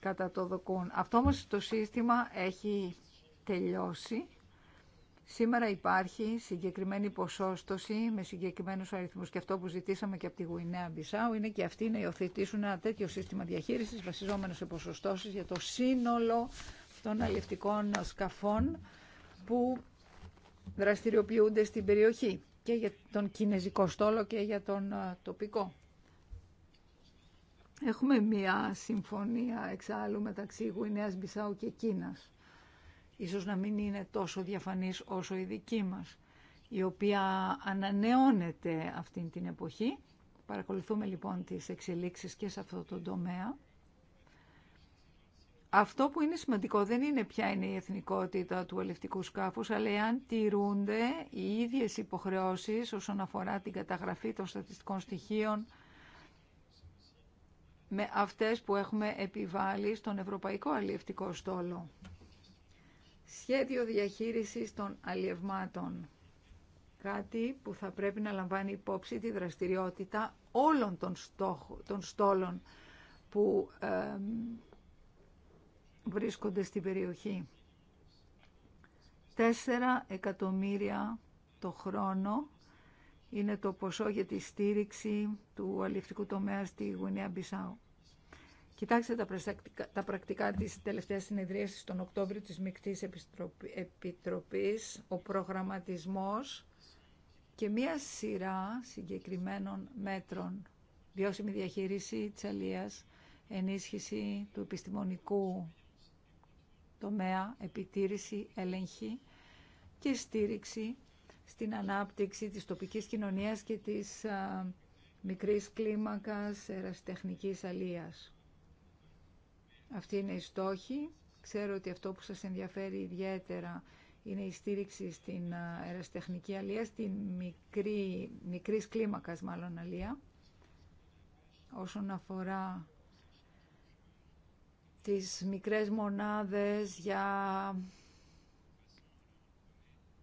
κατά το δοκούν. Αυτό όμως το σύστημα έχει τελειώσει. Σήμερα υπάρχει συγκεκριμένη ποσόστοση με συγκεκριμένους αριθμούς και αυτό που ζητήσαμε και από τη Γουινέα Μπισάου είναι και αυτοί να υιοθετήσουν ένα τέτοιο σύστημα διαχείρισης βασιζόμενο σε ποσοστώσεις για το σύνολο των αλληλευτικών σκαφών που δραστηριοποιούνται στην περιοχή και για τον κινέζικο στόλο και για τον ε, τοπικό. Έχουμε μία συμφωνία εξάλλου μεταξύ Γουινέας Μπισάου και Κίνας. Ίσως να μην είναι τόσο διαφανής όσο η δική μας, η οποία ανανεώνεται αυτή την εποχή. Παρακολουθούμε λοιπόν τις εξελίξεις και σε αυτό το τομέα. Αυτό που είναι σημαντικό δεν είναι ποια είναι η εθνικότητα του ελευτικού σκάφους, αλλά εάν τηρούνται οι ίδιες υποχρεώσεις όσον αφορά την καταγραφή των στατιστικών στοιχείων με αυτές που έχουμε επιβάλει στον Ευρωπαϊκό Αλλιευτικό Στόλο. Σχέδιο διαχείρισης των αλλιευμάτων. Κάτι που θα πρέπει να λαμβάνει υπόψη τη δραστηριότητα όλων των, στόλων που βρίσκονται στην περιοχή. 4 εκατομμύρια το χρόνο είναι το ποσό για τη στήριξη του αληφτικού τομέα στη Γουινέα Μπισάου. Κοιτάξτε τα πρακτικά, τα πρακτικά της τελευταίας συνεδρίασης τον Οκτώβριο της Μικτής Επιτροπής, ο προγραμματισμός και μία σειρά συγκεκριμένων μέτρων. Βιώσιμη διαχείριση της αλίας, ενίσχυση του επιστημονικού τομέα, επιτήρηση, έλεγχη και στήριξη στην ανάπτυξη της τοπικής κοινωνίας και της α, μικρής κλίμακας ερασιτεχνικής αλίας. Αυτή είναι η στόχη. Ξέρω ότι αυτό που σας ενδιαφέρει ιδιαίτερα είναι η στήριξη στην ερασιτεχνική αλία, στην μικρή, μικρής κλίμακας μάλλον αλία. Όσον αφορά τις μικρές μονάδες για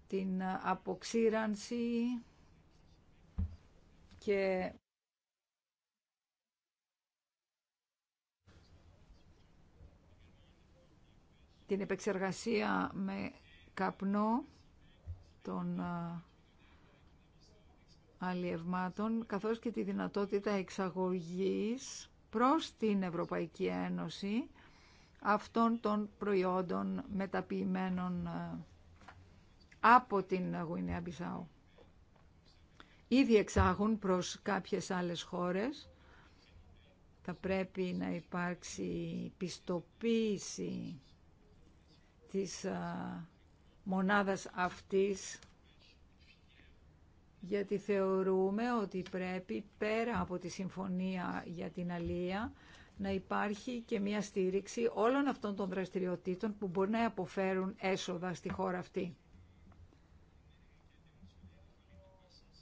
την αποξήρανση και την επεξεργασία με καπνό των αλλιευμάτων, καθώς και τη δυνατότητα εξαγωγής προς την Ευρωπαϊκή Ένωση αυτών των προϊόντων μεταποιημένων ε, από την Γουινέα Μπισάου. Ήδη εξάγουν προς κάποιες άλλες χώρες. Θα πρέπει να υπάρξει πιστοποίηση της ε, μονάδας αυτής γιατί θεωρούμε ότι πρέπει πέρα από τη συμφωνία για την αλία να υπάρχει και μια στήριξη όλων αυτών των δραστηριοτήτων που μπορεί να αποφέρουν έσοδα στη χώρα αυτή.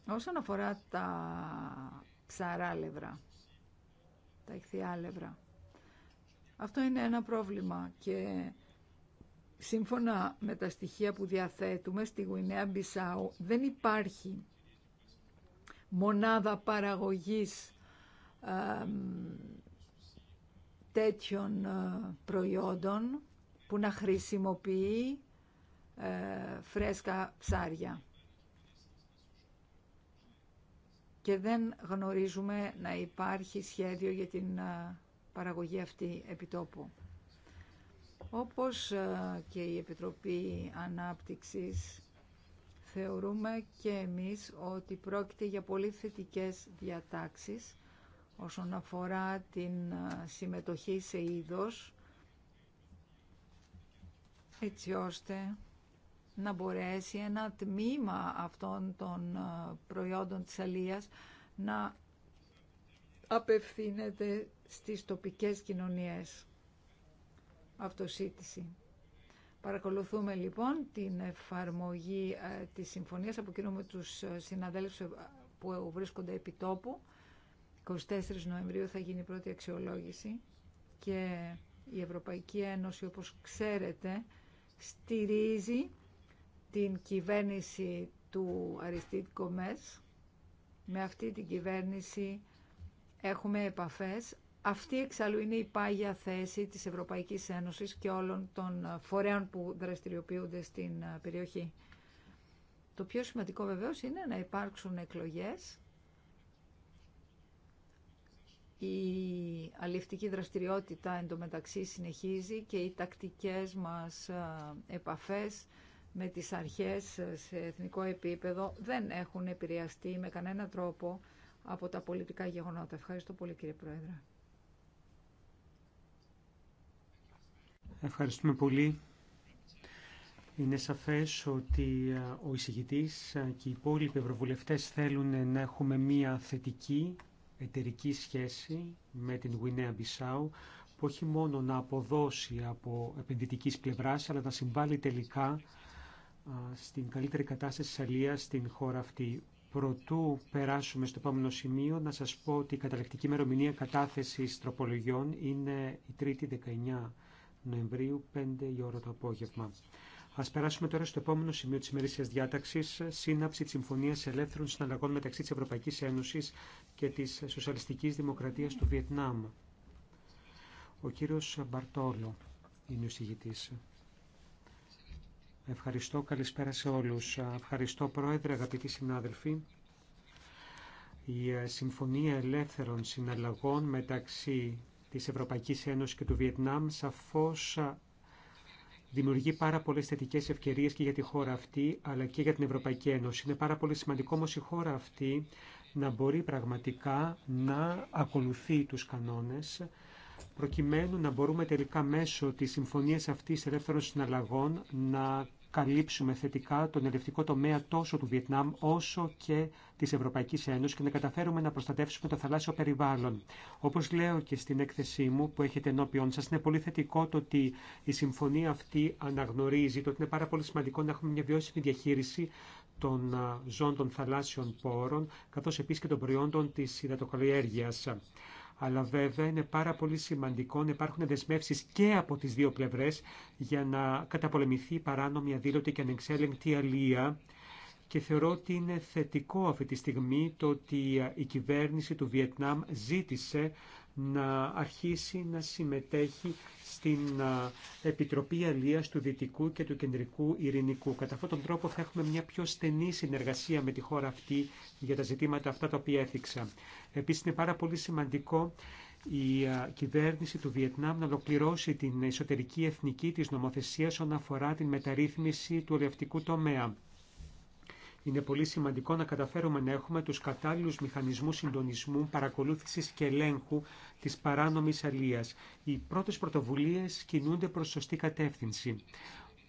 Όσον αφορά τα ψαράλευρα, τα ηχθιάλευρα, αυτό είναι ένα πρόβλημα και σύμφωνα με τα στοιχεία που διαθέτουμε στη Γουινέα Μπισάου δεν υπάρχει μονάδα παραγωγής τέτοιων ε, προϊόντων που να χρησιμοποιεί ε, φρέσκα ψάρια. Και δεν γνωρίζουμε να υπάρχει σχέδιο για την ε, παραγωγή αυτή επιτόπου. Όπως και η Επιτροπή Ανάπτυξης, θεωρούμε και εμείς ότι πρόκειται για πολύ θετικές διατάξεις όσον αφορά την ε, συμμετοχή σε είδος έτσι ώστε να μπορέσει ένα τμήμα αυτών των ε, προϊόντων της αλίας να απευθύνεται στις τοπικές κοινωνίες αυτοσύτηση. Παρακολουθούμε λοιπόν την εφαρμογή ε, της συμφωνίας από κοινού με τους συναδέλφους που βρίσκονται επί τόπου 24 Νοεμβρίου θα γίνει η πρώτη αξιολόγηση και η Ευρωπαϊκή Ένωση, όπως ξέρετε, στηρίζει την κυβέρνηση του Αριστίτ Κομές. Με αυτή την κυβέρνηση έχουμε επαφές. Αυτή εξάλλου είναι η πάγια θέση της Ευρωπαϊκής Ένωσης και όλων των φορέων που δραστηριοποιούνται στην περιοχή. Το πιο σημαντικό βεβαίως είναι να υπάρξουν εκλογές η αληφτική δραστηριότητα εντωμεταξύ συνεχίζει και οι τακτικές μας ε, επαφές με τις αρχές ε, σε εθνικό επίπεδο δεν έχουν επηρεαστεί με κανένα τρόπο από τα πολιτικά γεγονότα. Ευχαριστώ πολύ κύριε Πρόεδρε. Ευχαριστούμε πολύ. Είναι σαφές ότι ε, ο εισηγητής και οι υπόλοιποι ευρωβουλευτές θέλουν να έχουμε μία θετική εταιρική σχέση με την Γουινέα Μπισάου που όχι μόνο να αποδώσει από επενδυτικής πλευράς αλλά να συμβάλλει τελικά στην καλύτερη κατάσταση της αλίας στην χώρα αυτή. Προτού περάσουμε στο επόμενο σημείο, να σας πω ότι η καταληκτική ημερομηνία κατάθεσης τροπολογιών είναι η 3η 19 Νοεμβρίου, 5 η ώρα το απόγευμα. Ας περάσουμε τώρα στο επόμενο σημείο της ημερήσια διάταξης, σύναψη τη συμφωνία Ελεύθερων Συναλλαγών μεταξύ της Ευρωπαϊκής Ένωσης και της Σοσιαλιστικής Δημοκρατίας του Βιετνάμ. Ο κύριος Μπαρτόλο είναι ο συγητή. Ευχαριστώ, καλησπέρα σε όλους. Ευχαριστώ Πρόεδρε, αγαπητοί συνάδελφοι. Η ε, Συμφωνία Ελεύθερων Συναλλαγών μεταξύ της Ευρωπαϊκής Ένωσης και του Βιετνάμ σαφώς δημιουργεί πάρα πολλέ θετικέ ευκαιρίε και για τη χώρα αυτή, αλλά και για την Ευρωπαϊκή Ένωση. Είναι πάρα πολύ σημαντικό όμω η χώρα αυτή να μπορεί πραγματικά να ακολουθεί τους κανόνες προκειμένου να μπορούμε τελικά μέσω τη συμφωνίας αυτή ελεύθερων συναλλαγών να καλύψουμε θετικά τον ελευτικό τομέα τόσο του Βιετνάμ όσο και τη Ευρωπαϊκή Ένωση και να καταφέρουμε να προστατεύσουμε το θαλάσσιο περιβάλλον. Όπω λέω και στην έκθεσή μου που έχετε ενώπιον σα, είναι πολύ θετικό το ότι η συμφωνία αυτή αναγνωρίζει το ότι είναι πάρα πολύ σημαντικό να έχουμε μια βιώσιμη διαχείριση των ζώων των θαλάσσιων πόρων, καθώς επίσης και των προϊόντων της υδατοκαλλιέργειας αλλά βέβαια είναι πάρα πολύ σημαντικό να υπάρχουν δεσμεύσει και από τι δύο πλευρέ για να καταπολεμηθεί η παράνομη, αδήλωτη και ανεξέλεγκτη αλία. Και θεωρώ ότι είναι θετικό αυτή τη στιγμή το ότι η κυβέρνηση του Βιετνάμ ζήτησε να αρχίσει να συμμετέχει στην Επιτροπή Αλίας του Δυτικού και του Κεντρικού Ειρηνικού. Κατά αυτόν τον τρόπο θα έχουμε μια πιο στενή συνεργασία με τη χώρα αυτή για τα ζητήματα αυτά τα οποία έθιξα. Επίσης είναι πάρα πολύ σημαντικό η κυβέρνηση του Βιετνάμ να ολοκληρώσει την εσωτερική εθνική της νομοθεσία όσον αφορά την μεταρρύθμιση του ελευτικού τομέα είναι πολύ σημαντικό να καταφέρουμε να έχουμε τους κατάλληλους μηχανισμούς συντονισμού, παρακολούθησης και ελέγχου της παράνομης αλίας. Οι πρώτες πρωτοβουλίες κινούνται προς σωστή κατεύθυνση.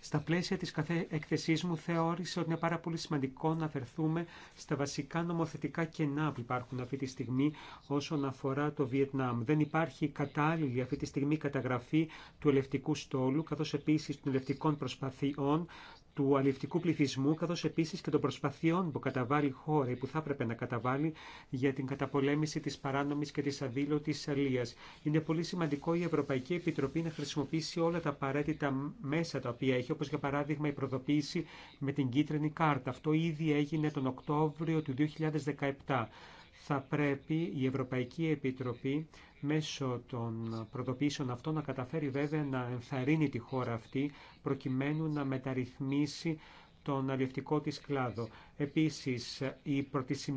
Στα πλαίσια της καθέ εκθεσής μου θεώρησε ότι είναι πάρα πολύ σημαντικό να αφαιρθούμε στα βασικά νομοθετικά κενά που υπάρχουν αυτή τη στιγμή όσον αφορά το Βιετνάμ. Δεν υπάρχει κατάλληλη αυτή τη στιγμή καταγραφή του ελευτικού στόλου καθώς επίσης των ελευτικών προσπαθειών του αληφτικού πληθυσμού, καθώς επίσης και των προσπαθειών που καταβάλει η χώρα ή που θα έπρεπε να καταβάλει για την καταπολέμηση της παράνομης και της αδήλωτης αλίας. Είναι πολύ σημαντικό η Ευρωπαϊκή Επιτροπή να χρησιμοποιήσει όλα τα απαραίτητα μέσα τα οποία έχει, όπως για παράδειγμα η προδοποίηση με την κίτρινη κάρτα. Αυτό ήδη έγινε τον Οκτώβριο του 2017 θα πρέπει η Ευρωπαϊκή Επιτροπή μέσω των πρωτοποιήσεων αυτών να καταφέρει βέβαια να ενθαρρύνει τη χώρα αυτή προκειμένου να μεταρρυθμίσει τον αλλιευτικό της κλάδο. Επίσης,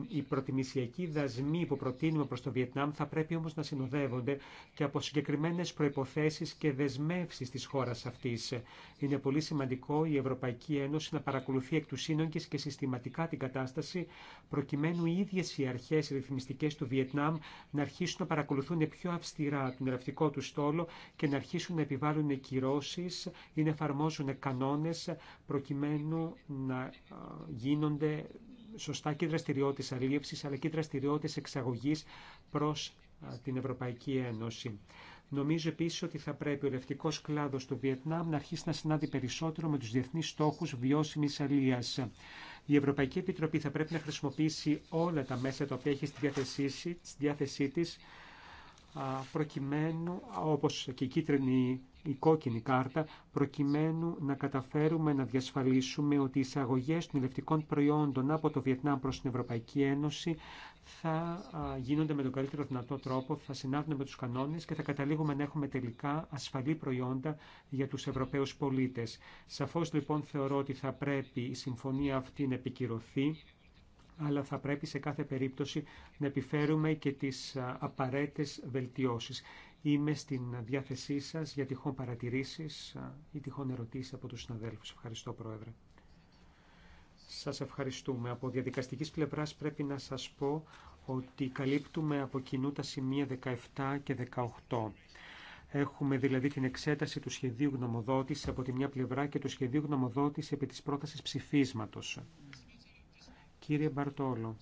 οι προτιμησιακοί δασμοί που προτείνουμε προς το Βιετνάμ θα πρέπει όμως να συνοδεύονται και από συγκεκριμένες προϋποθέσεις και δεσμεύσεις της χώρας αυτής. Είναι πολύ σημαντικό η Ευρωπαϊκή Ένωση να παρακολουθεί εκ του σύνογγης και συστηματικά την κατάσταση, προκειμένου οι ίδιες οι αρχές ρυθμιστικές του Βιετνάμ να αρχίσουν να παρακολουθούν πιο αυστηρά τον ρευτικό του στόλο και να αρχίσουν να επιβάλλουν κυρώσεις ή να εφαρμόζουν κανόνες προκειμένου να ε, γίνονται σωστά και δραστηριότητες αλλήλευσης αλλά και δραστηριότητες εξαγωγής προς ε, την Ευρωπαϊκή Ένωση. Νομίζω επίση ότι θα πρέπει ο ελευτικό κλάδο του Βιετνάμ να αρχίσει να συνάδει περισσότερο με του διεθνεί στόχου βιώσιμη αλεία. Η Ευρωπαϊκή Επιτροπή θα πρέπει να χρησιμοποιήσει όλα τα μέσα τα οποία έχει στη διάθεσή, στη προκειμένου, όπως και η κίτρινη η κόκκινη κάρτα, προκειμένου να καταφέρουμε να διασφαλίσουμε ότι οι εισαγωγέ των ηλεκτρικών προϊόντων από το Βιετνάμ προ την Ευρωπαϊκή Ένωση θα γίνονται με τον καλύτερο δυνατό τρόπο, θα συνάδουν με του κανόνε και θα καταλήγουμε να έχουμε τελικά ασφαλή προϊόντα για του Ευρωπαίου πολίτε. Σαφώ λοιπόν θεωρώ ότι θα πρέπει η συμφωνία αυτή να επικυρωθεί αλλά θα πρέπει σε κάθε περίπτωση να επιφέρουμε και τις απαραίτητες βελτιώσεις. Είμαι στην διάθεσή σας για τυχόν παρατηρήσεις ή τυχόν ερωτήσεις από τους συναδέλφους. Ευχαριστώ, Πρόεδρε. Σας ευχαριστούμε. Από διαδικαστικής πλευράς πρέπει να σας πω ότι καλύπτουμε από κοινού τα σημεία 17 και 18. Έχουμε δηλαδή την εξέταση του σχεδίου γνωμοδότηση από τη μια πλευρά και του σχεδίου γνωμοδότηση επί της πρότασης ψηφίσματος. Κύριε Μπαρτόλο,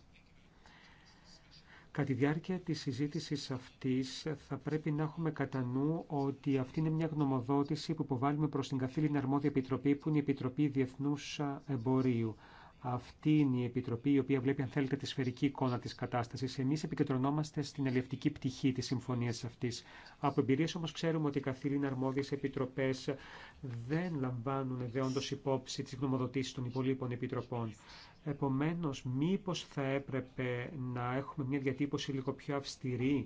Κατά τη διάρκεια της συζήτησης αυτής θα πρέπει να έχουμε κατά νου ότι αυτή είναι μια γνωμοδότηση που υποβάλλουμε προς την καθήλυνα αρμόδια επιτροπή που είναι η Επιτροπή Διεθνούς Εμπορίου. Αυτή είναι η επιτροπή η οποία βλέπει, αν θέλετε, τη σφαιρική εικόνα τη κατάσταση. Εμεί επικεντρωνόμαστε στην ελευτική πτυχή τη συμφωνία αυτή. Από εμπειρίε όμω ξέρουμε ότι οι καθήλυνα αρμόδιε επιτροπέ δεν λαμβάνουν δεόντω υπόψη τι γνωμοδοτήσει των υπολείπων επιτροπών. Επομένως, μήπως θα έπρεπε να έχουμε μια διατύπωση λίγο πιο αυστηρή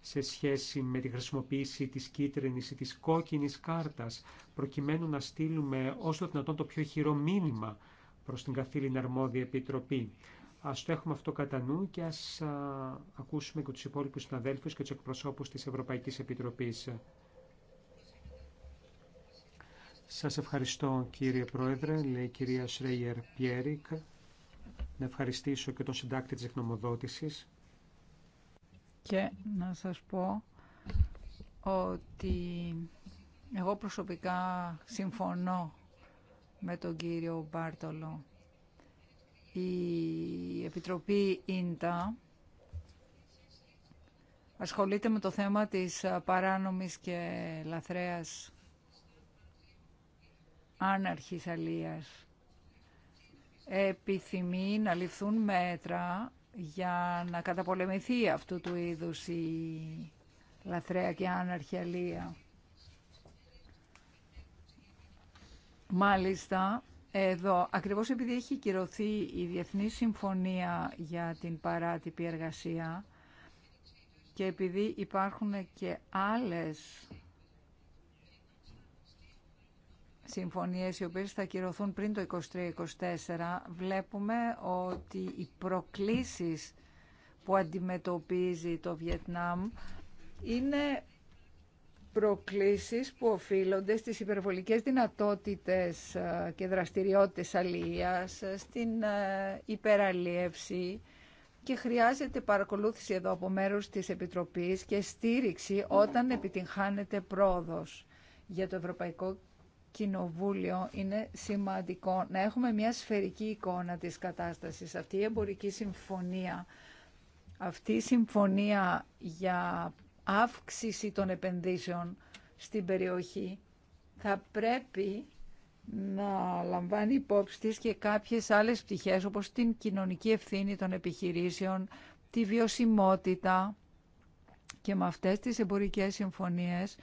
σε σχέση με τη χρησιμοποίηση της κίτρινης ή της κόκκινης κάρτας, προκειμένου να στείλουμε όσο το δυνατόν το πιο χειρό μήνυμα προς την καθήλυνα αρμόδια επιτροπή. Ας το έχουμε αυτό κατά νου και ας α, ακούσουμε και τους υπόλοιπους συναδέλφους και τους εκπροσώπους της Ευρωπαϊκής Επιτροπής. Σας ευχαριστώ κύριε Πρόεδρε, λέει η κυρία Σρέιερ Πιέρικ να ευχαριστήσω και τον συντάκτη της εκνομοδότησης. Και να σας πω ότι εγώ προσωπικά συμφωνώ με τον κύριο Μπάρτολο. Η Επιτροπή Ίντα ασχολείται με το θέμα της παράνομης και λαθρέας άναρχης αλίας επιθυμεί να ληφθούν μέτρα για να καταπολεμηθεί αυτού του είδους η λαθρέα και άναρχη Μάλιστα, εδώ, ακριβώς επειδή έχει κυρωθεί η Διεθνή Συμφωνία για την παράτυπη εργασία και επειδή υπάρχουν και άλλες συμφωνίες οι οποίες θα κυρωθούν πριν το 23-24 βλέπουμε ότι οι προκλήσεις που αντιμετωπίζει το Βιετνάμ είναι προκλήσεις που οφείλονται στις υπερβολικές δυνατότητες ε, και δραστηριότητες αλληλείας, ε, στην ε, υπεραλίευση και χρειάζεται παρακολούθηση εδώ από μέρους της Επιτροπής και στήριξη όταν επιτυγχάνεται πρόοδος για το Ευρωπαϊκό Κοινοβούλιο είναι σημαντικό να έχουμε μια σφαιρική εικόνα της κατάστασης. Αυτή η εμπορική συμφωνία, αυτή η συμφωνία για αύξηση των επενδύσεων στην περιοχή θα πρέπει να λαμβάνει υπόψη και κάποιες άλλες πτυχές όπως την κοινωνική ευθύνη των επιχειρήσεων, τη βιωσιμότητα και με αυτές τις εμπορικές συμφωνίες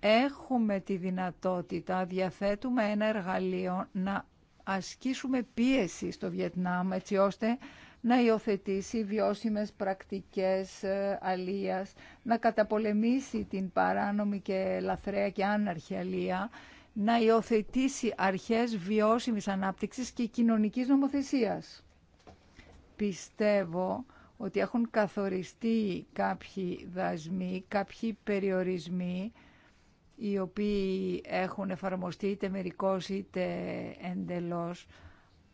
έχουμε τη δυνατότητα, διαθέτουμε ένα εργαλείο να ασκήσουμε πίεση στο Βιετνάμ έτσι ώστε να υιοθετήσει βιώσιμες πρακτικές ε, αλίας, να καταπολεμήσει την παράνομη και λαθρέα και άναρχη αλία, να υιοθετήσει αρχές βιώσιμης ανάπτυξης και κοινωνικής νομοθεσίας. Πιστεύω ότι έχουν καθοριστεί κάποιοι δασμοί, κάποιοι περιορισμοί, οι οποίοι έχουν εφαρμοστεί είτε μερικώς είτε εντελώς,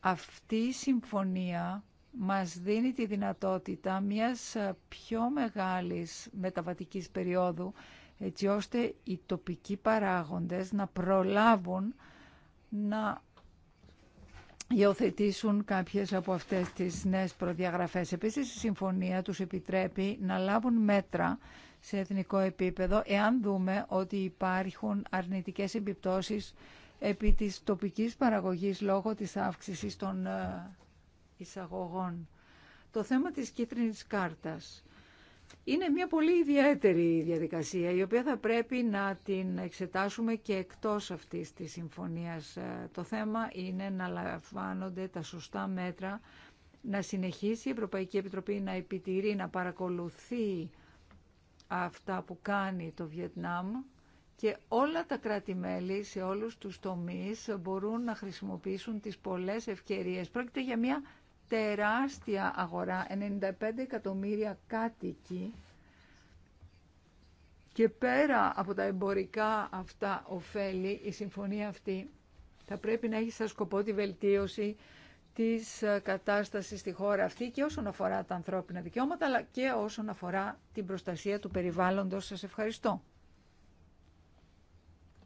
αυτή η συμφωνία μας δίνει τη δυνατότητα μιας πιο μεγάλης μεταβατικής περίοδου, έτσι ώστε οι τοπικοί παράγοντες να προλάβουν να υιοθετήσουν κάποιες από αυτές τις νέες προδιαγραφές. Επίσης, η συμφωνία τους επιτρέπει να λάβουν μέτρα σε εθνικό επίπεδο, εάν δούμε ότι υπάρχουν αρνητικές επιπτώσεις επί της τοπικής παραγωγής λόγω της αύξησης των ε, εισαγωγών. Το θέμα της κίτρινης κάρτας. Είναι μια πολύ ιδιαίτερη διαδικασία η οποία θα πρέπει να την εξετάσουμε και εκτός αυτής της συμφωνίας. Ε, το θέμα είναι να λαμβάνονται τα σωστά μέτρα, να συνεχίσει η Ευρωπαϊκή Επιτροπή να επιτηρεί, να παρακολουθεί αυτά που κάνει το Βιετνάμ και όλα τα κράτη-μέλη σε όλους τους τομείς μπορούν να χρησιμοποιήσουν τις πολλές ευκαιρίες. Πρόκειται για μια τεράστια αγορά, 95 εκατομμύρια κάτοικοι και πέρα από τα εμπορικά αυτά ωφέλη, η συμφωνία αυτή θα πρέπει να έχει σαν σκοπό τη βελτίωση της ε, κατάστασης στη χώρα αυτή και όσον αφορά τα ανθρώπινα δικαιώματα, αλλά και όσον αφορά την προστασία του περιβάλλοντος. Σας ευχαριστώ.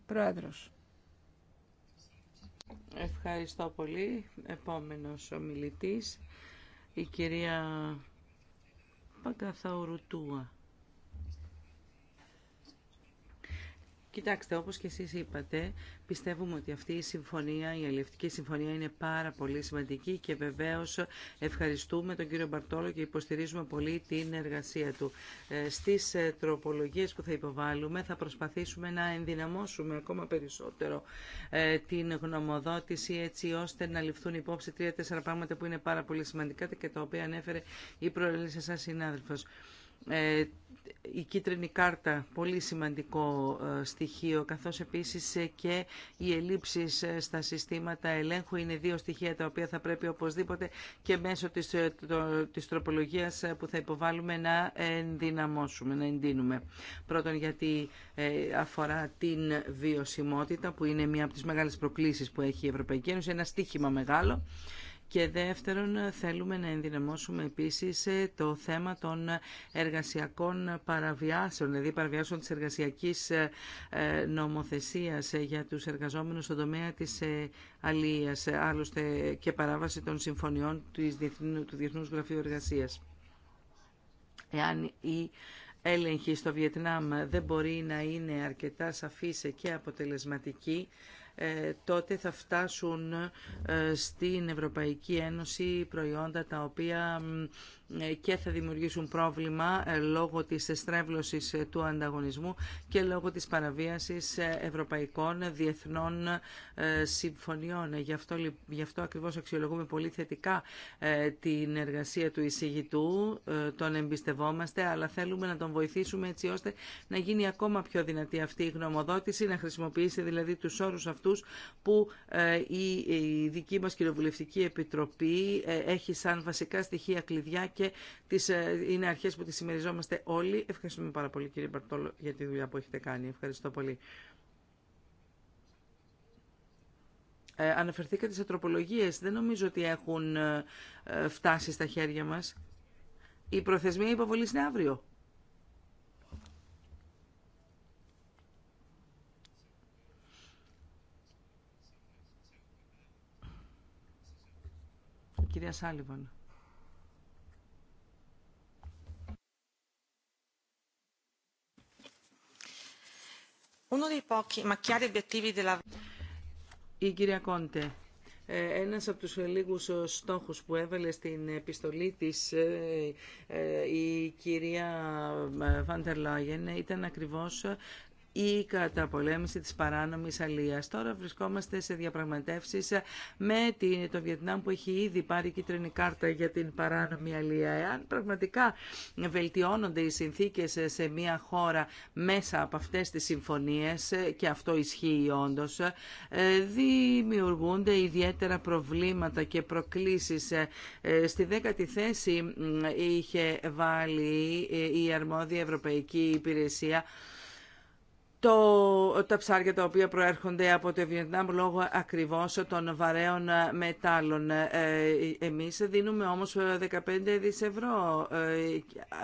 Πρόεδρος. Ευχαριστώ πολύ. Επόμενος ομιλητής, η κυρία Παγκαθαουρούτουα. Κοιτάξτε, όπως και εσείς είπατε, πιστεύουμε ότι αυτή η συμφωνία, η αλληλευτική συμφωνία είναι πάρα πολύ σημαντική και βεβαίως ευχαριστούμε τον κύριο Μπαρτόλο και υποστηρίζουμε πολύ την εργασία του. Ε, στις ε, τροπολογίες που θα υποβάλουμε θα προσπαθήσουμε να ενδυναμώσουμε ακόμα περισσότερο ε, την γνωμοδότηση έτσι ώστε να ληφθούν υπόψη τρία-τέσσερα πράγματα που είναι πάρα πολύ σημαντικά και τα οποία ανέφερε η προελίσσα σας συνάδελφος. Ε, η κίτρινη κάρτα, πολύ σημαντικό ε, στοιχείο, καθώς επίσης ε, και οι ελλείψεις στα συστήματα ελέγχου είναι δύο στοιχεία τα οποία θα πρέπει οπωσδήποτε και μέσω της, τροπολογίας που θα υποβάλουμε να ενδυναμώσουμε, να εντείνουμε. Πρώτον γιατί αφορά την βιωσιμότητα που είναι μία από τις μεγάλες προκλήσεις που έχει η Ευρωπαϊκή Ένωση, ένα στίχημα μεγάλο. Και δεύτερον, θέλουμε να ενδυναμώσουμε επίσης ε, το θέμα των εργασιακών παραβιάσεων, δηλαδή παραβιάσεων της εργασιακής ε, ε, νομοθεσίας για τους εργαζόμενους στον τομέα της αλίας, άλλωστε και παράβαση των συμφωνιών του Διεθνούς Γραφείου Εργασίας. Εάν η έλεγχη στο Βιετνάμ δεν μπορεί να είναι αρκετά σαφή και αποτελεσματική, ε, τότε θα φτάσουν ε, στην Ευρωπαϊκή Ένωση προϊόντα τα οποία ε, και θα δημιουργήσουν πρόβλημα ε, λόγω της εστρέβλωσης ε, του ανταγωνισμού και λόγω της παραβίασης ευρωπαϊκών διεθνών συμφωνιών. Γι' αυτό, γι αυτό ακριβώς αξιολογούμε πολύ θετικά την εργασία του εισηγητού, τον εμπιστευόμαστε, αλλά θέλουμε να τον βοηθήσουμε έτσι ώστε να γίνει ακόμα πιο δυνατή αυτή η γνωμοδότηση, να χρησιμοποιήσει δηλαδή τους όρους αυτούς που η δική μας Κοινοβουλευτική Επιτροπή έχει σαν βασικά στοιχεία κλειδιά και τις, ε, είναι αρχές που τις συμμεριζόμαστε όλοι. Ευχαριστούμε πάρα πολύ κύριε Μπαρτόλο για τη δουλειά που έχετε κάνει. Ευχαριστώ πολύ. Ε, αναφερθήκατε σε τροπολογίες. Δεν νομίζω ότι έχουν ε, ε, φτάσει στα χέρια μας. Η προθεσμία υποβολής είναι αύριο. κυρία Σάλιβαν. Η κυρία Κόντε, ε, ένας από τους λίγους ε, στόχους που έβαλε στην επιστολή της ε, η κυρία Βάντερ Λάγεν ήταν ακριβώς η καταπολέμηση της παράνομης αλίας. Τώρα βρισκόμαστε σε διαπραγματεύσεις με το Βιετνάμ που έχει ήδη πάρει κίτρινη κάρτα για την παράνομη αλεία. Εάν πραγματικά βελτιώνονται οι συνθήκες σε μια χώρα μέσα από αυτές τις συμφωνίες, και αυτό ισχύει όντω, δημιουργούνται ιδιαίτερα προβλήματα και προκλήσεις. Στη δέκατη θέση είχε βάλει η αρμόδια Ευρωπαϊκή Υπηρεσία το, τα ψάρια τα οποία προέρχονται από το Βιετνάμ λόγω ακριβώς των βαρέων μετάλλων. Ε, εμείς δίνουμε όμως 15 δις ευρώ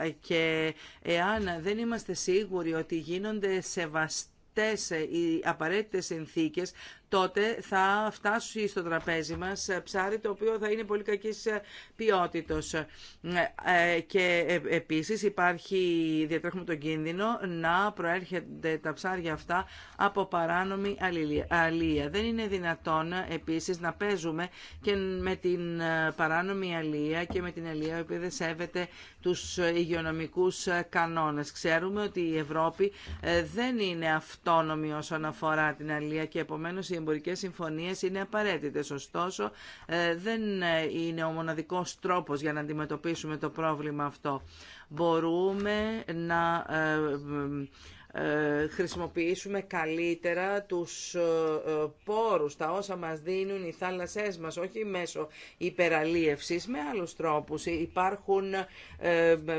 ε, και εάν δεν είμαστε σίγουροι ότι γίνονται σεβαστές οι απαραίτητες συνθήκες τότε θα φτάσει στο τραπέζι μας ε, ψάρι το οποίο θα είναι πολύ κακής ε, ποιότητος. Ε, και επίσης υπάρχει, διατρέχουμε τον κίνδυνο να προέρχονται τα ψάρια αυτά από παράνομη αλία. Δεν είναι δυνατόν επίσης να παίζουμε και με την παράνομη αλία και με την αλία που δεν σέβεται τους υγειονομικούς κανόνες. Ξέρουμε ότι η Ευρώπη δεν είναι αυτόνομη όσον αφορά την αλία και επομένως η εμπορικές συμφωνίες είναι απαραίτητες. Ωστόσο, ε, δεν ε, είναι ο μοναδικός τρόπος για να αντιμετωπίσουμε το πρόβλημα αυτό. Μπορούμε να ε, ε, χρησιμοποιήσουμε καλύτερα τους ε, ε, πόρους, τα όσα μας δίνουν οι θάλασσές μας, όχι μέσω υπεραλίευσης, με άλλους τρόπους. Υπάρχουν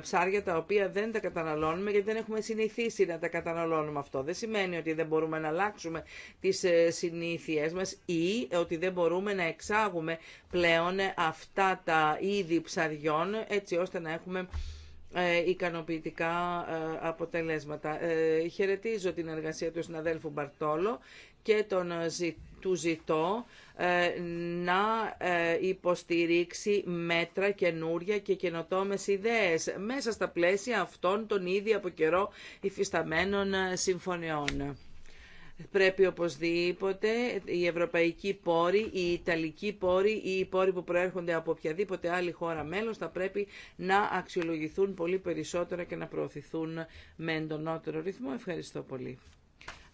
ψάρια τα οποία δεν τα καταναλώνουμε γιατί δεν έχουμε συνηθίσει να τα καταναλώνουμε αυτό. Δεν σημαίνει ότι δεν μπορούμε να αλλάξουμε τις συνήθειές μας ή ότι δεν μπορούμε να εξάγουμε πλέον αυτά τα είδη ψαριών έτσι ώστε να έχουμε ε, ικανοποιητικά ε, αποτελέσματα. Ε, χαιρετίζω την εργασία του συναδέλφου Μπαρτόλο και τον του ζητώ να υποστηρίξει μέτρα καινούρια και καινοτόμες ιδέες μέσα στα πλαίσια αυτών των ήδη από καιρό υφισταμένων συμφωνιών. Πρέπει οπωσδήποτε οι ευρωπαϊκοί πόροι, οι ιταλικοί πόροι ή οι πόροι που προέρχονται από οποιαδήποτε άλλη χώρα μέλος θα πρέπει να αξιολογηθούν πολύ περισσότερα και να προωθηθούν με εντονότερο ρυθμό. Ευχαριστώ πολύ.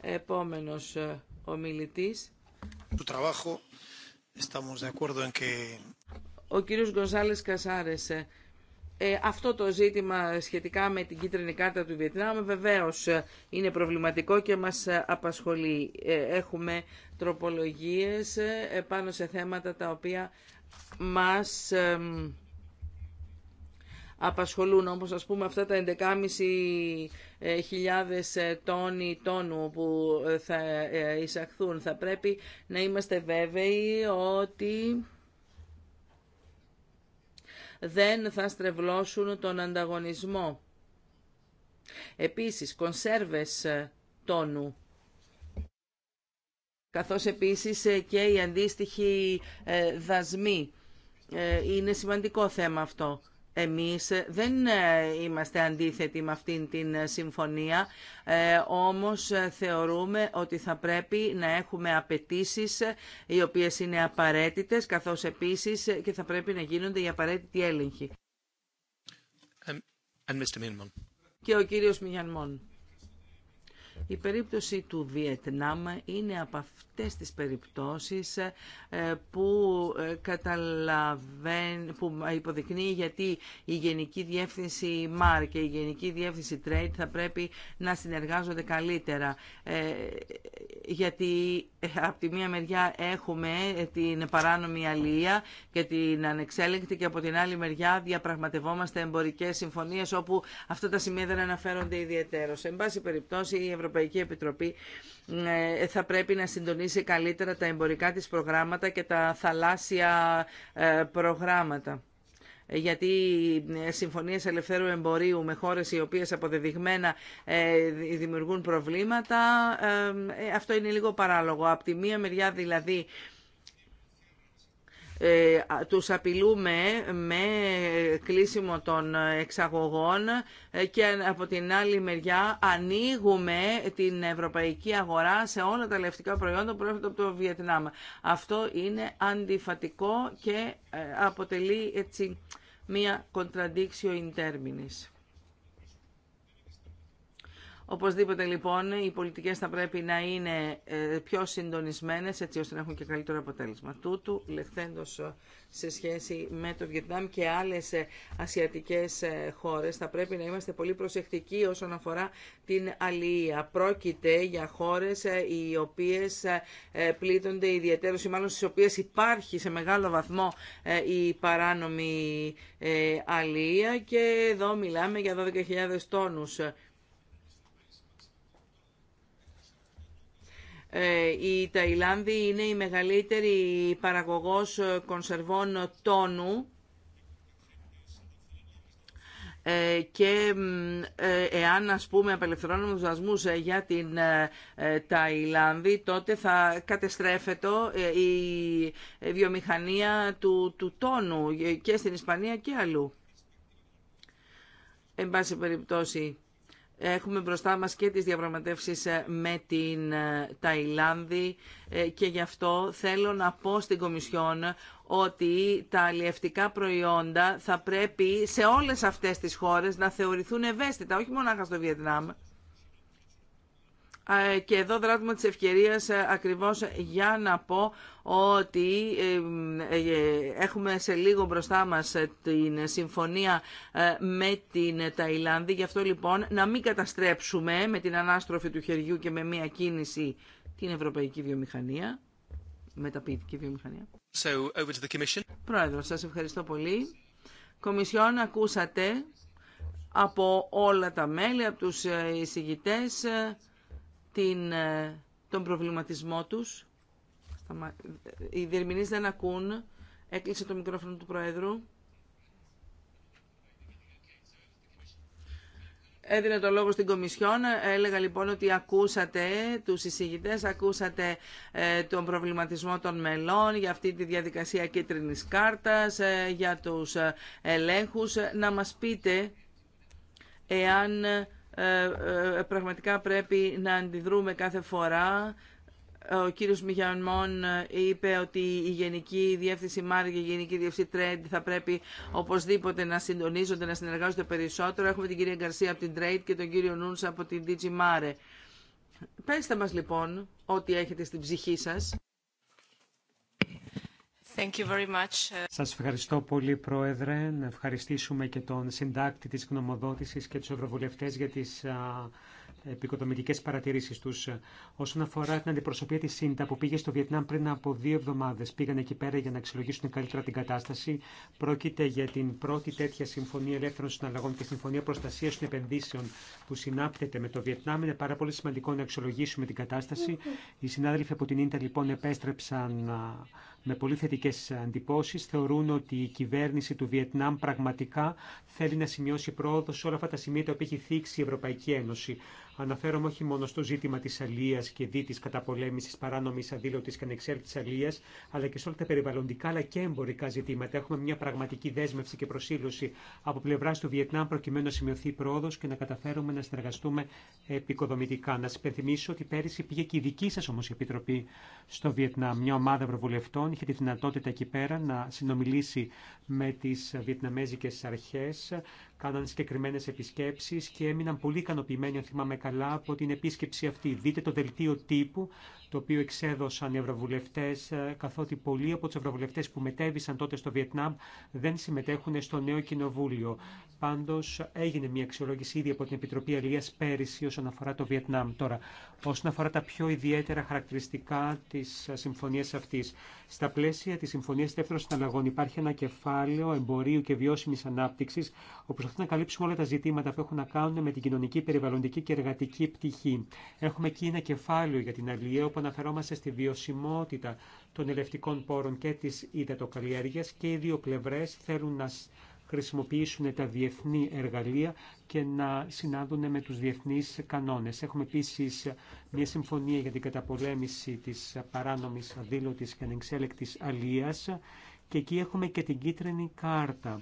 Επόμενος ε, ομιλητής. Του Ο κύριος Γκονσάλες Κασάρες. Ε, ε, αυτό το ζήτημα σχετικά με την κίτρινη κάρτα του Βιετνάμ βεβαίως ε, είναι προβληματικό και μας ε, απασχολεί. Έχουμε τροπολογίες πάνω σε θέματα τα οποία μας απασχολούν, όπως ας πούμε αυτά τα 11.500 τόνοι τόνου που θα εισαχθούν. Θα πρέπει να είμαστε βέβαιοι ότι δεν θα στρεβλώσουν τον ανταγωνισμό. Επίσης, κονσέρβες ε, τόνου καθώς επίσης ε, και οι αντίστοιχοι ε, δασμοί. Είναι σημαντικό θέμα αυτό. Εμείς δεν ε, είμαστε αντίθετοι με αυτήν την συμφωνία, ε, όμως θεωρούμε ότι θα πρέπει να έχουμε απαιτήσει ε, οι οποίες είναι απαραίτητες, καθώς επίσης και θα πρέπει να γίνονται οι απαραίτητοι έλεγχοι. And Mr. Και ο κύριος Μιγιανμόν. Η περίπτωση του Βιετνάμ είναι από αυτές τις περιπτώσεις ε, που, ε, που υποδεικνύει γιατί η Γενική Διεύθυνση ΜΑΡ και η Γενική Διεύθυνση Trade θα πρέπει να συνεργάζονται καλύτερα. Ε, γιατί από τη μία μεριά έχουμε την παράνομη αλλήλεια και την ανεξέλεγκτη και από την άλλη μεριά διαπραγματευόμαστε εμπορικές συμφωνίες όπου αυτά τα σημεία δεν αναφέρονται ιδιαίτερως. Σε πάση περιπτώσει η Ευρωπαϊκή Επιτροπή ναι, θα πρέπει να συντονίσει καλύτερα τα εμπορικά της προγράμματα και τα θαλάσσια ε, προγράμματα γιατί οι ε, συμφωνίες ελευθέρου εμπορίου με χώρες οι οποίες αποδεδειγμένα ε, δημιουργούν προβλήματα, αυτό είναι λίγο παράλογο. Από τη μία μεριά δηλαδή ε, τους απειλούμε με κλείσιμο των εξαγωγών ε, και από την άλλη μεριά ανοίγουμε την ευρωπαϊκή αγορά σε όλα τα λευτικά προϊόντα που έρχονται από το Βιετνάμ. Αυτό είναι αντιφατικό και ε, αποτελεί έτσι μία κοντραντίξιο in Οπωσδήποτε λοιπόν οι πολιτικές θα πρέπει να είναι ε, πιο συντονισμένες έτσι ώστε να έχουν και καλύτερο αποτέλεσμα. Τούτου λεχθέντος ε, σε σχέση με το Βιετνάμ και άλλες ε, ασιατικές χώρες θα πρέπει να είμαστε πολύ προσεκτικοί όσον αφορά την αλληλεία. Πρόκειται για χώρες οι οποίες πλήττονται ιδιαίτερως ή μάλλον στις οποίες υπάρχει σε μεγάλο βαθμό η παράνομη αλληλεία και εδώ μιλάμε για 12.000 τόνους Ε, η Ταϊλάνδη είναι η μεγαλύτερη παραγωγός ε, κονσερβών τόνου ε, και εάν ας πούμε απελευθερώνουμε τους δασμούς για την Ταϊλάνδη τότε θα κατεστρέφεται η βιομηχανία του, του τόνου και στην Ισπανία και αλλού. Εν πάση περιπτώσει Έχουμε μπροστά μας και τις διαπραγματεύσεις ε, με την ε, Ταϊλάνδη ε, και γι' αυτό θέλω να πω στην Κομισιόν ότι τα αλλιευτικά προϊόντα θα πρέπει σε όλες αυτές τις χώρες να θεωρηθούν ευαίσθητα, όχι μονάχα στο Βιετνάμ και εδώ δράτουμε της ευκαιρίας ε, ακριβώς για να πω ότι ε, ε, έχουμε σε λίγο μπροστά μας την συμφωνία με την Ταϊλάνδη. Γι' αυτό λοιπόν να μην καταστρέψουμε με την ανάστροφη του χεριού και με μία κίνηση την ευρωπαϊκή βιομηχανία, μεταποιητική βιομηχανία. So, over Πρόεδρο, σας ευχαριστώ πολύ. Κομισιόν, ακούσατε από όλα τα μέλη, από τους εισηγητές, την, ε, τον προβληματισμό τους. Ε, οι διερμηνείς δεν ακούν. Έκλεισε το μικρόφωνο του Προέδρου. Έδινε το λόγο στην Κομισιόν. Έλεγα λοιπόν ότι ακούσατε τους εισηγητές, ακούσατε ε, τον προβληματισμό των μελών για αυτή τη διαδικασία κίτρινης κάρτας, για τους ελέγχους. Να μας πείτε εάν ε, ε, πραγματικά πρέπει να αντιδρούμε κάθε φορά. Ο κύριος Μιγιανμόν ε, είπε ότι η Γενική Διεύθυνση ΜΑΡΕ και η Γενική Διεύθυνση Τρέντ θα πρέπει οπωσδήποτε να συντονίζονται, να συνεργάζονται περισσότερο. Έχουμε την κυρία Γκαρσία από την Τρέντ και τον κύριο Νούνσα από την DG ΜΑΡΕ. Πέστε μας λοιπόν ό,τι έχετε στην ψυχή σας. Thank Σας ευχαριστώ πολύ, Πρόεδρε. Να ευχαριστήσουμε και τον συντάκτη της γνωμοδότησης και τους ευρωβουλευτές για τις επικοτομητικές παρατηρήσεις τους. Όσον αφορά την αντιπροσωπεία της ΣΥΝΤΑ που πήγε στο Βιετνάμ πριν από δύο εβδομάδες, πήγαν εκεί πέρα για να αξιολογήσουν καλύτερα την κατάσταση. Πρόκειται για την πρώτη τέτοια συμφωνία ελεύθερων συναλλαγών και συμφωνία προστασίας των επενδύσεων που συνάπτεται με το Βιετνάμ. Είναι πάρα πολύ σημαντικό να αξιολογήσουμε την κατάσταση. Οι συνάδελφοι από την ντα λοιπόν επέστρεψαν με πολύ θετικέ αντιπώσεις θεωρούν ότι η κυβέρνηση του Βιετνάμ πραγματικά θέλει να σημειώσει πρόοδο σε όλα αυτά τα σημεία τα οποία έχει θίξει η Ευρωπαϊκή Ένωση. Αναφέρομαι όχι μόνο στο ζήτημα τη Αλλεία και δι τη καταπολέμηση παράνομη αδήλωτη και ανεξέλεκτη αλεία, αλλά και σε όλα τα περιβαλλοντικά αλλά και εμπορικά ζητήματα. Έχουμε μια πραγματική δέσμευση και προσήλωση από πλευρά του Βιετνάμ προκειμένου να σημειωθεί πρόοδο και να καταφέρουμε να συνεργαστούμε επικοδομητικά. Να σα υπενθυμίσω ότι πέρυσι πήγε και η δική σα όμω Επιτροπή στο Βιετνάμ, μια ομάδα ευρωβουλευτών λοιπόν είχε τη δυνατότητα εκεί πέρα να συνομιλήσει με τις βιετναμέζικες αρχές κάναν συγκεκριμένε επισκέψει και έμειναν πολύ ικανοποιημένοι, αν θυμάμαι καλά, από την επίσκεψη αυτή. Δείτε το δελτίο τύπου, το οποίο εξέδωσαν οι ευρωβουλευτέ, ε, καθότι πολλοί από του ευρωβουλευτέ που μετέβησαν τότε στο Βιετνάμ δεν συμμετέχουν στο νέο κοινοβούλιο. Πάντω έγινε μια αξιολόγηση ήδη από την Επιτροπή Αλία πέρυσι όσον αφορά το Βιετνάμ τώρα. Όσον αφορά τα πιο ιδιαίτερα χαρακτηριστικά τη συμφωνία αυτή. Στα πλαίσια τη συμφωνία Δεύτερων Συναλλαγών υπάρχει ένα κεφάλαιο εμπορίου και βιώσιμη ανάπτυξη, προσπαθούν να καλύψουμε όλα τα ζητήματα που έχουν να κάνουν με την κοινωνική, περιβαλλοντική και εργατική πτυχή. Έχουμε εκεί ένα κεφάλαιο για την αλληλεία όπου αναφερόμαστε στη βιωσιμότητα των ελευτικών πόρων και τη υδατοκαλλιέργεια και οι δύο πλευρέ θέλουν να χρησιμοποιήσουν τα διεθνή εργαλεία και να συνάδουν με τους διεθνείς κανόνες. Έχουμε επίσης μια συμφωνία για την καταπολέμηση της παράνομης αδήλωτης και ανεξέλεκτης αλίας και εκεί έχουμε και την κίτρινη κάρτα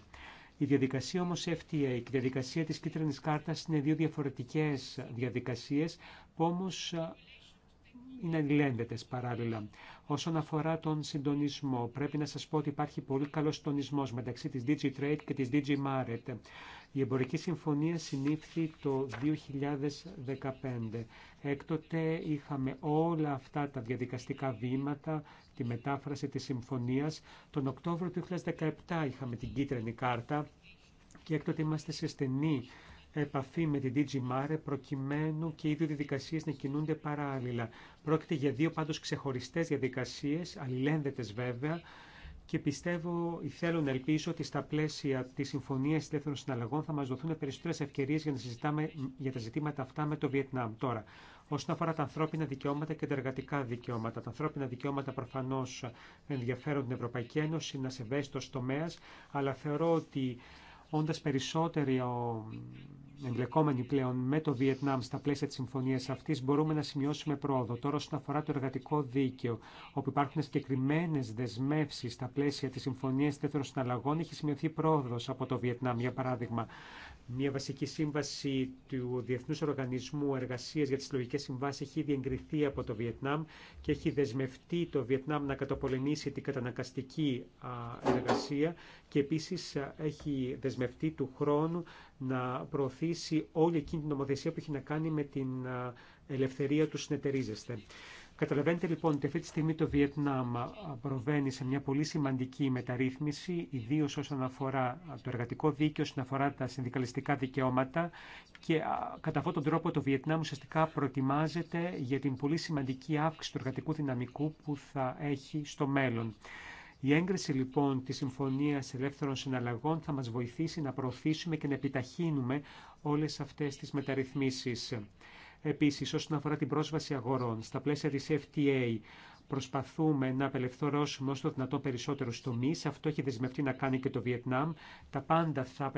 η διαδικασία όμως FTA και η διαδικασία της κίτρινης κάρτας είναι δύο διαφορετικές διαδικασίες που όμως είναι αλληλένδετες παράλληλα. Όσον αφορά τον συντονισμό, πρέπει να σας πω ότι υπάρχει πολύ καλός συντονισμός μεταξύ της DigiTrade και της DigiMaret. Η εμπορική συμφωνία συνήφθη το 2015. Έκτοτε είχαμε όλα αυτά τα διαδικαστικά βήματα, τη μετάφραση της συμφωνίας. Τον Οκτώβριο του 2017 είχαμε την κίτρινη κάρτα και έκτοτε είμαστε σε στενή επαφή με την DG Mare προκειμένου και οι δύο διαδικασίες να κινούνται παράλληλα. Πρόκειται για δύο πάντως ξεχωριστές διαδικασίες, αλληλένδετες βέβαια, και πιστεύω ή θέλω να ελπίσω ότι στα πλαίσια τη Συμφωνία Ελεύθερων Συναλλαγών θα μα δοθούν περισσότερε ευκαιρίε για να συζητάμε για τα ζητήματα αυτά με το Βιετνάμ. Τώρα, όσον αφορά τα ανθρώπινα δικαιώματα και τα εργατικά δικαιώματα. Τα ανθρώπινα δικαιώματα προφανώ ενδιαφέρουν την Ευρωπαϊκή Ένωση, είναι ένα ευαίσθητο τομέα, αλλά θεωρώ ότι όντας περισσότεροι εμπλεκόμενοι πλέον με το Βιετνάμ στα πλαίσια της συμφωνίας αυτής, μπορούμε να σημειώσουμε πρόοδο. Τώρα, όσον αφορά το εργατικό δίκαιο, όπου υπάρχουν συγκεκριμένε δεσμεύσεις στα πλαίσια της συμφωνίας τέτοιων συναλλαγών, έχει σημειωθεί πρόοδος από το Βιετνάμ, για παράδειγμα. Μια βασική σύμβαση του Διεθνούς Οργανισμού Εργασίας για τις Συλλογικές Συμβάσεις έχει ήδη εγκριθεί από το Βιετνάμ και έχει δεσμευτεί το Βιετνάμ να καταπολεμήσει την κατανακαστική εργασία και επίσης έχει δεσμευτεί του χρόνου να προωθήσει όλη εκείνη την νομοθεσία που έχει να κάνει με την ελευθερία του συνεταιρίζεσθε. Καταλαβαίνετε λοιπόν ότι αυτή τη στιγμή το Βιετνάμ προβαίνει σε μια πολύ σημαντική μεταρρύθμιση, ιδίω όσον αφορά το εργατικό δίκαιο, όσον αφορά τα συνδικαλιστικά δικαιώματα και κατά αυτόν τον τρόπο το Βιετνάμ ουσιαστικά προετοιμάζεται για την πολύ σημαντική αύξηση του εργατικού δυναμικού που θα έχει στο μέλλον. Η έγκριση λοιπόν τη συμφωνία Ελεύθερων Συναλλαγών θα μα βοηθήσει να προωθήσουμε και να επιταχύνουμε όλε αυτέ τι μεταρρυθμίσει. Επίσης, όσον αφορά την πρόσβαση αγορών, στα πλαίσια της FTA προσπαθούμε να απελευθερώσουμε όσο το δυνατόν περισσότερου τομεί. Αυτό έχει δεσμευτεί να κάνει και το Βιετνάμ. Τα πάντα θα,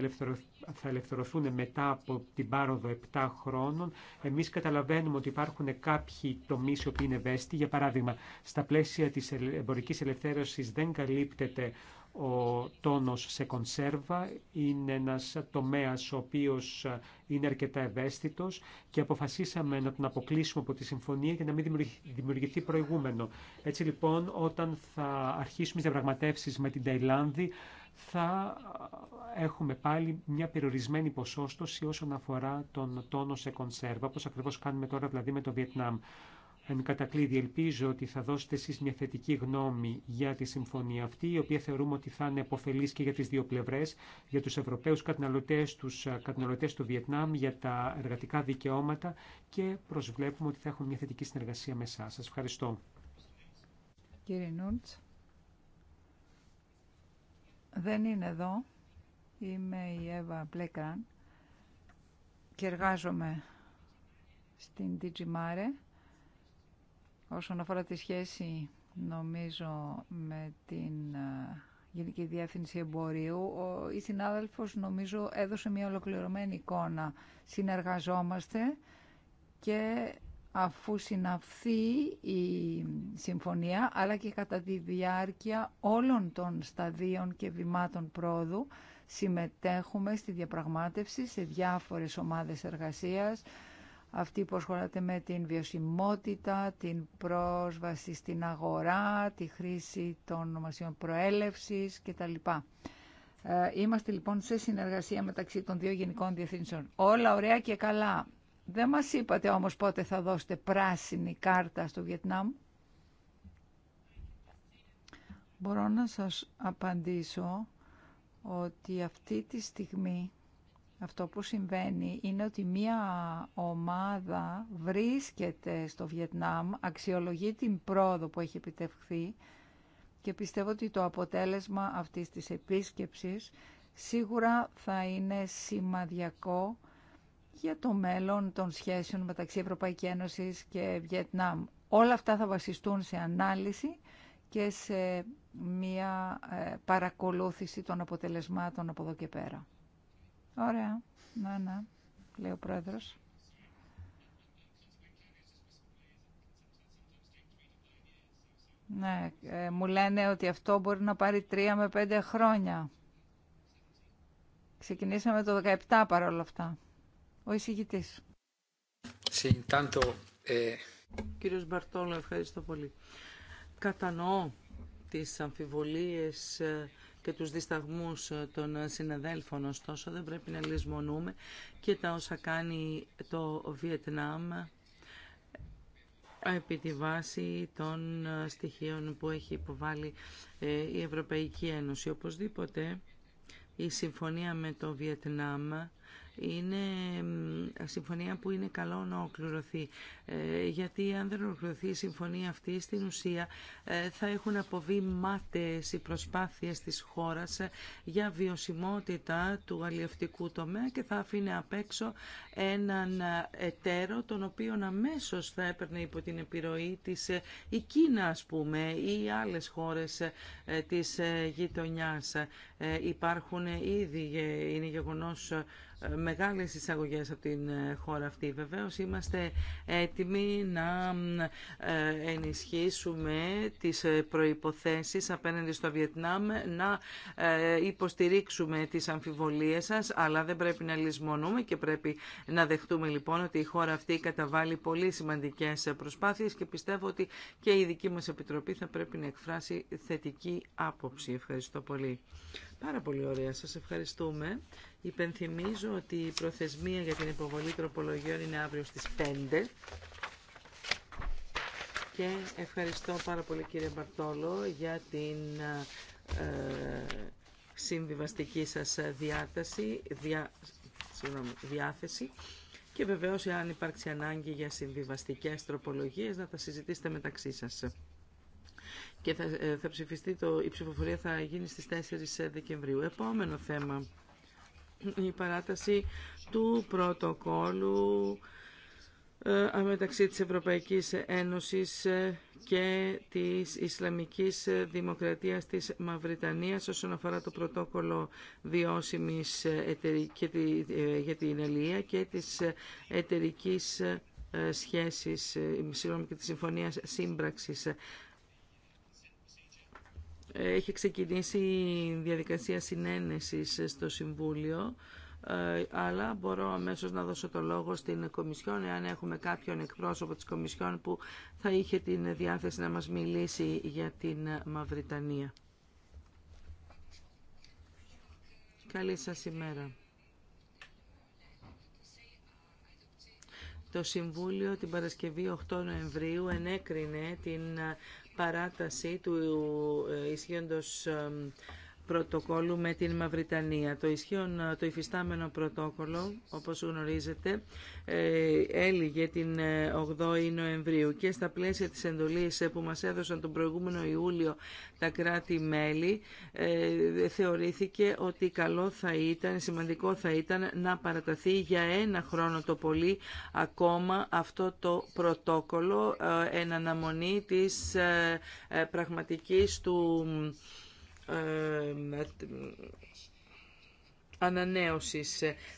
θα ελευθερωθούν μετά από την πάροδο 7 χρόνων. Εμεί καταλαβαίνουμε ότι υπάρχουν κάποιοι τομεί οι οποίοι είναι ευαίσθητοι. Για παράδειγμα, στα πλαίσια τη εμπορική ελευθέρωση δεν καλύπτεται ο τόνος σε κονσέρβα είναι ένας τομέας ο οποίος είναι αρκετά ευαίσθητος και αποφασίσαμε να τον αποκλείσουμε από τη συμφωνία για να μην δημιουργηθεί προηγούμενο. Έτσι λοιπόν όταν θα αρχίσουμε τις διαπραγματεύσεις με την Ταϊλάνδη θα έχουμε πάλι μια περιορισμένη ποσόστοση όσον αφορά τον τόνο σε κονσέρβα, όπως ακριβώς κάνουμε τώρα δηλαδή με το Βιετνάμ. Εν κατακλείδη, ελπίζω ότι θα δώσετε εσείς μια θετική γνώμη για τη συμφωνία αυτή, η οποία θεωρούμε ότι θα είναι επωφελής και για τις δύο πλευρές, για τους Ευρωπαίους καταναλωτές, τους ε, καταναλωτές του Βιετνάμ, για τα εργατικά δικαιώματα και προσβλέπουμε ότι θα έχουμε μια θετική συνεργασία με εσάς. Σας ευχαριστώ. Κύριε δεν είναι εδώ. Είμαι η Εύα Πλέκραν και εργάζομαι στην Digimare όσον αφορά τη σχέση νομίζω με την ε, Γενική Διεύθυνση Εμπορίου, ο, η συνάδελφος νομίζω έδωσε μια ολοκληρωμένη εικόνα. Συνεργαζόμαστε και αφού συναυθεί η συμφωνία, αλλά και κατά τη διάρκεια όλων των σταδίων και βημάτων πρόοδου, συμμετέχουμε στη διαπραγμάτευση σε διάφορες ομάδες εργασίας, αυτή που ασχολάται με την βιωσιμότητα, την πρόσβαση στην αγορά, τη χρήση των ονομασιών προέλευσης κτλ. Ε, είμαστε λοιπόν σε συνεργασία μεταξύ των δύο γενικών διευθύνσεων. Όλα ωραία και καλά. Δεν μας είπατε όμως πότε θα δώσετε πράσινη κάρτα στο Βιετνάμ. Μπορώ να σας απαντήσω ότι αυτή τη στιγμή αυτό που συμβαίνει είναι ότι μία ομάδα βρίσκεται στο Βιετνάμ, αξιολογεί την πρόοδο που έχει επιτευχθεί και πιστεύω ότι το αποτέλεσμα αυτής της επίσκεψης σίγουρα θα είναι σημαδιακό για το μέλλον των σχέσεων μεταξύ Ευρωπαϊκή Ένωσης και Βιετνάμ. Όλα αυτά θα βασιστούν σε ανάλυση και σε μία ε, παρακολούθηση των αποτελεσμάτων από εδώ και πέρα. Ωραία. Ναι, ναι, λέει ο πρόεδρος. Ναι, ε, μου λένε ότι αυτό μπορεί να πάρει τρία με πέντε χρόνια. Ξεκινήσαμε το 17 παρόλα αυτά. Ο εισηγητής. Συντάντο, ε... Κύριος Μπαρτόλο, ευχαριστώ πολύ. Κατανοώ τις αμφιβολίες ε, για τους δισταγμούς ε, των ε, συναδέλφων. Ωστόσο δεν πρέπει να λησμονούμε και τα όσα κάνει το Βιετνάμ ε, επί τη βάση των στοιχείων που έχει υποβάλει η Ευρωπαϊκή Ένωση. Οπωσδήποτε η συμφωνία με το Βιετνάμ είναι συμφωνία που είναι καλό να ολοκληρωθεί. Ε, γιατί αν δεν ολοκληρωθεί η συμφωνία αυτή, στην ουσία ε, θα έχουν αποβεί μάταιες οι προσπάθειες της χώρας ε, για βιωσιμότητα του αλλιευτικού τομέα και θα αφήνει απ' έξω έναν εταίρο, τον οποίο αμέσως θα έπαιρνε υπό την επιρροή της η Κίνα, ας πούμε, ή άλλες χώρες της γειτονιάς. Υπάρχουν ήδη, είναι γεγονός μεγάλες εισαγωγές από την ε, χώρα αυτή. Βεβαίως είμαστε έτοιμοι να ε, ενισχύσουμε τις ε, προϋποθέσεις απέναντι στο Βιετνάμ, να υποστηρίξουμε τις αμφιβολίες σας, αλλά δεν πρέπει να λησμονούμε και πρέπει να δεχτούμε λοιπόν ότι η χώρα αυτή καταβάλει πολύ σημαντικές προσπάθειες και πιστεύω ότι και η δική μας Επιτροπή θα πρέπει να εκφράσει θετική άποψη. Ευχαριστώ πολύ. Πάρα πολύ ωραία. Σας ευχαριστούμε. Υπενθυμίζω ότι η προθεσμία για την υποβολή τροπολογιών είναι αύριο στις 5. Και ευχαριστώ πάρα πολύ κύριε Μπαρτόλο για την ε, συμβιβαστική σας διάταση, διάθεση. Και βεβαίως, αν υπάρξει ανάγκη για συμβιβαστικές τροπολογίες, να τα συζητήσετε μεταξύ σας και ε, θα, ψηφιστεί το, η ψηφοφορία θα γίνει στις 4 ε, Δεκεμβρίου. Επόμενο θέμα, η παράταση του πρωτοκόλου ε, μεταξύ της Ευρωπαϊκής Ένωσης και της Ισλαμικής Δημοκρατίας της Μαυριτανίας όσον αφορά το πρωτόκολλο βιώσιμης για την Ελία και της εταιρικής σχέσης, συγγνώμη και της Συμφωνίας Σύμπραξης έχει ξεκινήσει η διαδικασία συνένεσης στο Συμβούλιο, ε, αλλά μπορώ αμέσως να δώσω το λόγο στην Κομισιόν, εάν έχουμε κάποιον εκπρόσωπο της Κομισιόν που θα είχε την διάθεση να μας μιλήσει για την Μαυριτανία. Καλή σας ημέρα. Το Συμβούλιο την Παρασκευή 8 Νοεμβρίου ενέκρινε την παράταση του ε, ισχύοντος πρωτοκόλλου με την Μαυριτανία. Το ισχύον, το υφιστάμενο πρωτόκολλο, όπως γνωρίζετε, ε, έλυγε την 8η ε, Νοεμβρίου και στα πλαίσια της εντολής ε, που μας έδωσαν τον προηγούμενο Ιούλιο τα κράτη-μέλη, θεωρήθηκε ότι καλό θα ήταν, σημαντικό θα ήταν να παραταθεί για ένα χρόνο το πολύ ακόμα αυτό το πρωτόκολλο εν αναμονή της πραγματικής του ε, με Ανανέωση.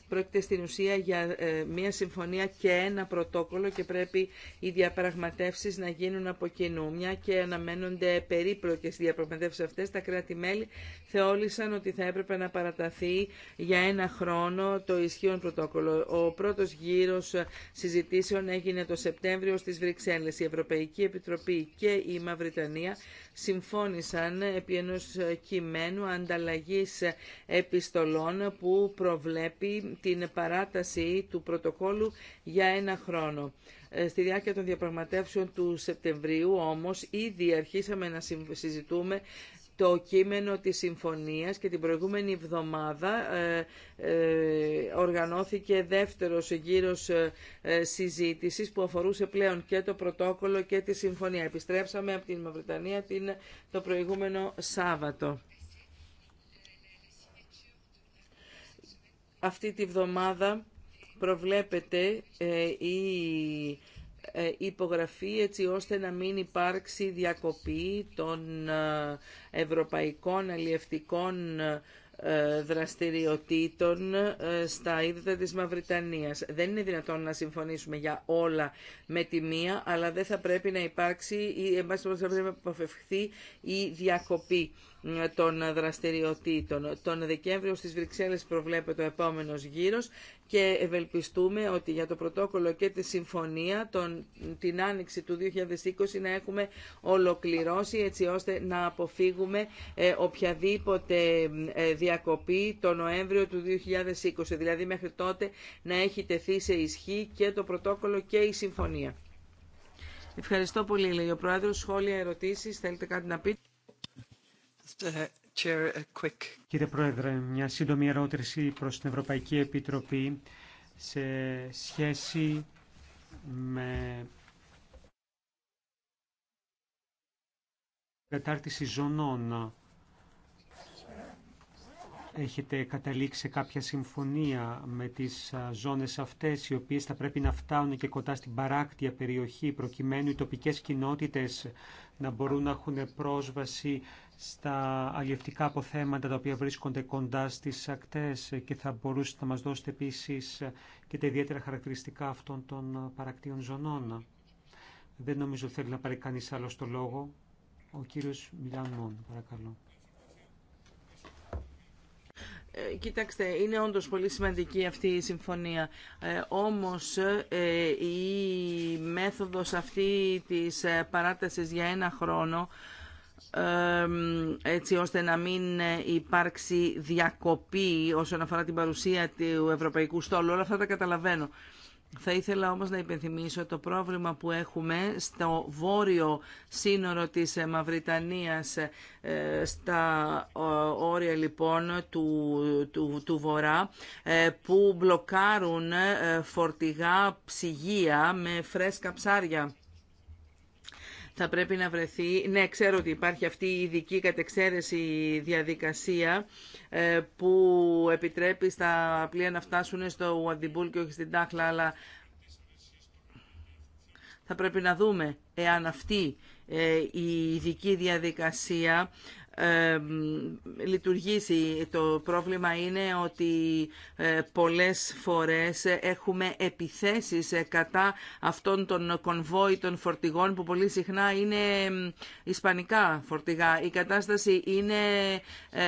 Πρόκειται στην ουσία για ε, μια συμφωνία και ένα πρωτόκολλο και πρέπει οι διαπραγματεύσεις να γίνουν από κοινού. Μια και αναμένονται περίπλοκες διαπραγματεύσεις αυτές, τα κράτη-μέλη θεώρησαν ότι θα έπρεπε να παραταθεί για ένα χρόνο το ισχύον πρωτόκολλο. Ο πρώτος γύρος συζητήσεων έγινε το Σεπτέμβριο στις Βρυξέλλες. Η Ευρωπαϊκή Επιτροπή και η Μαυριτανία συμφώνησαν επί ενός κειμένου ανταλλαγής επιστολών που προβλέπει την παράταση του πρωτοκόλου για ένα χρόνο. Ε, στη διάρκεια των διαπραγματεύσεων του Σεπτεμβρίου όμως ήδη αρχίσαμε να συζητούμε το κείμενο της συμφωνίας και την προηγούμενη εβδομάδα ε, ε οργανώθηκε δεύτερος γύρος ε, ε, συζήτησης που αφορούσε πλέον και το πρωτόκολλο και τη συμφωνία. Επιστρέψαμε από την Μαυριτανία την, το προηγούμενο Σάββατο. αυτή τη βδομάδα προβλέπεται ε, η ε, υπογραφή έτσι ώστε να μην υπάρξει διακοπή των ε, ευρωπαϊκών αλλιευτικών ε, δραστηριοτήτων ε, στα είδη της Μαυριτανίας. Δεν είναι δυνατόν να συμφωνήσουμε για όλα με τη μία, αλλά δεν θα πρέπει να υπάρξει ή εν πάση θα πρέπει να αποφευχθεί η εν θα πρεπει να αποφευχθει η διακοπη ε, των δραστηριοτήτων. Τον Δεκέμβριο στις Βρυξέλλες προβλέπεται ο επόμενος γύρος και ευελπιστούμε ότι για το πρωτόκολλο και τη συμφωνία τον, την άνοιξη του 2020 να έχουμε ολοκληρώσει έτσι ώστε να αποφύγουμε ε, οποιαδήποτε ε, διακοπή το Νοέμβριο του 2020. Δηλαδή μέχρι τότε να έχει τεθεί σε ισχύ και το πρωτόκολλο και η συμφωνία. Ευχαριστώ πολύ, λέει ο Πρόεδρος. Σχόλια, ερωτήσεις, θέλετε κάτι να πείτε. Ε, Κύριε Πρόεδρε, μια σύντομη ερώτηση προς την Ευρωπαϊκή Επιτροπή σε σχέση με την κατάρτιση ζωνών. Έχετε καταλήξει κάποια συμφωνία με τις ζώνες αυτές, οι οποίες θα πρέπει να φτάνουν και κοντά στην παράκτια περιοχή, προκειμένου οι τοπικές κοινότητες να μπορούν να έχουν πρόσβαση στα αλλιευτικά αποθέματα τα οποία βρίσκονται κοντά στις ακτές και θα μπορούσατε να μας δώσετε επίσης και τα ιδιαίτερα χαρακτηριστικά αυτών των παρακτήων ζωνών. Δεν νομίζω θέλει να πάρει κανείς άλλο το λόγο. Ο κύριος Μιλάν παρακαλώ. Ε, κοιτάξτε, είναι όντως πολύ σημαντική αυτή η συμφωνία. Ε, όμως ε, η μέθοδος αυτή της ε, παράτασης για ένα χρόνο έτσι ώστε να μην υπάρξει διακοπή όσον αφορά την παρουσία του Ευρωπαϊκού Στόλου. Όλα αυτά τα καταλαβαίνω. Θα ήθελα όμως να υπενθυμίσω το πρόβλημα που έχουμε στο βόρειο σύνορο της Μαυριτανίας, ε, στα όρια λοιπόν του, του, του Βορρά, ε, που μπλοκάρουν ε, φορτηγά ψυγεία με φρέσκα ψάρια θα πρέπει να βρεθεί... Ναι, ξέρω ότι υπάρχει αυτή η ειδική κατεξαίρεση διαδικασία ε, που επιτρέπει στα πλοία να φτάσουν στο Ουαντιμπούλ και όχι στην Τάχλα, αλλά θα πρέπει να δούμε εάν αυτή ε, η ειδική διαδικασία λειτουργήσει. Το πρόβλημα είναι ότι ε, πολλές φορές έχουμε επιθέσεις κατά αυτών των κονβόι των φορτηγών που πολύ συχνά είναι ισπανικά φορτηγά. Η κατάσταση είναι ε,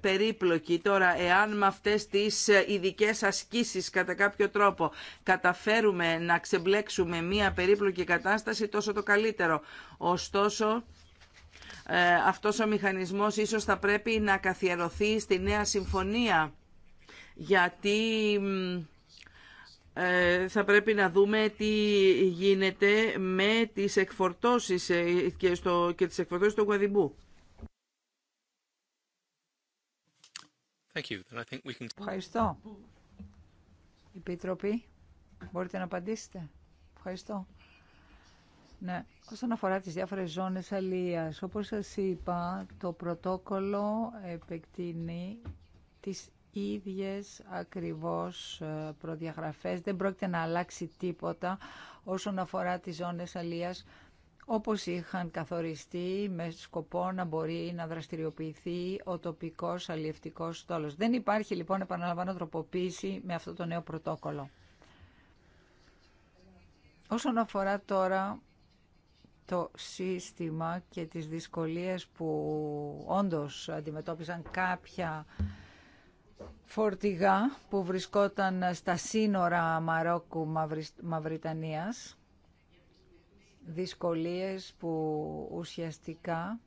περίπλοκη. Τώρα, εάν με αυτές τις ειδικέ ασκήσεις κατά κάποιο τρόπο καταφέρουμε να ξεμπλέξουμε μία περίπλοκη κατάσταση, τόσο το καλύτερο. Ωστόσο, ε, αυτός ο μηχανισμός ίσως θα πρέπει να καθιερωθεί στη νέα συμφωνία γιατί ε, θα πρέπει να δούμε τι γίνεται με τις εκφορτώσεις ε, και, στο, και τις εκφορτώσεις του Γουαδιμπού. Ευχαριστώ. Επιτροπή, μπορείτε να απαντήσετε. Ευχαριστώ. Ναι, όσον αφορά τις διάφορες ζώνες αλίας, όπως σας είπα, το πρωτόκολλο επεκτείνει τις ίδιες ακριβώς ε, προδιαγραφές. Δεν πρόκειται να αλλάξει τίποτα όσον αφορά τις ζώνες αλίας, όπως είχαν καθοριστεί με σκοπό να μπορεί να δραστηριοποιηθεί ο τοπικός αλλιευτικός στόλος. Δεν υπάρχει λοιπόν επαναλαμβάνω τροποποίηση με αυτό το νέο πρωτόκολλο. Όσον αφορά τώρα το σύστημα και τις δυσκολίες που όντως αντιμετώπισαν κάποια φορτηγά που βρισκόταν στα σύνορα Μαρόκου Μαυριτανίας. Δυσκολίες που ουσιαστικά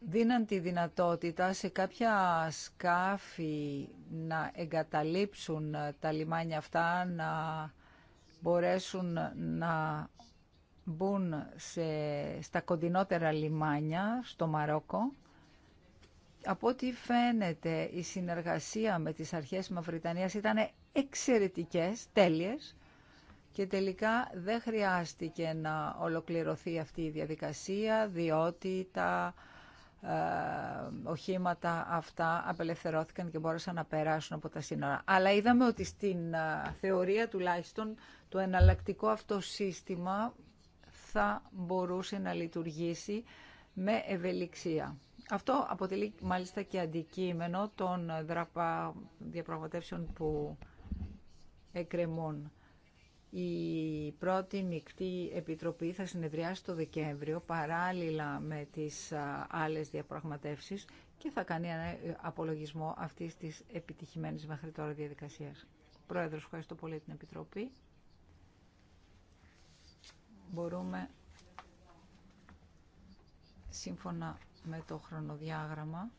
δίναν τη δυνατότητα σε κάποια σκάφη να εγκαταλείψουν τα λιμάνια αυτά, να μπορέσουν να μπουν σε, στα κοντινότερα λιμάνια στο Μαρόκο. Από ό,τι φαίνεται η συνεργασία με τις αρχές Μαυριτανίας ήταν εξαιρετικές, τέλειες και τελικά δεν χρειάστηκε να ολοκληρωθεί αυτή η διαδικασία διότι τα ε, οχήματα αυτά απελευθερώθηκαν και μπόρεσαν να περάσουν από τα σύνορα. Αλλά είδαμε ότι στην ε, θεωρία τουλάχιστον το εναλλακτικό αυτό σύστημα θα μπορούσε να λειτουργήσει με ευελιξία. Αυτό αποτελεί μάλιστα και αντικείμενο των διαπραγματεύσεων που εκκρεμούν. Η πρώτη μεικτή επιτροπή θα συνεδριάσει το Δεκέμβριο παράλληλα με τις άλλες διαπραγματεύσεις και θα κάνει ένα ε, απολογισμό αυτής της επιτυχημένης μέχρι τώρα διαδικασίας. Πρόεδρος, ευχαριστώ πολύ την Επιτροπή μπορούμε σύμφωνα με το χρονοδιάγραμμα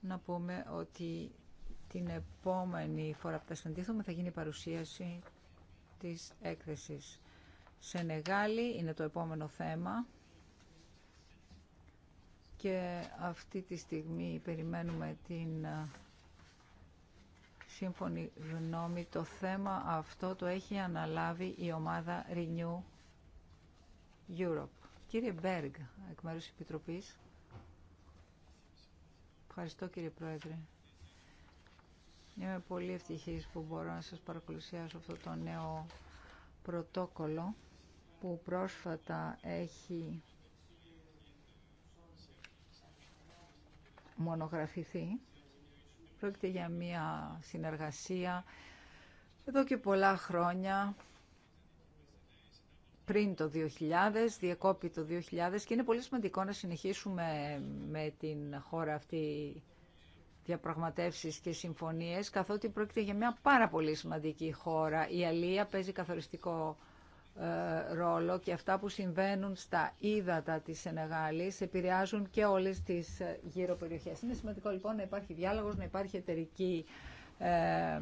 να πούμε ότι την επόμενη φορά που θα συναντήσουμε θα γίνει η παρουσίαση της έκθεσης. νεγάλη είναι το επόμενο θέμα και αυτή τη στιγμή περιμένουμε την σύμφωνη γνώμη. Το θέμα αυτό το έχει αναλάβει η ομάδα Renew Europe. Κύριε Μπέργκ, εκ μέρους της Επιτροπής. Ευχαριστώ κύριε Πρόεδρε. Είμαι πολύ ευτυχής που μπορώ να σας παρακολουσιάσω αυτό το νέο πρωτόκολλο που πρόσφατα έχει μονογραφηθεί Πρόκειται για μια συνεργασία εδώ και πολλά χρόνια πριν το 2000, διεκόπη το 2000 και είναι πολύ σημαντικό να συνεχίσουμε με την χώρα αυτή διαπραγματεύσεις και συμφωνίες καθότι πρόκειται για μια πάρα πολύ σημαντική χώρα. Η Αλία παίζει καθοριστικό ε, ρόλο και αυτά που συμβαίνουν στα ύδατα της Σενεγάλης επηρεάζουν και όλες τις ε, γύρω περιοχές. Είναι σημαντικό λοιπόν να υπάρχει διάλογος, να υπάρχει εταιρική ε,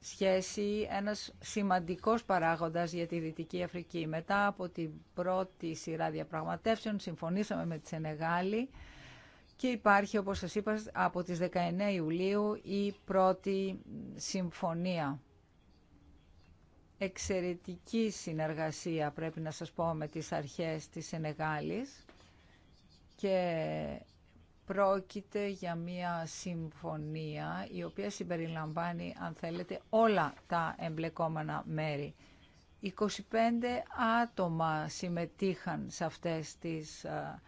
σχέση, ένας σημαντικός παράγοντας για τη Δυτική Αφρική. Μετά από την πρώτη σειρά διαπραγματεύσεων συμφωνήσαμε με τη Σενεγάλη και υπάρχει, όπως σας είπα, από τις 19 Ιουλίου η πρώτη συμφωνία εξαιρετική συνεργασία πρέπει να σας πω με τις αρχές της Σενεγάλης και πρόκειται για μια συμφωνία η οποία συμπεριλαμβάνει αν θέλετε όλα τα εμπλεκόμενα μέρη. 25 άτομα συμμετείχαν σε αυτές τις ε,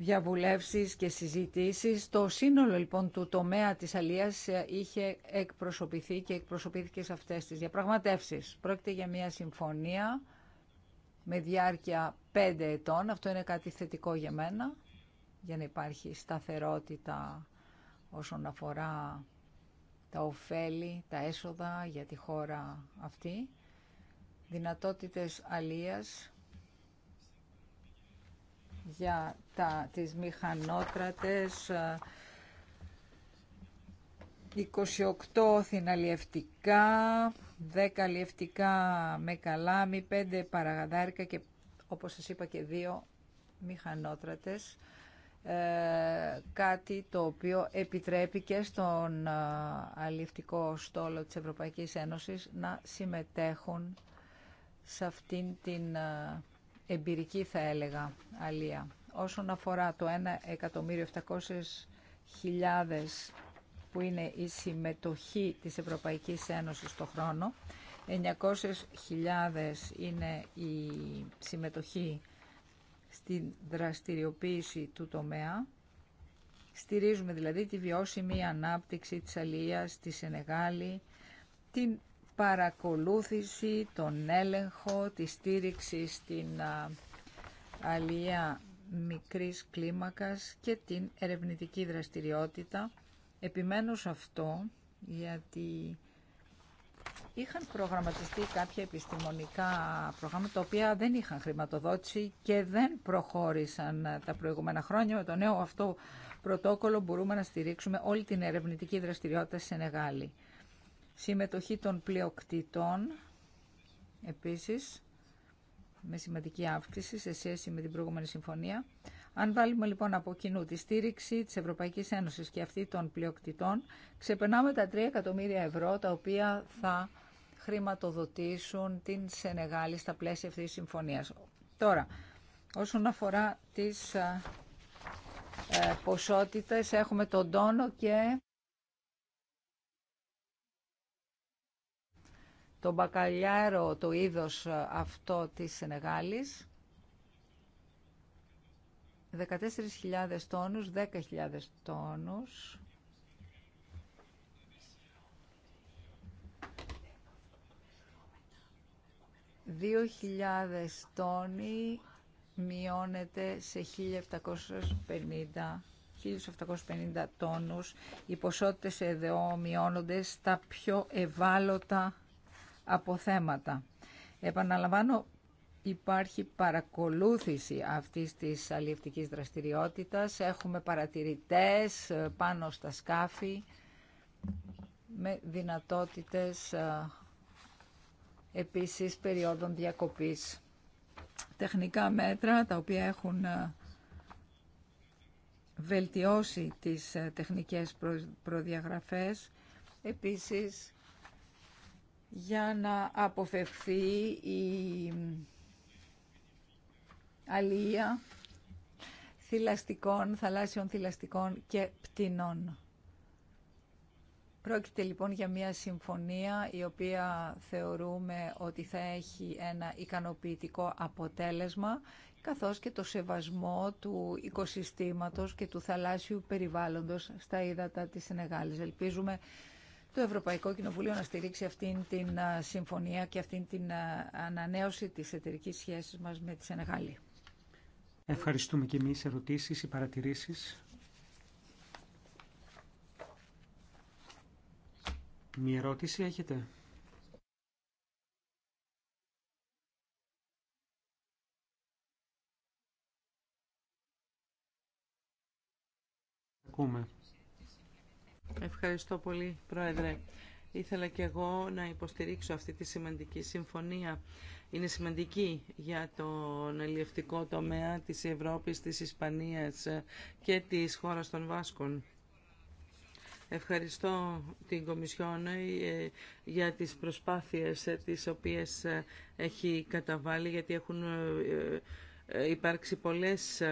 διαβουλεύσεις και συζητήσεις. Το σύνολο λοιπόν του τομέα της Αλίας είχε εκπροσωπηθεί και εκπροσωπήθηκε σε αυτές τις διαπραγματεύσεις. Πρόκειται για μια συμφωνία με διάρκεια πέντε ετών. Αυτό είναι κάτι θετικό για μένα, για να υπάρχει σταθερότητα όσον αφορά τα ωφέλη, τα έσοδα για τη χώρα αυτή. Δυνατότητες αλίας για τα, τις μηχανότρατες, 28 ε, θυναλιευτικά, 10 λιευτικά με καλάμι, 5 παραγαδάρικα και όπως σας είπα και 2 μηχανότρατες. Ε, κάτι το οποίο επιτρέπει και στον ε, αλλιευτικό στόλο της Ευρωπαϊκής Ένωσης να συμμετέχουν σε αυτήν την ε, εμπειρική θα έλεγα αλία. Όσον αφορά το 1.700.000 που είναι η συμμετοχή της Ευρωπαϊκής Ένωσης το χρόνο, 900.000 είναι η συμμετοχή στην δραστηριοποίηση του τομέα. Στηρίζουμε δηλαδή τη βιώσιμη ανάπτυξη της αλίας, τη Σενεγάλη, την παρακολούθηση, τον έλεγχο, τη στήριξη στην αλλία μικρής κλίμακας και την ερευνητική δραστηριότητα. Επιμένω αυτό γιατί είχαν προγραμματιστεί κάποια επιστημονικά προγράμματα τα οποία δεν είχαν χρηματοδότηση και δεν προχώρησαν ε, τα προηγούμενα χρόνια. Με το νέο αυτό πρωτόκολλο μπορούμε να στηρίξουμε όλη την ερευνητική δραστηριότητα σε Νεγάλη. Συμμετοχή των πλειοκτήτων, επίσης, με σημαντική αύξηση σε σχέση με την προηγούμενη συμφωνία. Αν βάλουμε λοιπόν από κοινού τη στήριξη της Ευρωπαϊκής Ένωσης και αυτή των πλειοκτητών, ξεπερνάμε τα 3 εκατομμύρια ευρώ τα οποία θα χρηματοδοτήσουν την Σενεγάλη στα πλαίσια αυτής της συμφωνίας. Τώρα, όσον αφορά τις ε, ε, ποσότητες, έχουμε τον τόνο και το μπακαλιάρο, το είδος ε, αυτό της Σενεγάλης. 14.000 τόνους, 10.000 τόνους. 2.000 τόνοι μειώνεται σε 1.750 1.750 τόνους. Οι ποσότητες εδώ μειώνονται στα πιο ευάλωτα αποθέματα. Επαναλαμβάνω, υπάρχει παρακολούθηση αυτής της αλληλευτικής δραστηριότητας. Έχουμε παρατηρητές ε, πάνω στα σκάφη με δυνατότητες ε, επίσης περίοδων διακοπής. Τεχνικά μέτρα τα οποία έχουν ε, βελτιώσει τις τεχνικές προδιαγραφές. Επίσης, για να αποφευθεί η αλία θηλαστικών, θαλάσσιων θηλαστικών και πτηνών. Πρόκειται λοιπόν για μια συμφωνία η οποία θεωρούμε ότι θα έχει ένα ικανοποιητικό αποτέλεσμα καθώς και το σεβασμό του οικοσυστήματος και του θαλάσσιου περιβάλλοντος στα ύδατα της Σενεγάλης. Ελπίζουμε το Ευρωπαϊκό Κοινοβούλιο να στηρίξει αυτήν την συμφωνία και αυτήν την ανανέωση της εταιρικής σχέσης μας με τη Σενεγάλη. Ευχαριστούμε και εμείς ερωτήσεις ή παρατηρήσεις. Μία ερώτηση έχετε. Ακούμε. Ευχαριστώ πολύ, Πρόεδρε. Ήθελα και εγώ να υποστηρίξω αυτή τη σημαντική συμφωνία. Είναι σημαντική για τον ελληνικό τομέα της Ευρώπης, της Ισπανίας και της χώρας των Βάσκων. Ευχαριστώ την Κομισιόν ε, για τις προσπάθειες τις οποίες έχει καταβάλει, γιατί έχουν ε, ε, υπάρξει πολλές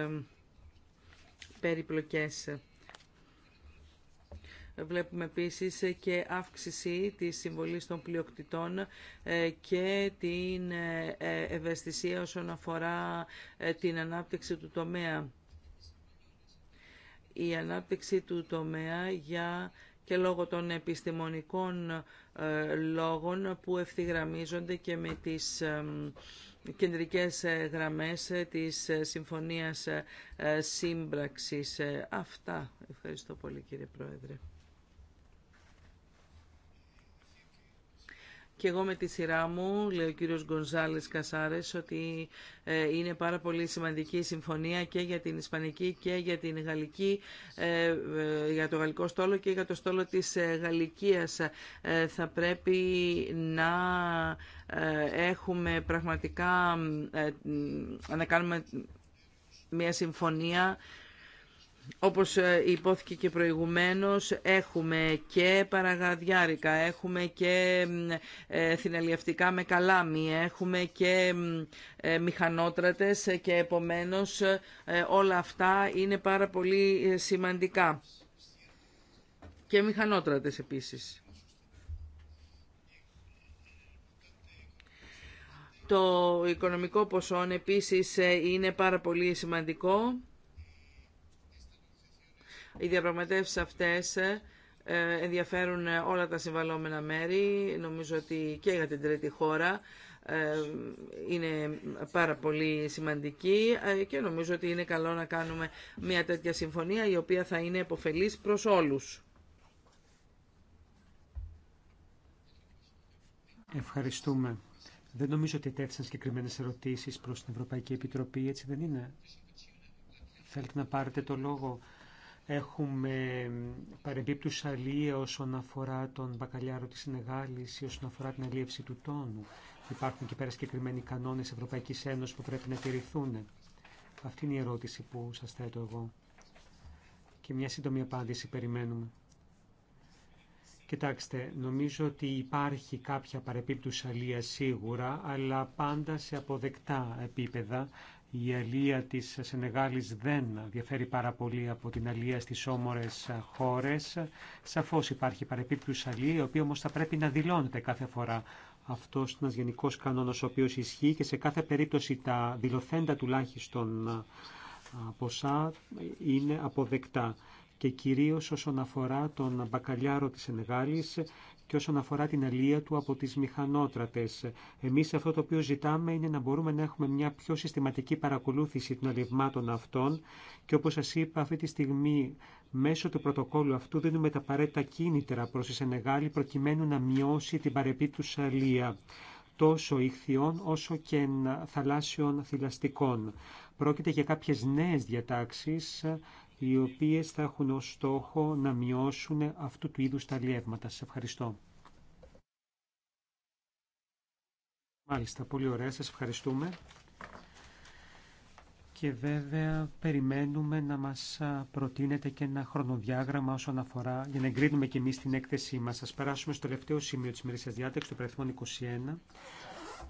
περιπλοκές. Βλέπουμε επίσης και αύξηση της συμβολής των πλειοκτητών ε, και την ε, ε, ευαισθησία όσον αφορά την ανάπτυξη του τομέα. Η ανάπτυξη του τομέα για και λόγω των επιστημονικών λόγων που ευθυγραμμίζονται και με τις κεντρικές γραμμές της Συμφωνίας Σύμπραξης. Αυτά. Ευχαριστώ πολύ κύριε Πρόεδρε. Και εγώ με τη σειρά μου, λέει ο κύριος Γκονζάλης Κασάρες, ότι ε, είναι πάρα πολύ σημαντική η συμφωνία και για την Ισπανική και για την Γαλλική, ε, ε, για το Γαλλικό στόλο και για το στόλο της Γαλλικίας. Θα πρέπει να έχουμε πραγματικά, να κάνουμε μια συμφωνία όπως ε, υπόθηκε και προηγουμένως, έχουμε και παραγαδιάρικα, έχουμε και ε, θυναλιευτικά με καλάμι, έχουμε και ε, μηχανότρατες και επομένως όλα αυτά είναι πάρα πολύ σημαντικά. Και μηχανότρατες επίσης. Το οικονομικό ποσό επίσης είναι πάρα πολύ σημαντικό οι διαπραγματεύσεις αυτές ε, ενδιαφέρουν όλα τα συμβαλόμενα μέρη. Νομίζω ότι και για την τρίτη χώρα ε, είναι πάρα πολύ σημαντική ε, και νομίζω ότι είναι καλό να κάνουμε μια τέτοια συμφωνία η οποία θα είναι επωφελής προς όλους. Ευχαριστούμε. Δεν νομίζω ότι τέθησαν συγκεκριμένε ερωτήσεις προς την Ευρωπαϊκή Επιτροπή, έτσι δεν είναι. Θέλετε να πάρετε το λόγο. Έχουμε παρεμπίπτους αλλοί όσον αφορά τον μπακαλιάρο της Συνεγάλης ή όσον αφορά την αλίευση του τόνου. Υπάρχουν και πέρα συγκεκριμένοι κανόνες Ευρωπαϊκής Ένωσης που πρέπει να τηρηθούν. Αυτή είναι η ερώτηση που σας θέτω εγώ. Και μια σύντομη απάντηση περιμένουμε. Κοιτάξτε, νομίζω ότι υπάρχει κάποια παρεπίπτουσα σίγουρα, αλλά πάντα σε αποδεκτά επίπεδα η αλία της Σενεγάλης δεν διαφέρει πάρα πολύ από την αλία στις όμορες χώρες. Σαφώς υπάρχει παρεπίπτους αλία, η οποία όμως θα πρέπει να δηλώνεται κάθε φορά. Αυτό είναι ένας γενικός ο οποίος ισχύει και σε κάθε περίπτωση τα δηλωθέντα τουλάχιστον ε, ποσά είναι αποδεκτά και κυρίως όσον αφορά τον μπακαλιάρο της Σενεγάλης, και όσον αφορά την αλεία του από τις μηχανότρατες. Εμείς αυτό το οποίο ζητάμε είναι να μπορούμε να έχουμε μια πιο συστηματική παρακολούθηση των αλευμάτων αυτών και όπως σας είπα αυτή τη στιγμή μέσω του πρωτοκόλλου αυτού δίνουμε τα παρέτα κίνητρα προς τη Σενεγάλη προκειμένου να μειώσει την του αλεία... τόσο ηχθειών όσο και θαλάσσιων θηλαστικών. Πρόκειται για κάποιες νέες διατάξεις οι οποίες θα έχουν ως στόχο να μειώσουν αυτού του είδους τα λιεύματα. Σας ευχαριστώ. Μάλιστα, πολύ ωραία. Σας ευχαριστούμε. Και βέβαια περιμένουμε να μας προτείνετε και ένα χρονοδιάγραμμα όσον αφορά, για να εγκρίνουμε και εμείς την έκθεσή μας. Σας περάσουμε στο τελευταίο σημείο της ημερήσιας διάταξης, το περιθμό 21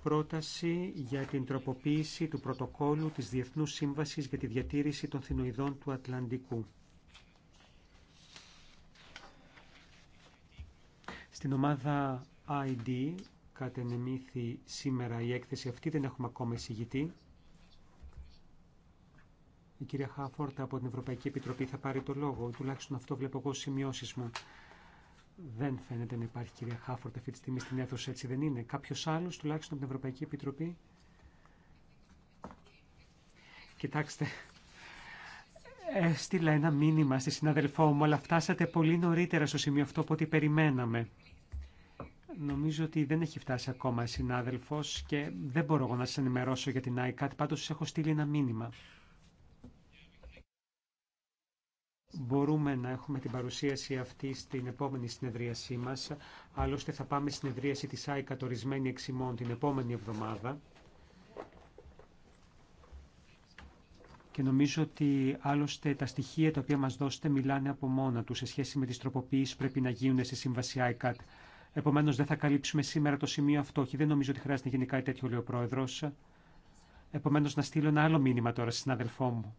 πρόταση για την τροποποίηση του πρωτοκόλου της Διεθνούς Σύμβασης για τη διατήρηση των θηνοειδών του Ατλαντικού. Στην ομάδα ID κατενεμήθη σήμερα η έκθεση αυτή, δεν έχουμε ακόμα εισηγητή. Η κυρία Χάφορτα από την Ευρωπαϊκή Επιτροπή θα πάρει το λόγο, τουλάχιστον αυτό βλέπω εγώ σημειώσεις μου. Δεν φαίνεται να υπάρχει κυρία Χάφορτ αυτή τη στιγμή στην αίθουσα, έτσι δεν είναι. Κάποιο άλλο, τουλάχιστον από την Ευρωπαϊκή Επιτροπή. Κοιτάξτε, έστειλα ε, ένα μήνυμα στη συναδελφό μου, αλλά φτάσατε πολύ νωρίτερα στο σημείο αυτό από ό,τι περιμέναμε. Νομίζω ότι δεν έχει φτάσει ακόμα η συνάδελφος και δεν μπορώ εγώ να σας ενημερώσω για την ICAT, πάντως έχω στείλει ένα μήνυμα. μπορούμε να έχουμε την παρουσίαση αυτή στην επόμενη συνεδρίασή μας. Άλλωστε θα πάμε συνεδρίαση της ΆΙΚΑ το εξ ημών την επόμενη εβδομάδα. Και νομίζω ότι άλλωστε τα στοιχεία τα οποία μας δώσετε μιλάνε από μόνα τους σε σχέση με τις τροποποιήσεις που πρέπει να γίνουν σε Σύμβαση ICAT. Επομένως δεν θα καλύψουμε σήμερα το σημείο αυτό και δεν νομίζω ότι χρειάζεται γενικά τέτοιο λέει ο Πρόεδρος. Επομένως να στείλω ένα άλλο μήνυμα τώρα στην αδελφό μου.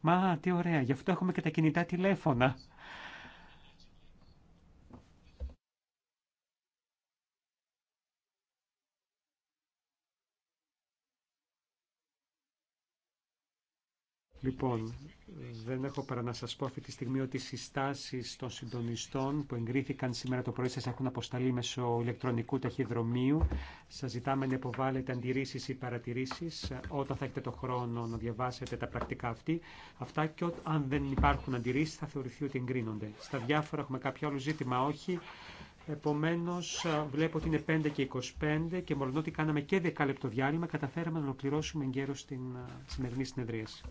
Μα, τι ωραία, γι' αυτό έχουμε και τα κινητά τηλέφωνα. Λοιπόν, δεν έχω παρά να σας πω αυτή τη στιγμή ότι οι συστάσεις των συντονιστών που εγκρίθηκαν σήμερα το πρωί σας έχουν αποσταλεί μέσω ηλεκτρονικού ταχυδρομείου. Σας ζητάμε να υποβάλλετε αντιρρήσεις ή παρατηρήσεις όταν θα έχετε το χρόνο να διαβάσετε τα πρακτικά αυτή. Αυτά και αν δεν υπάρχουν αντιρρήσεις θα θεωρηθεί ότι εγκρίνονται. Στα διάφορα έχουμε κάποιο άλλο ζήτημα, όχι. Επομένω, βλέπω ότι είναι 5 και 25 και μόνο ότι κάναμε και 10 λεπτό διάλειμμα καταφέραμε να ολοκληρώσουμε εγκαίρω την ε, σημερινή συνεδρίαση.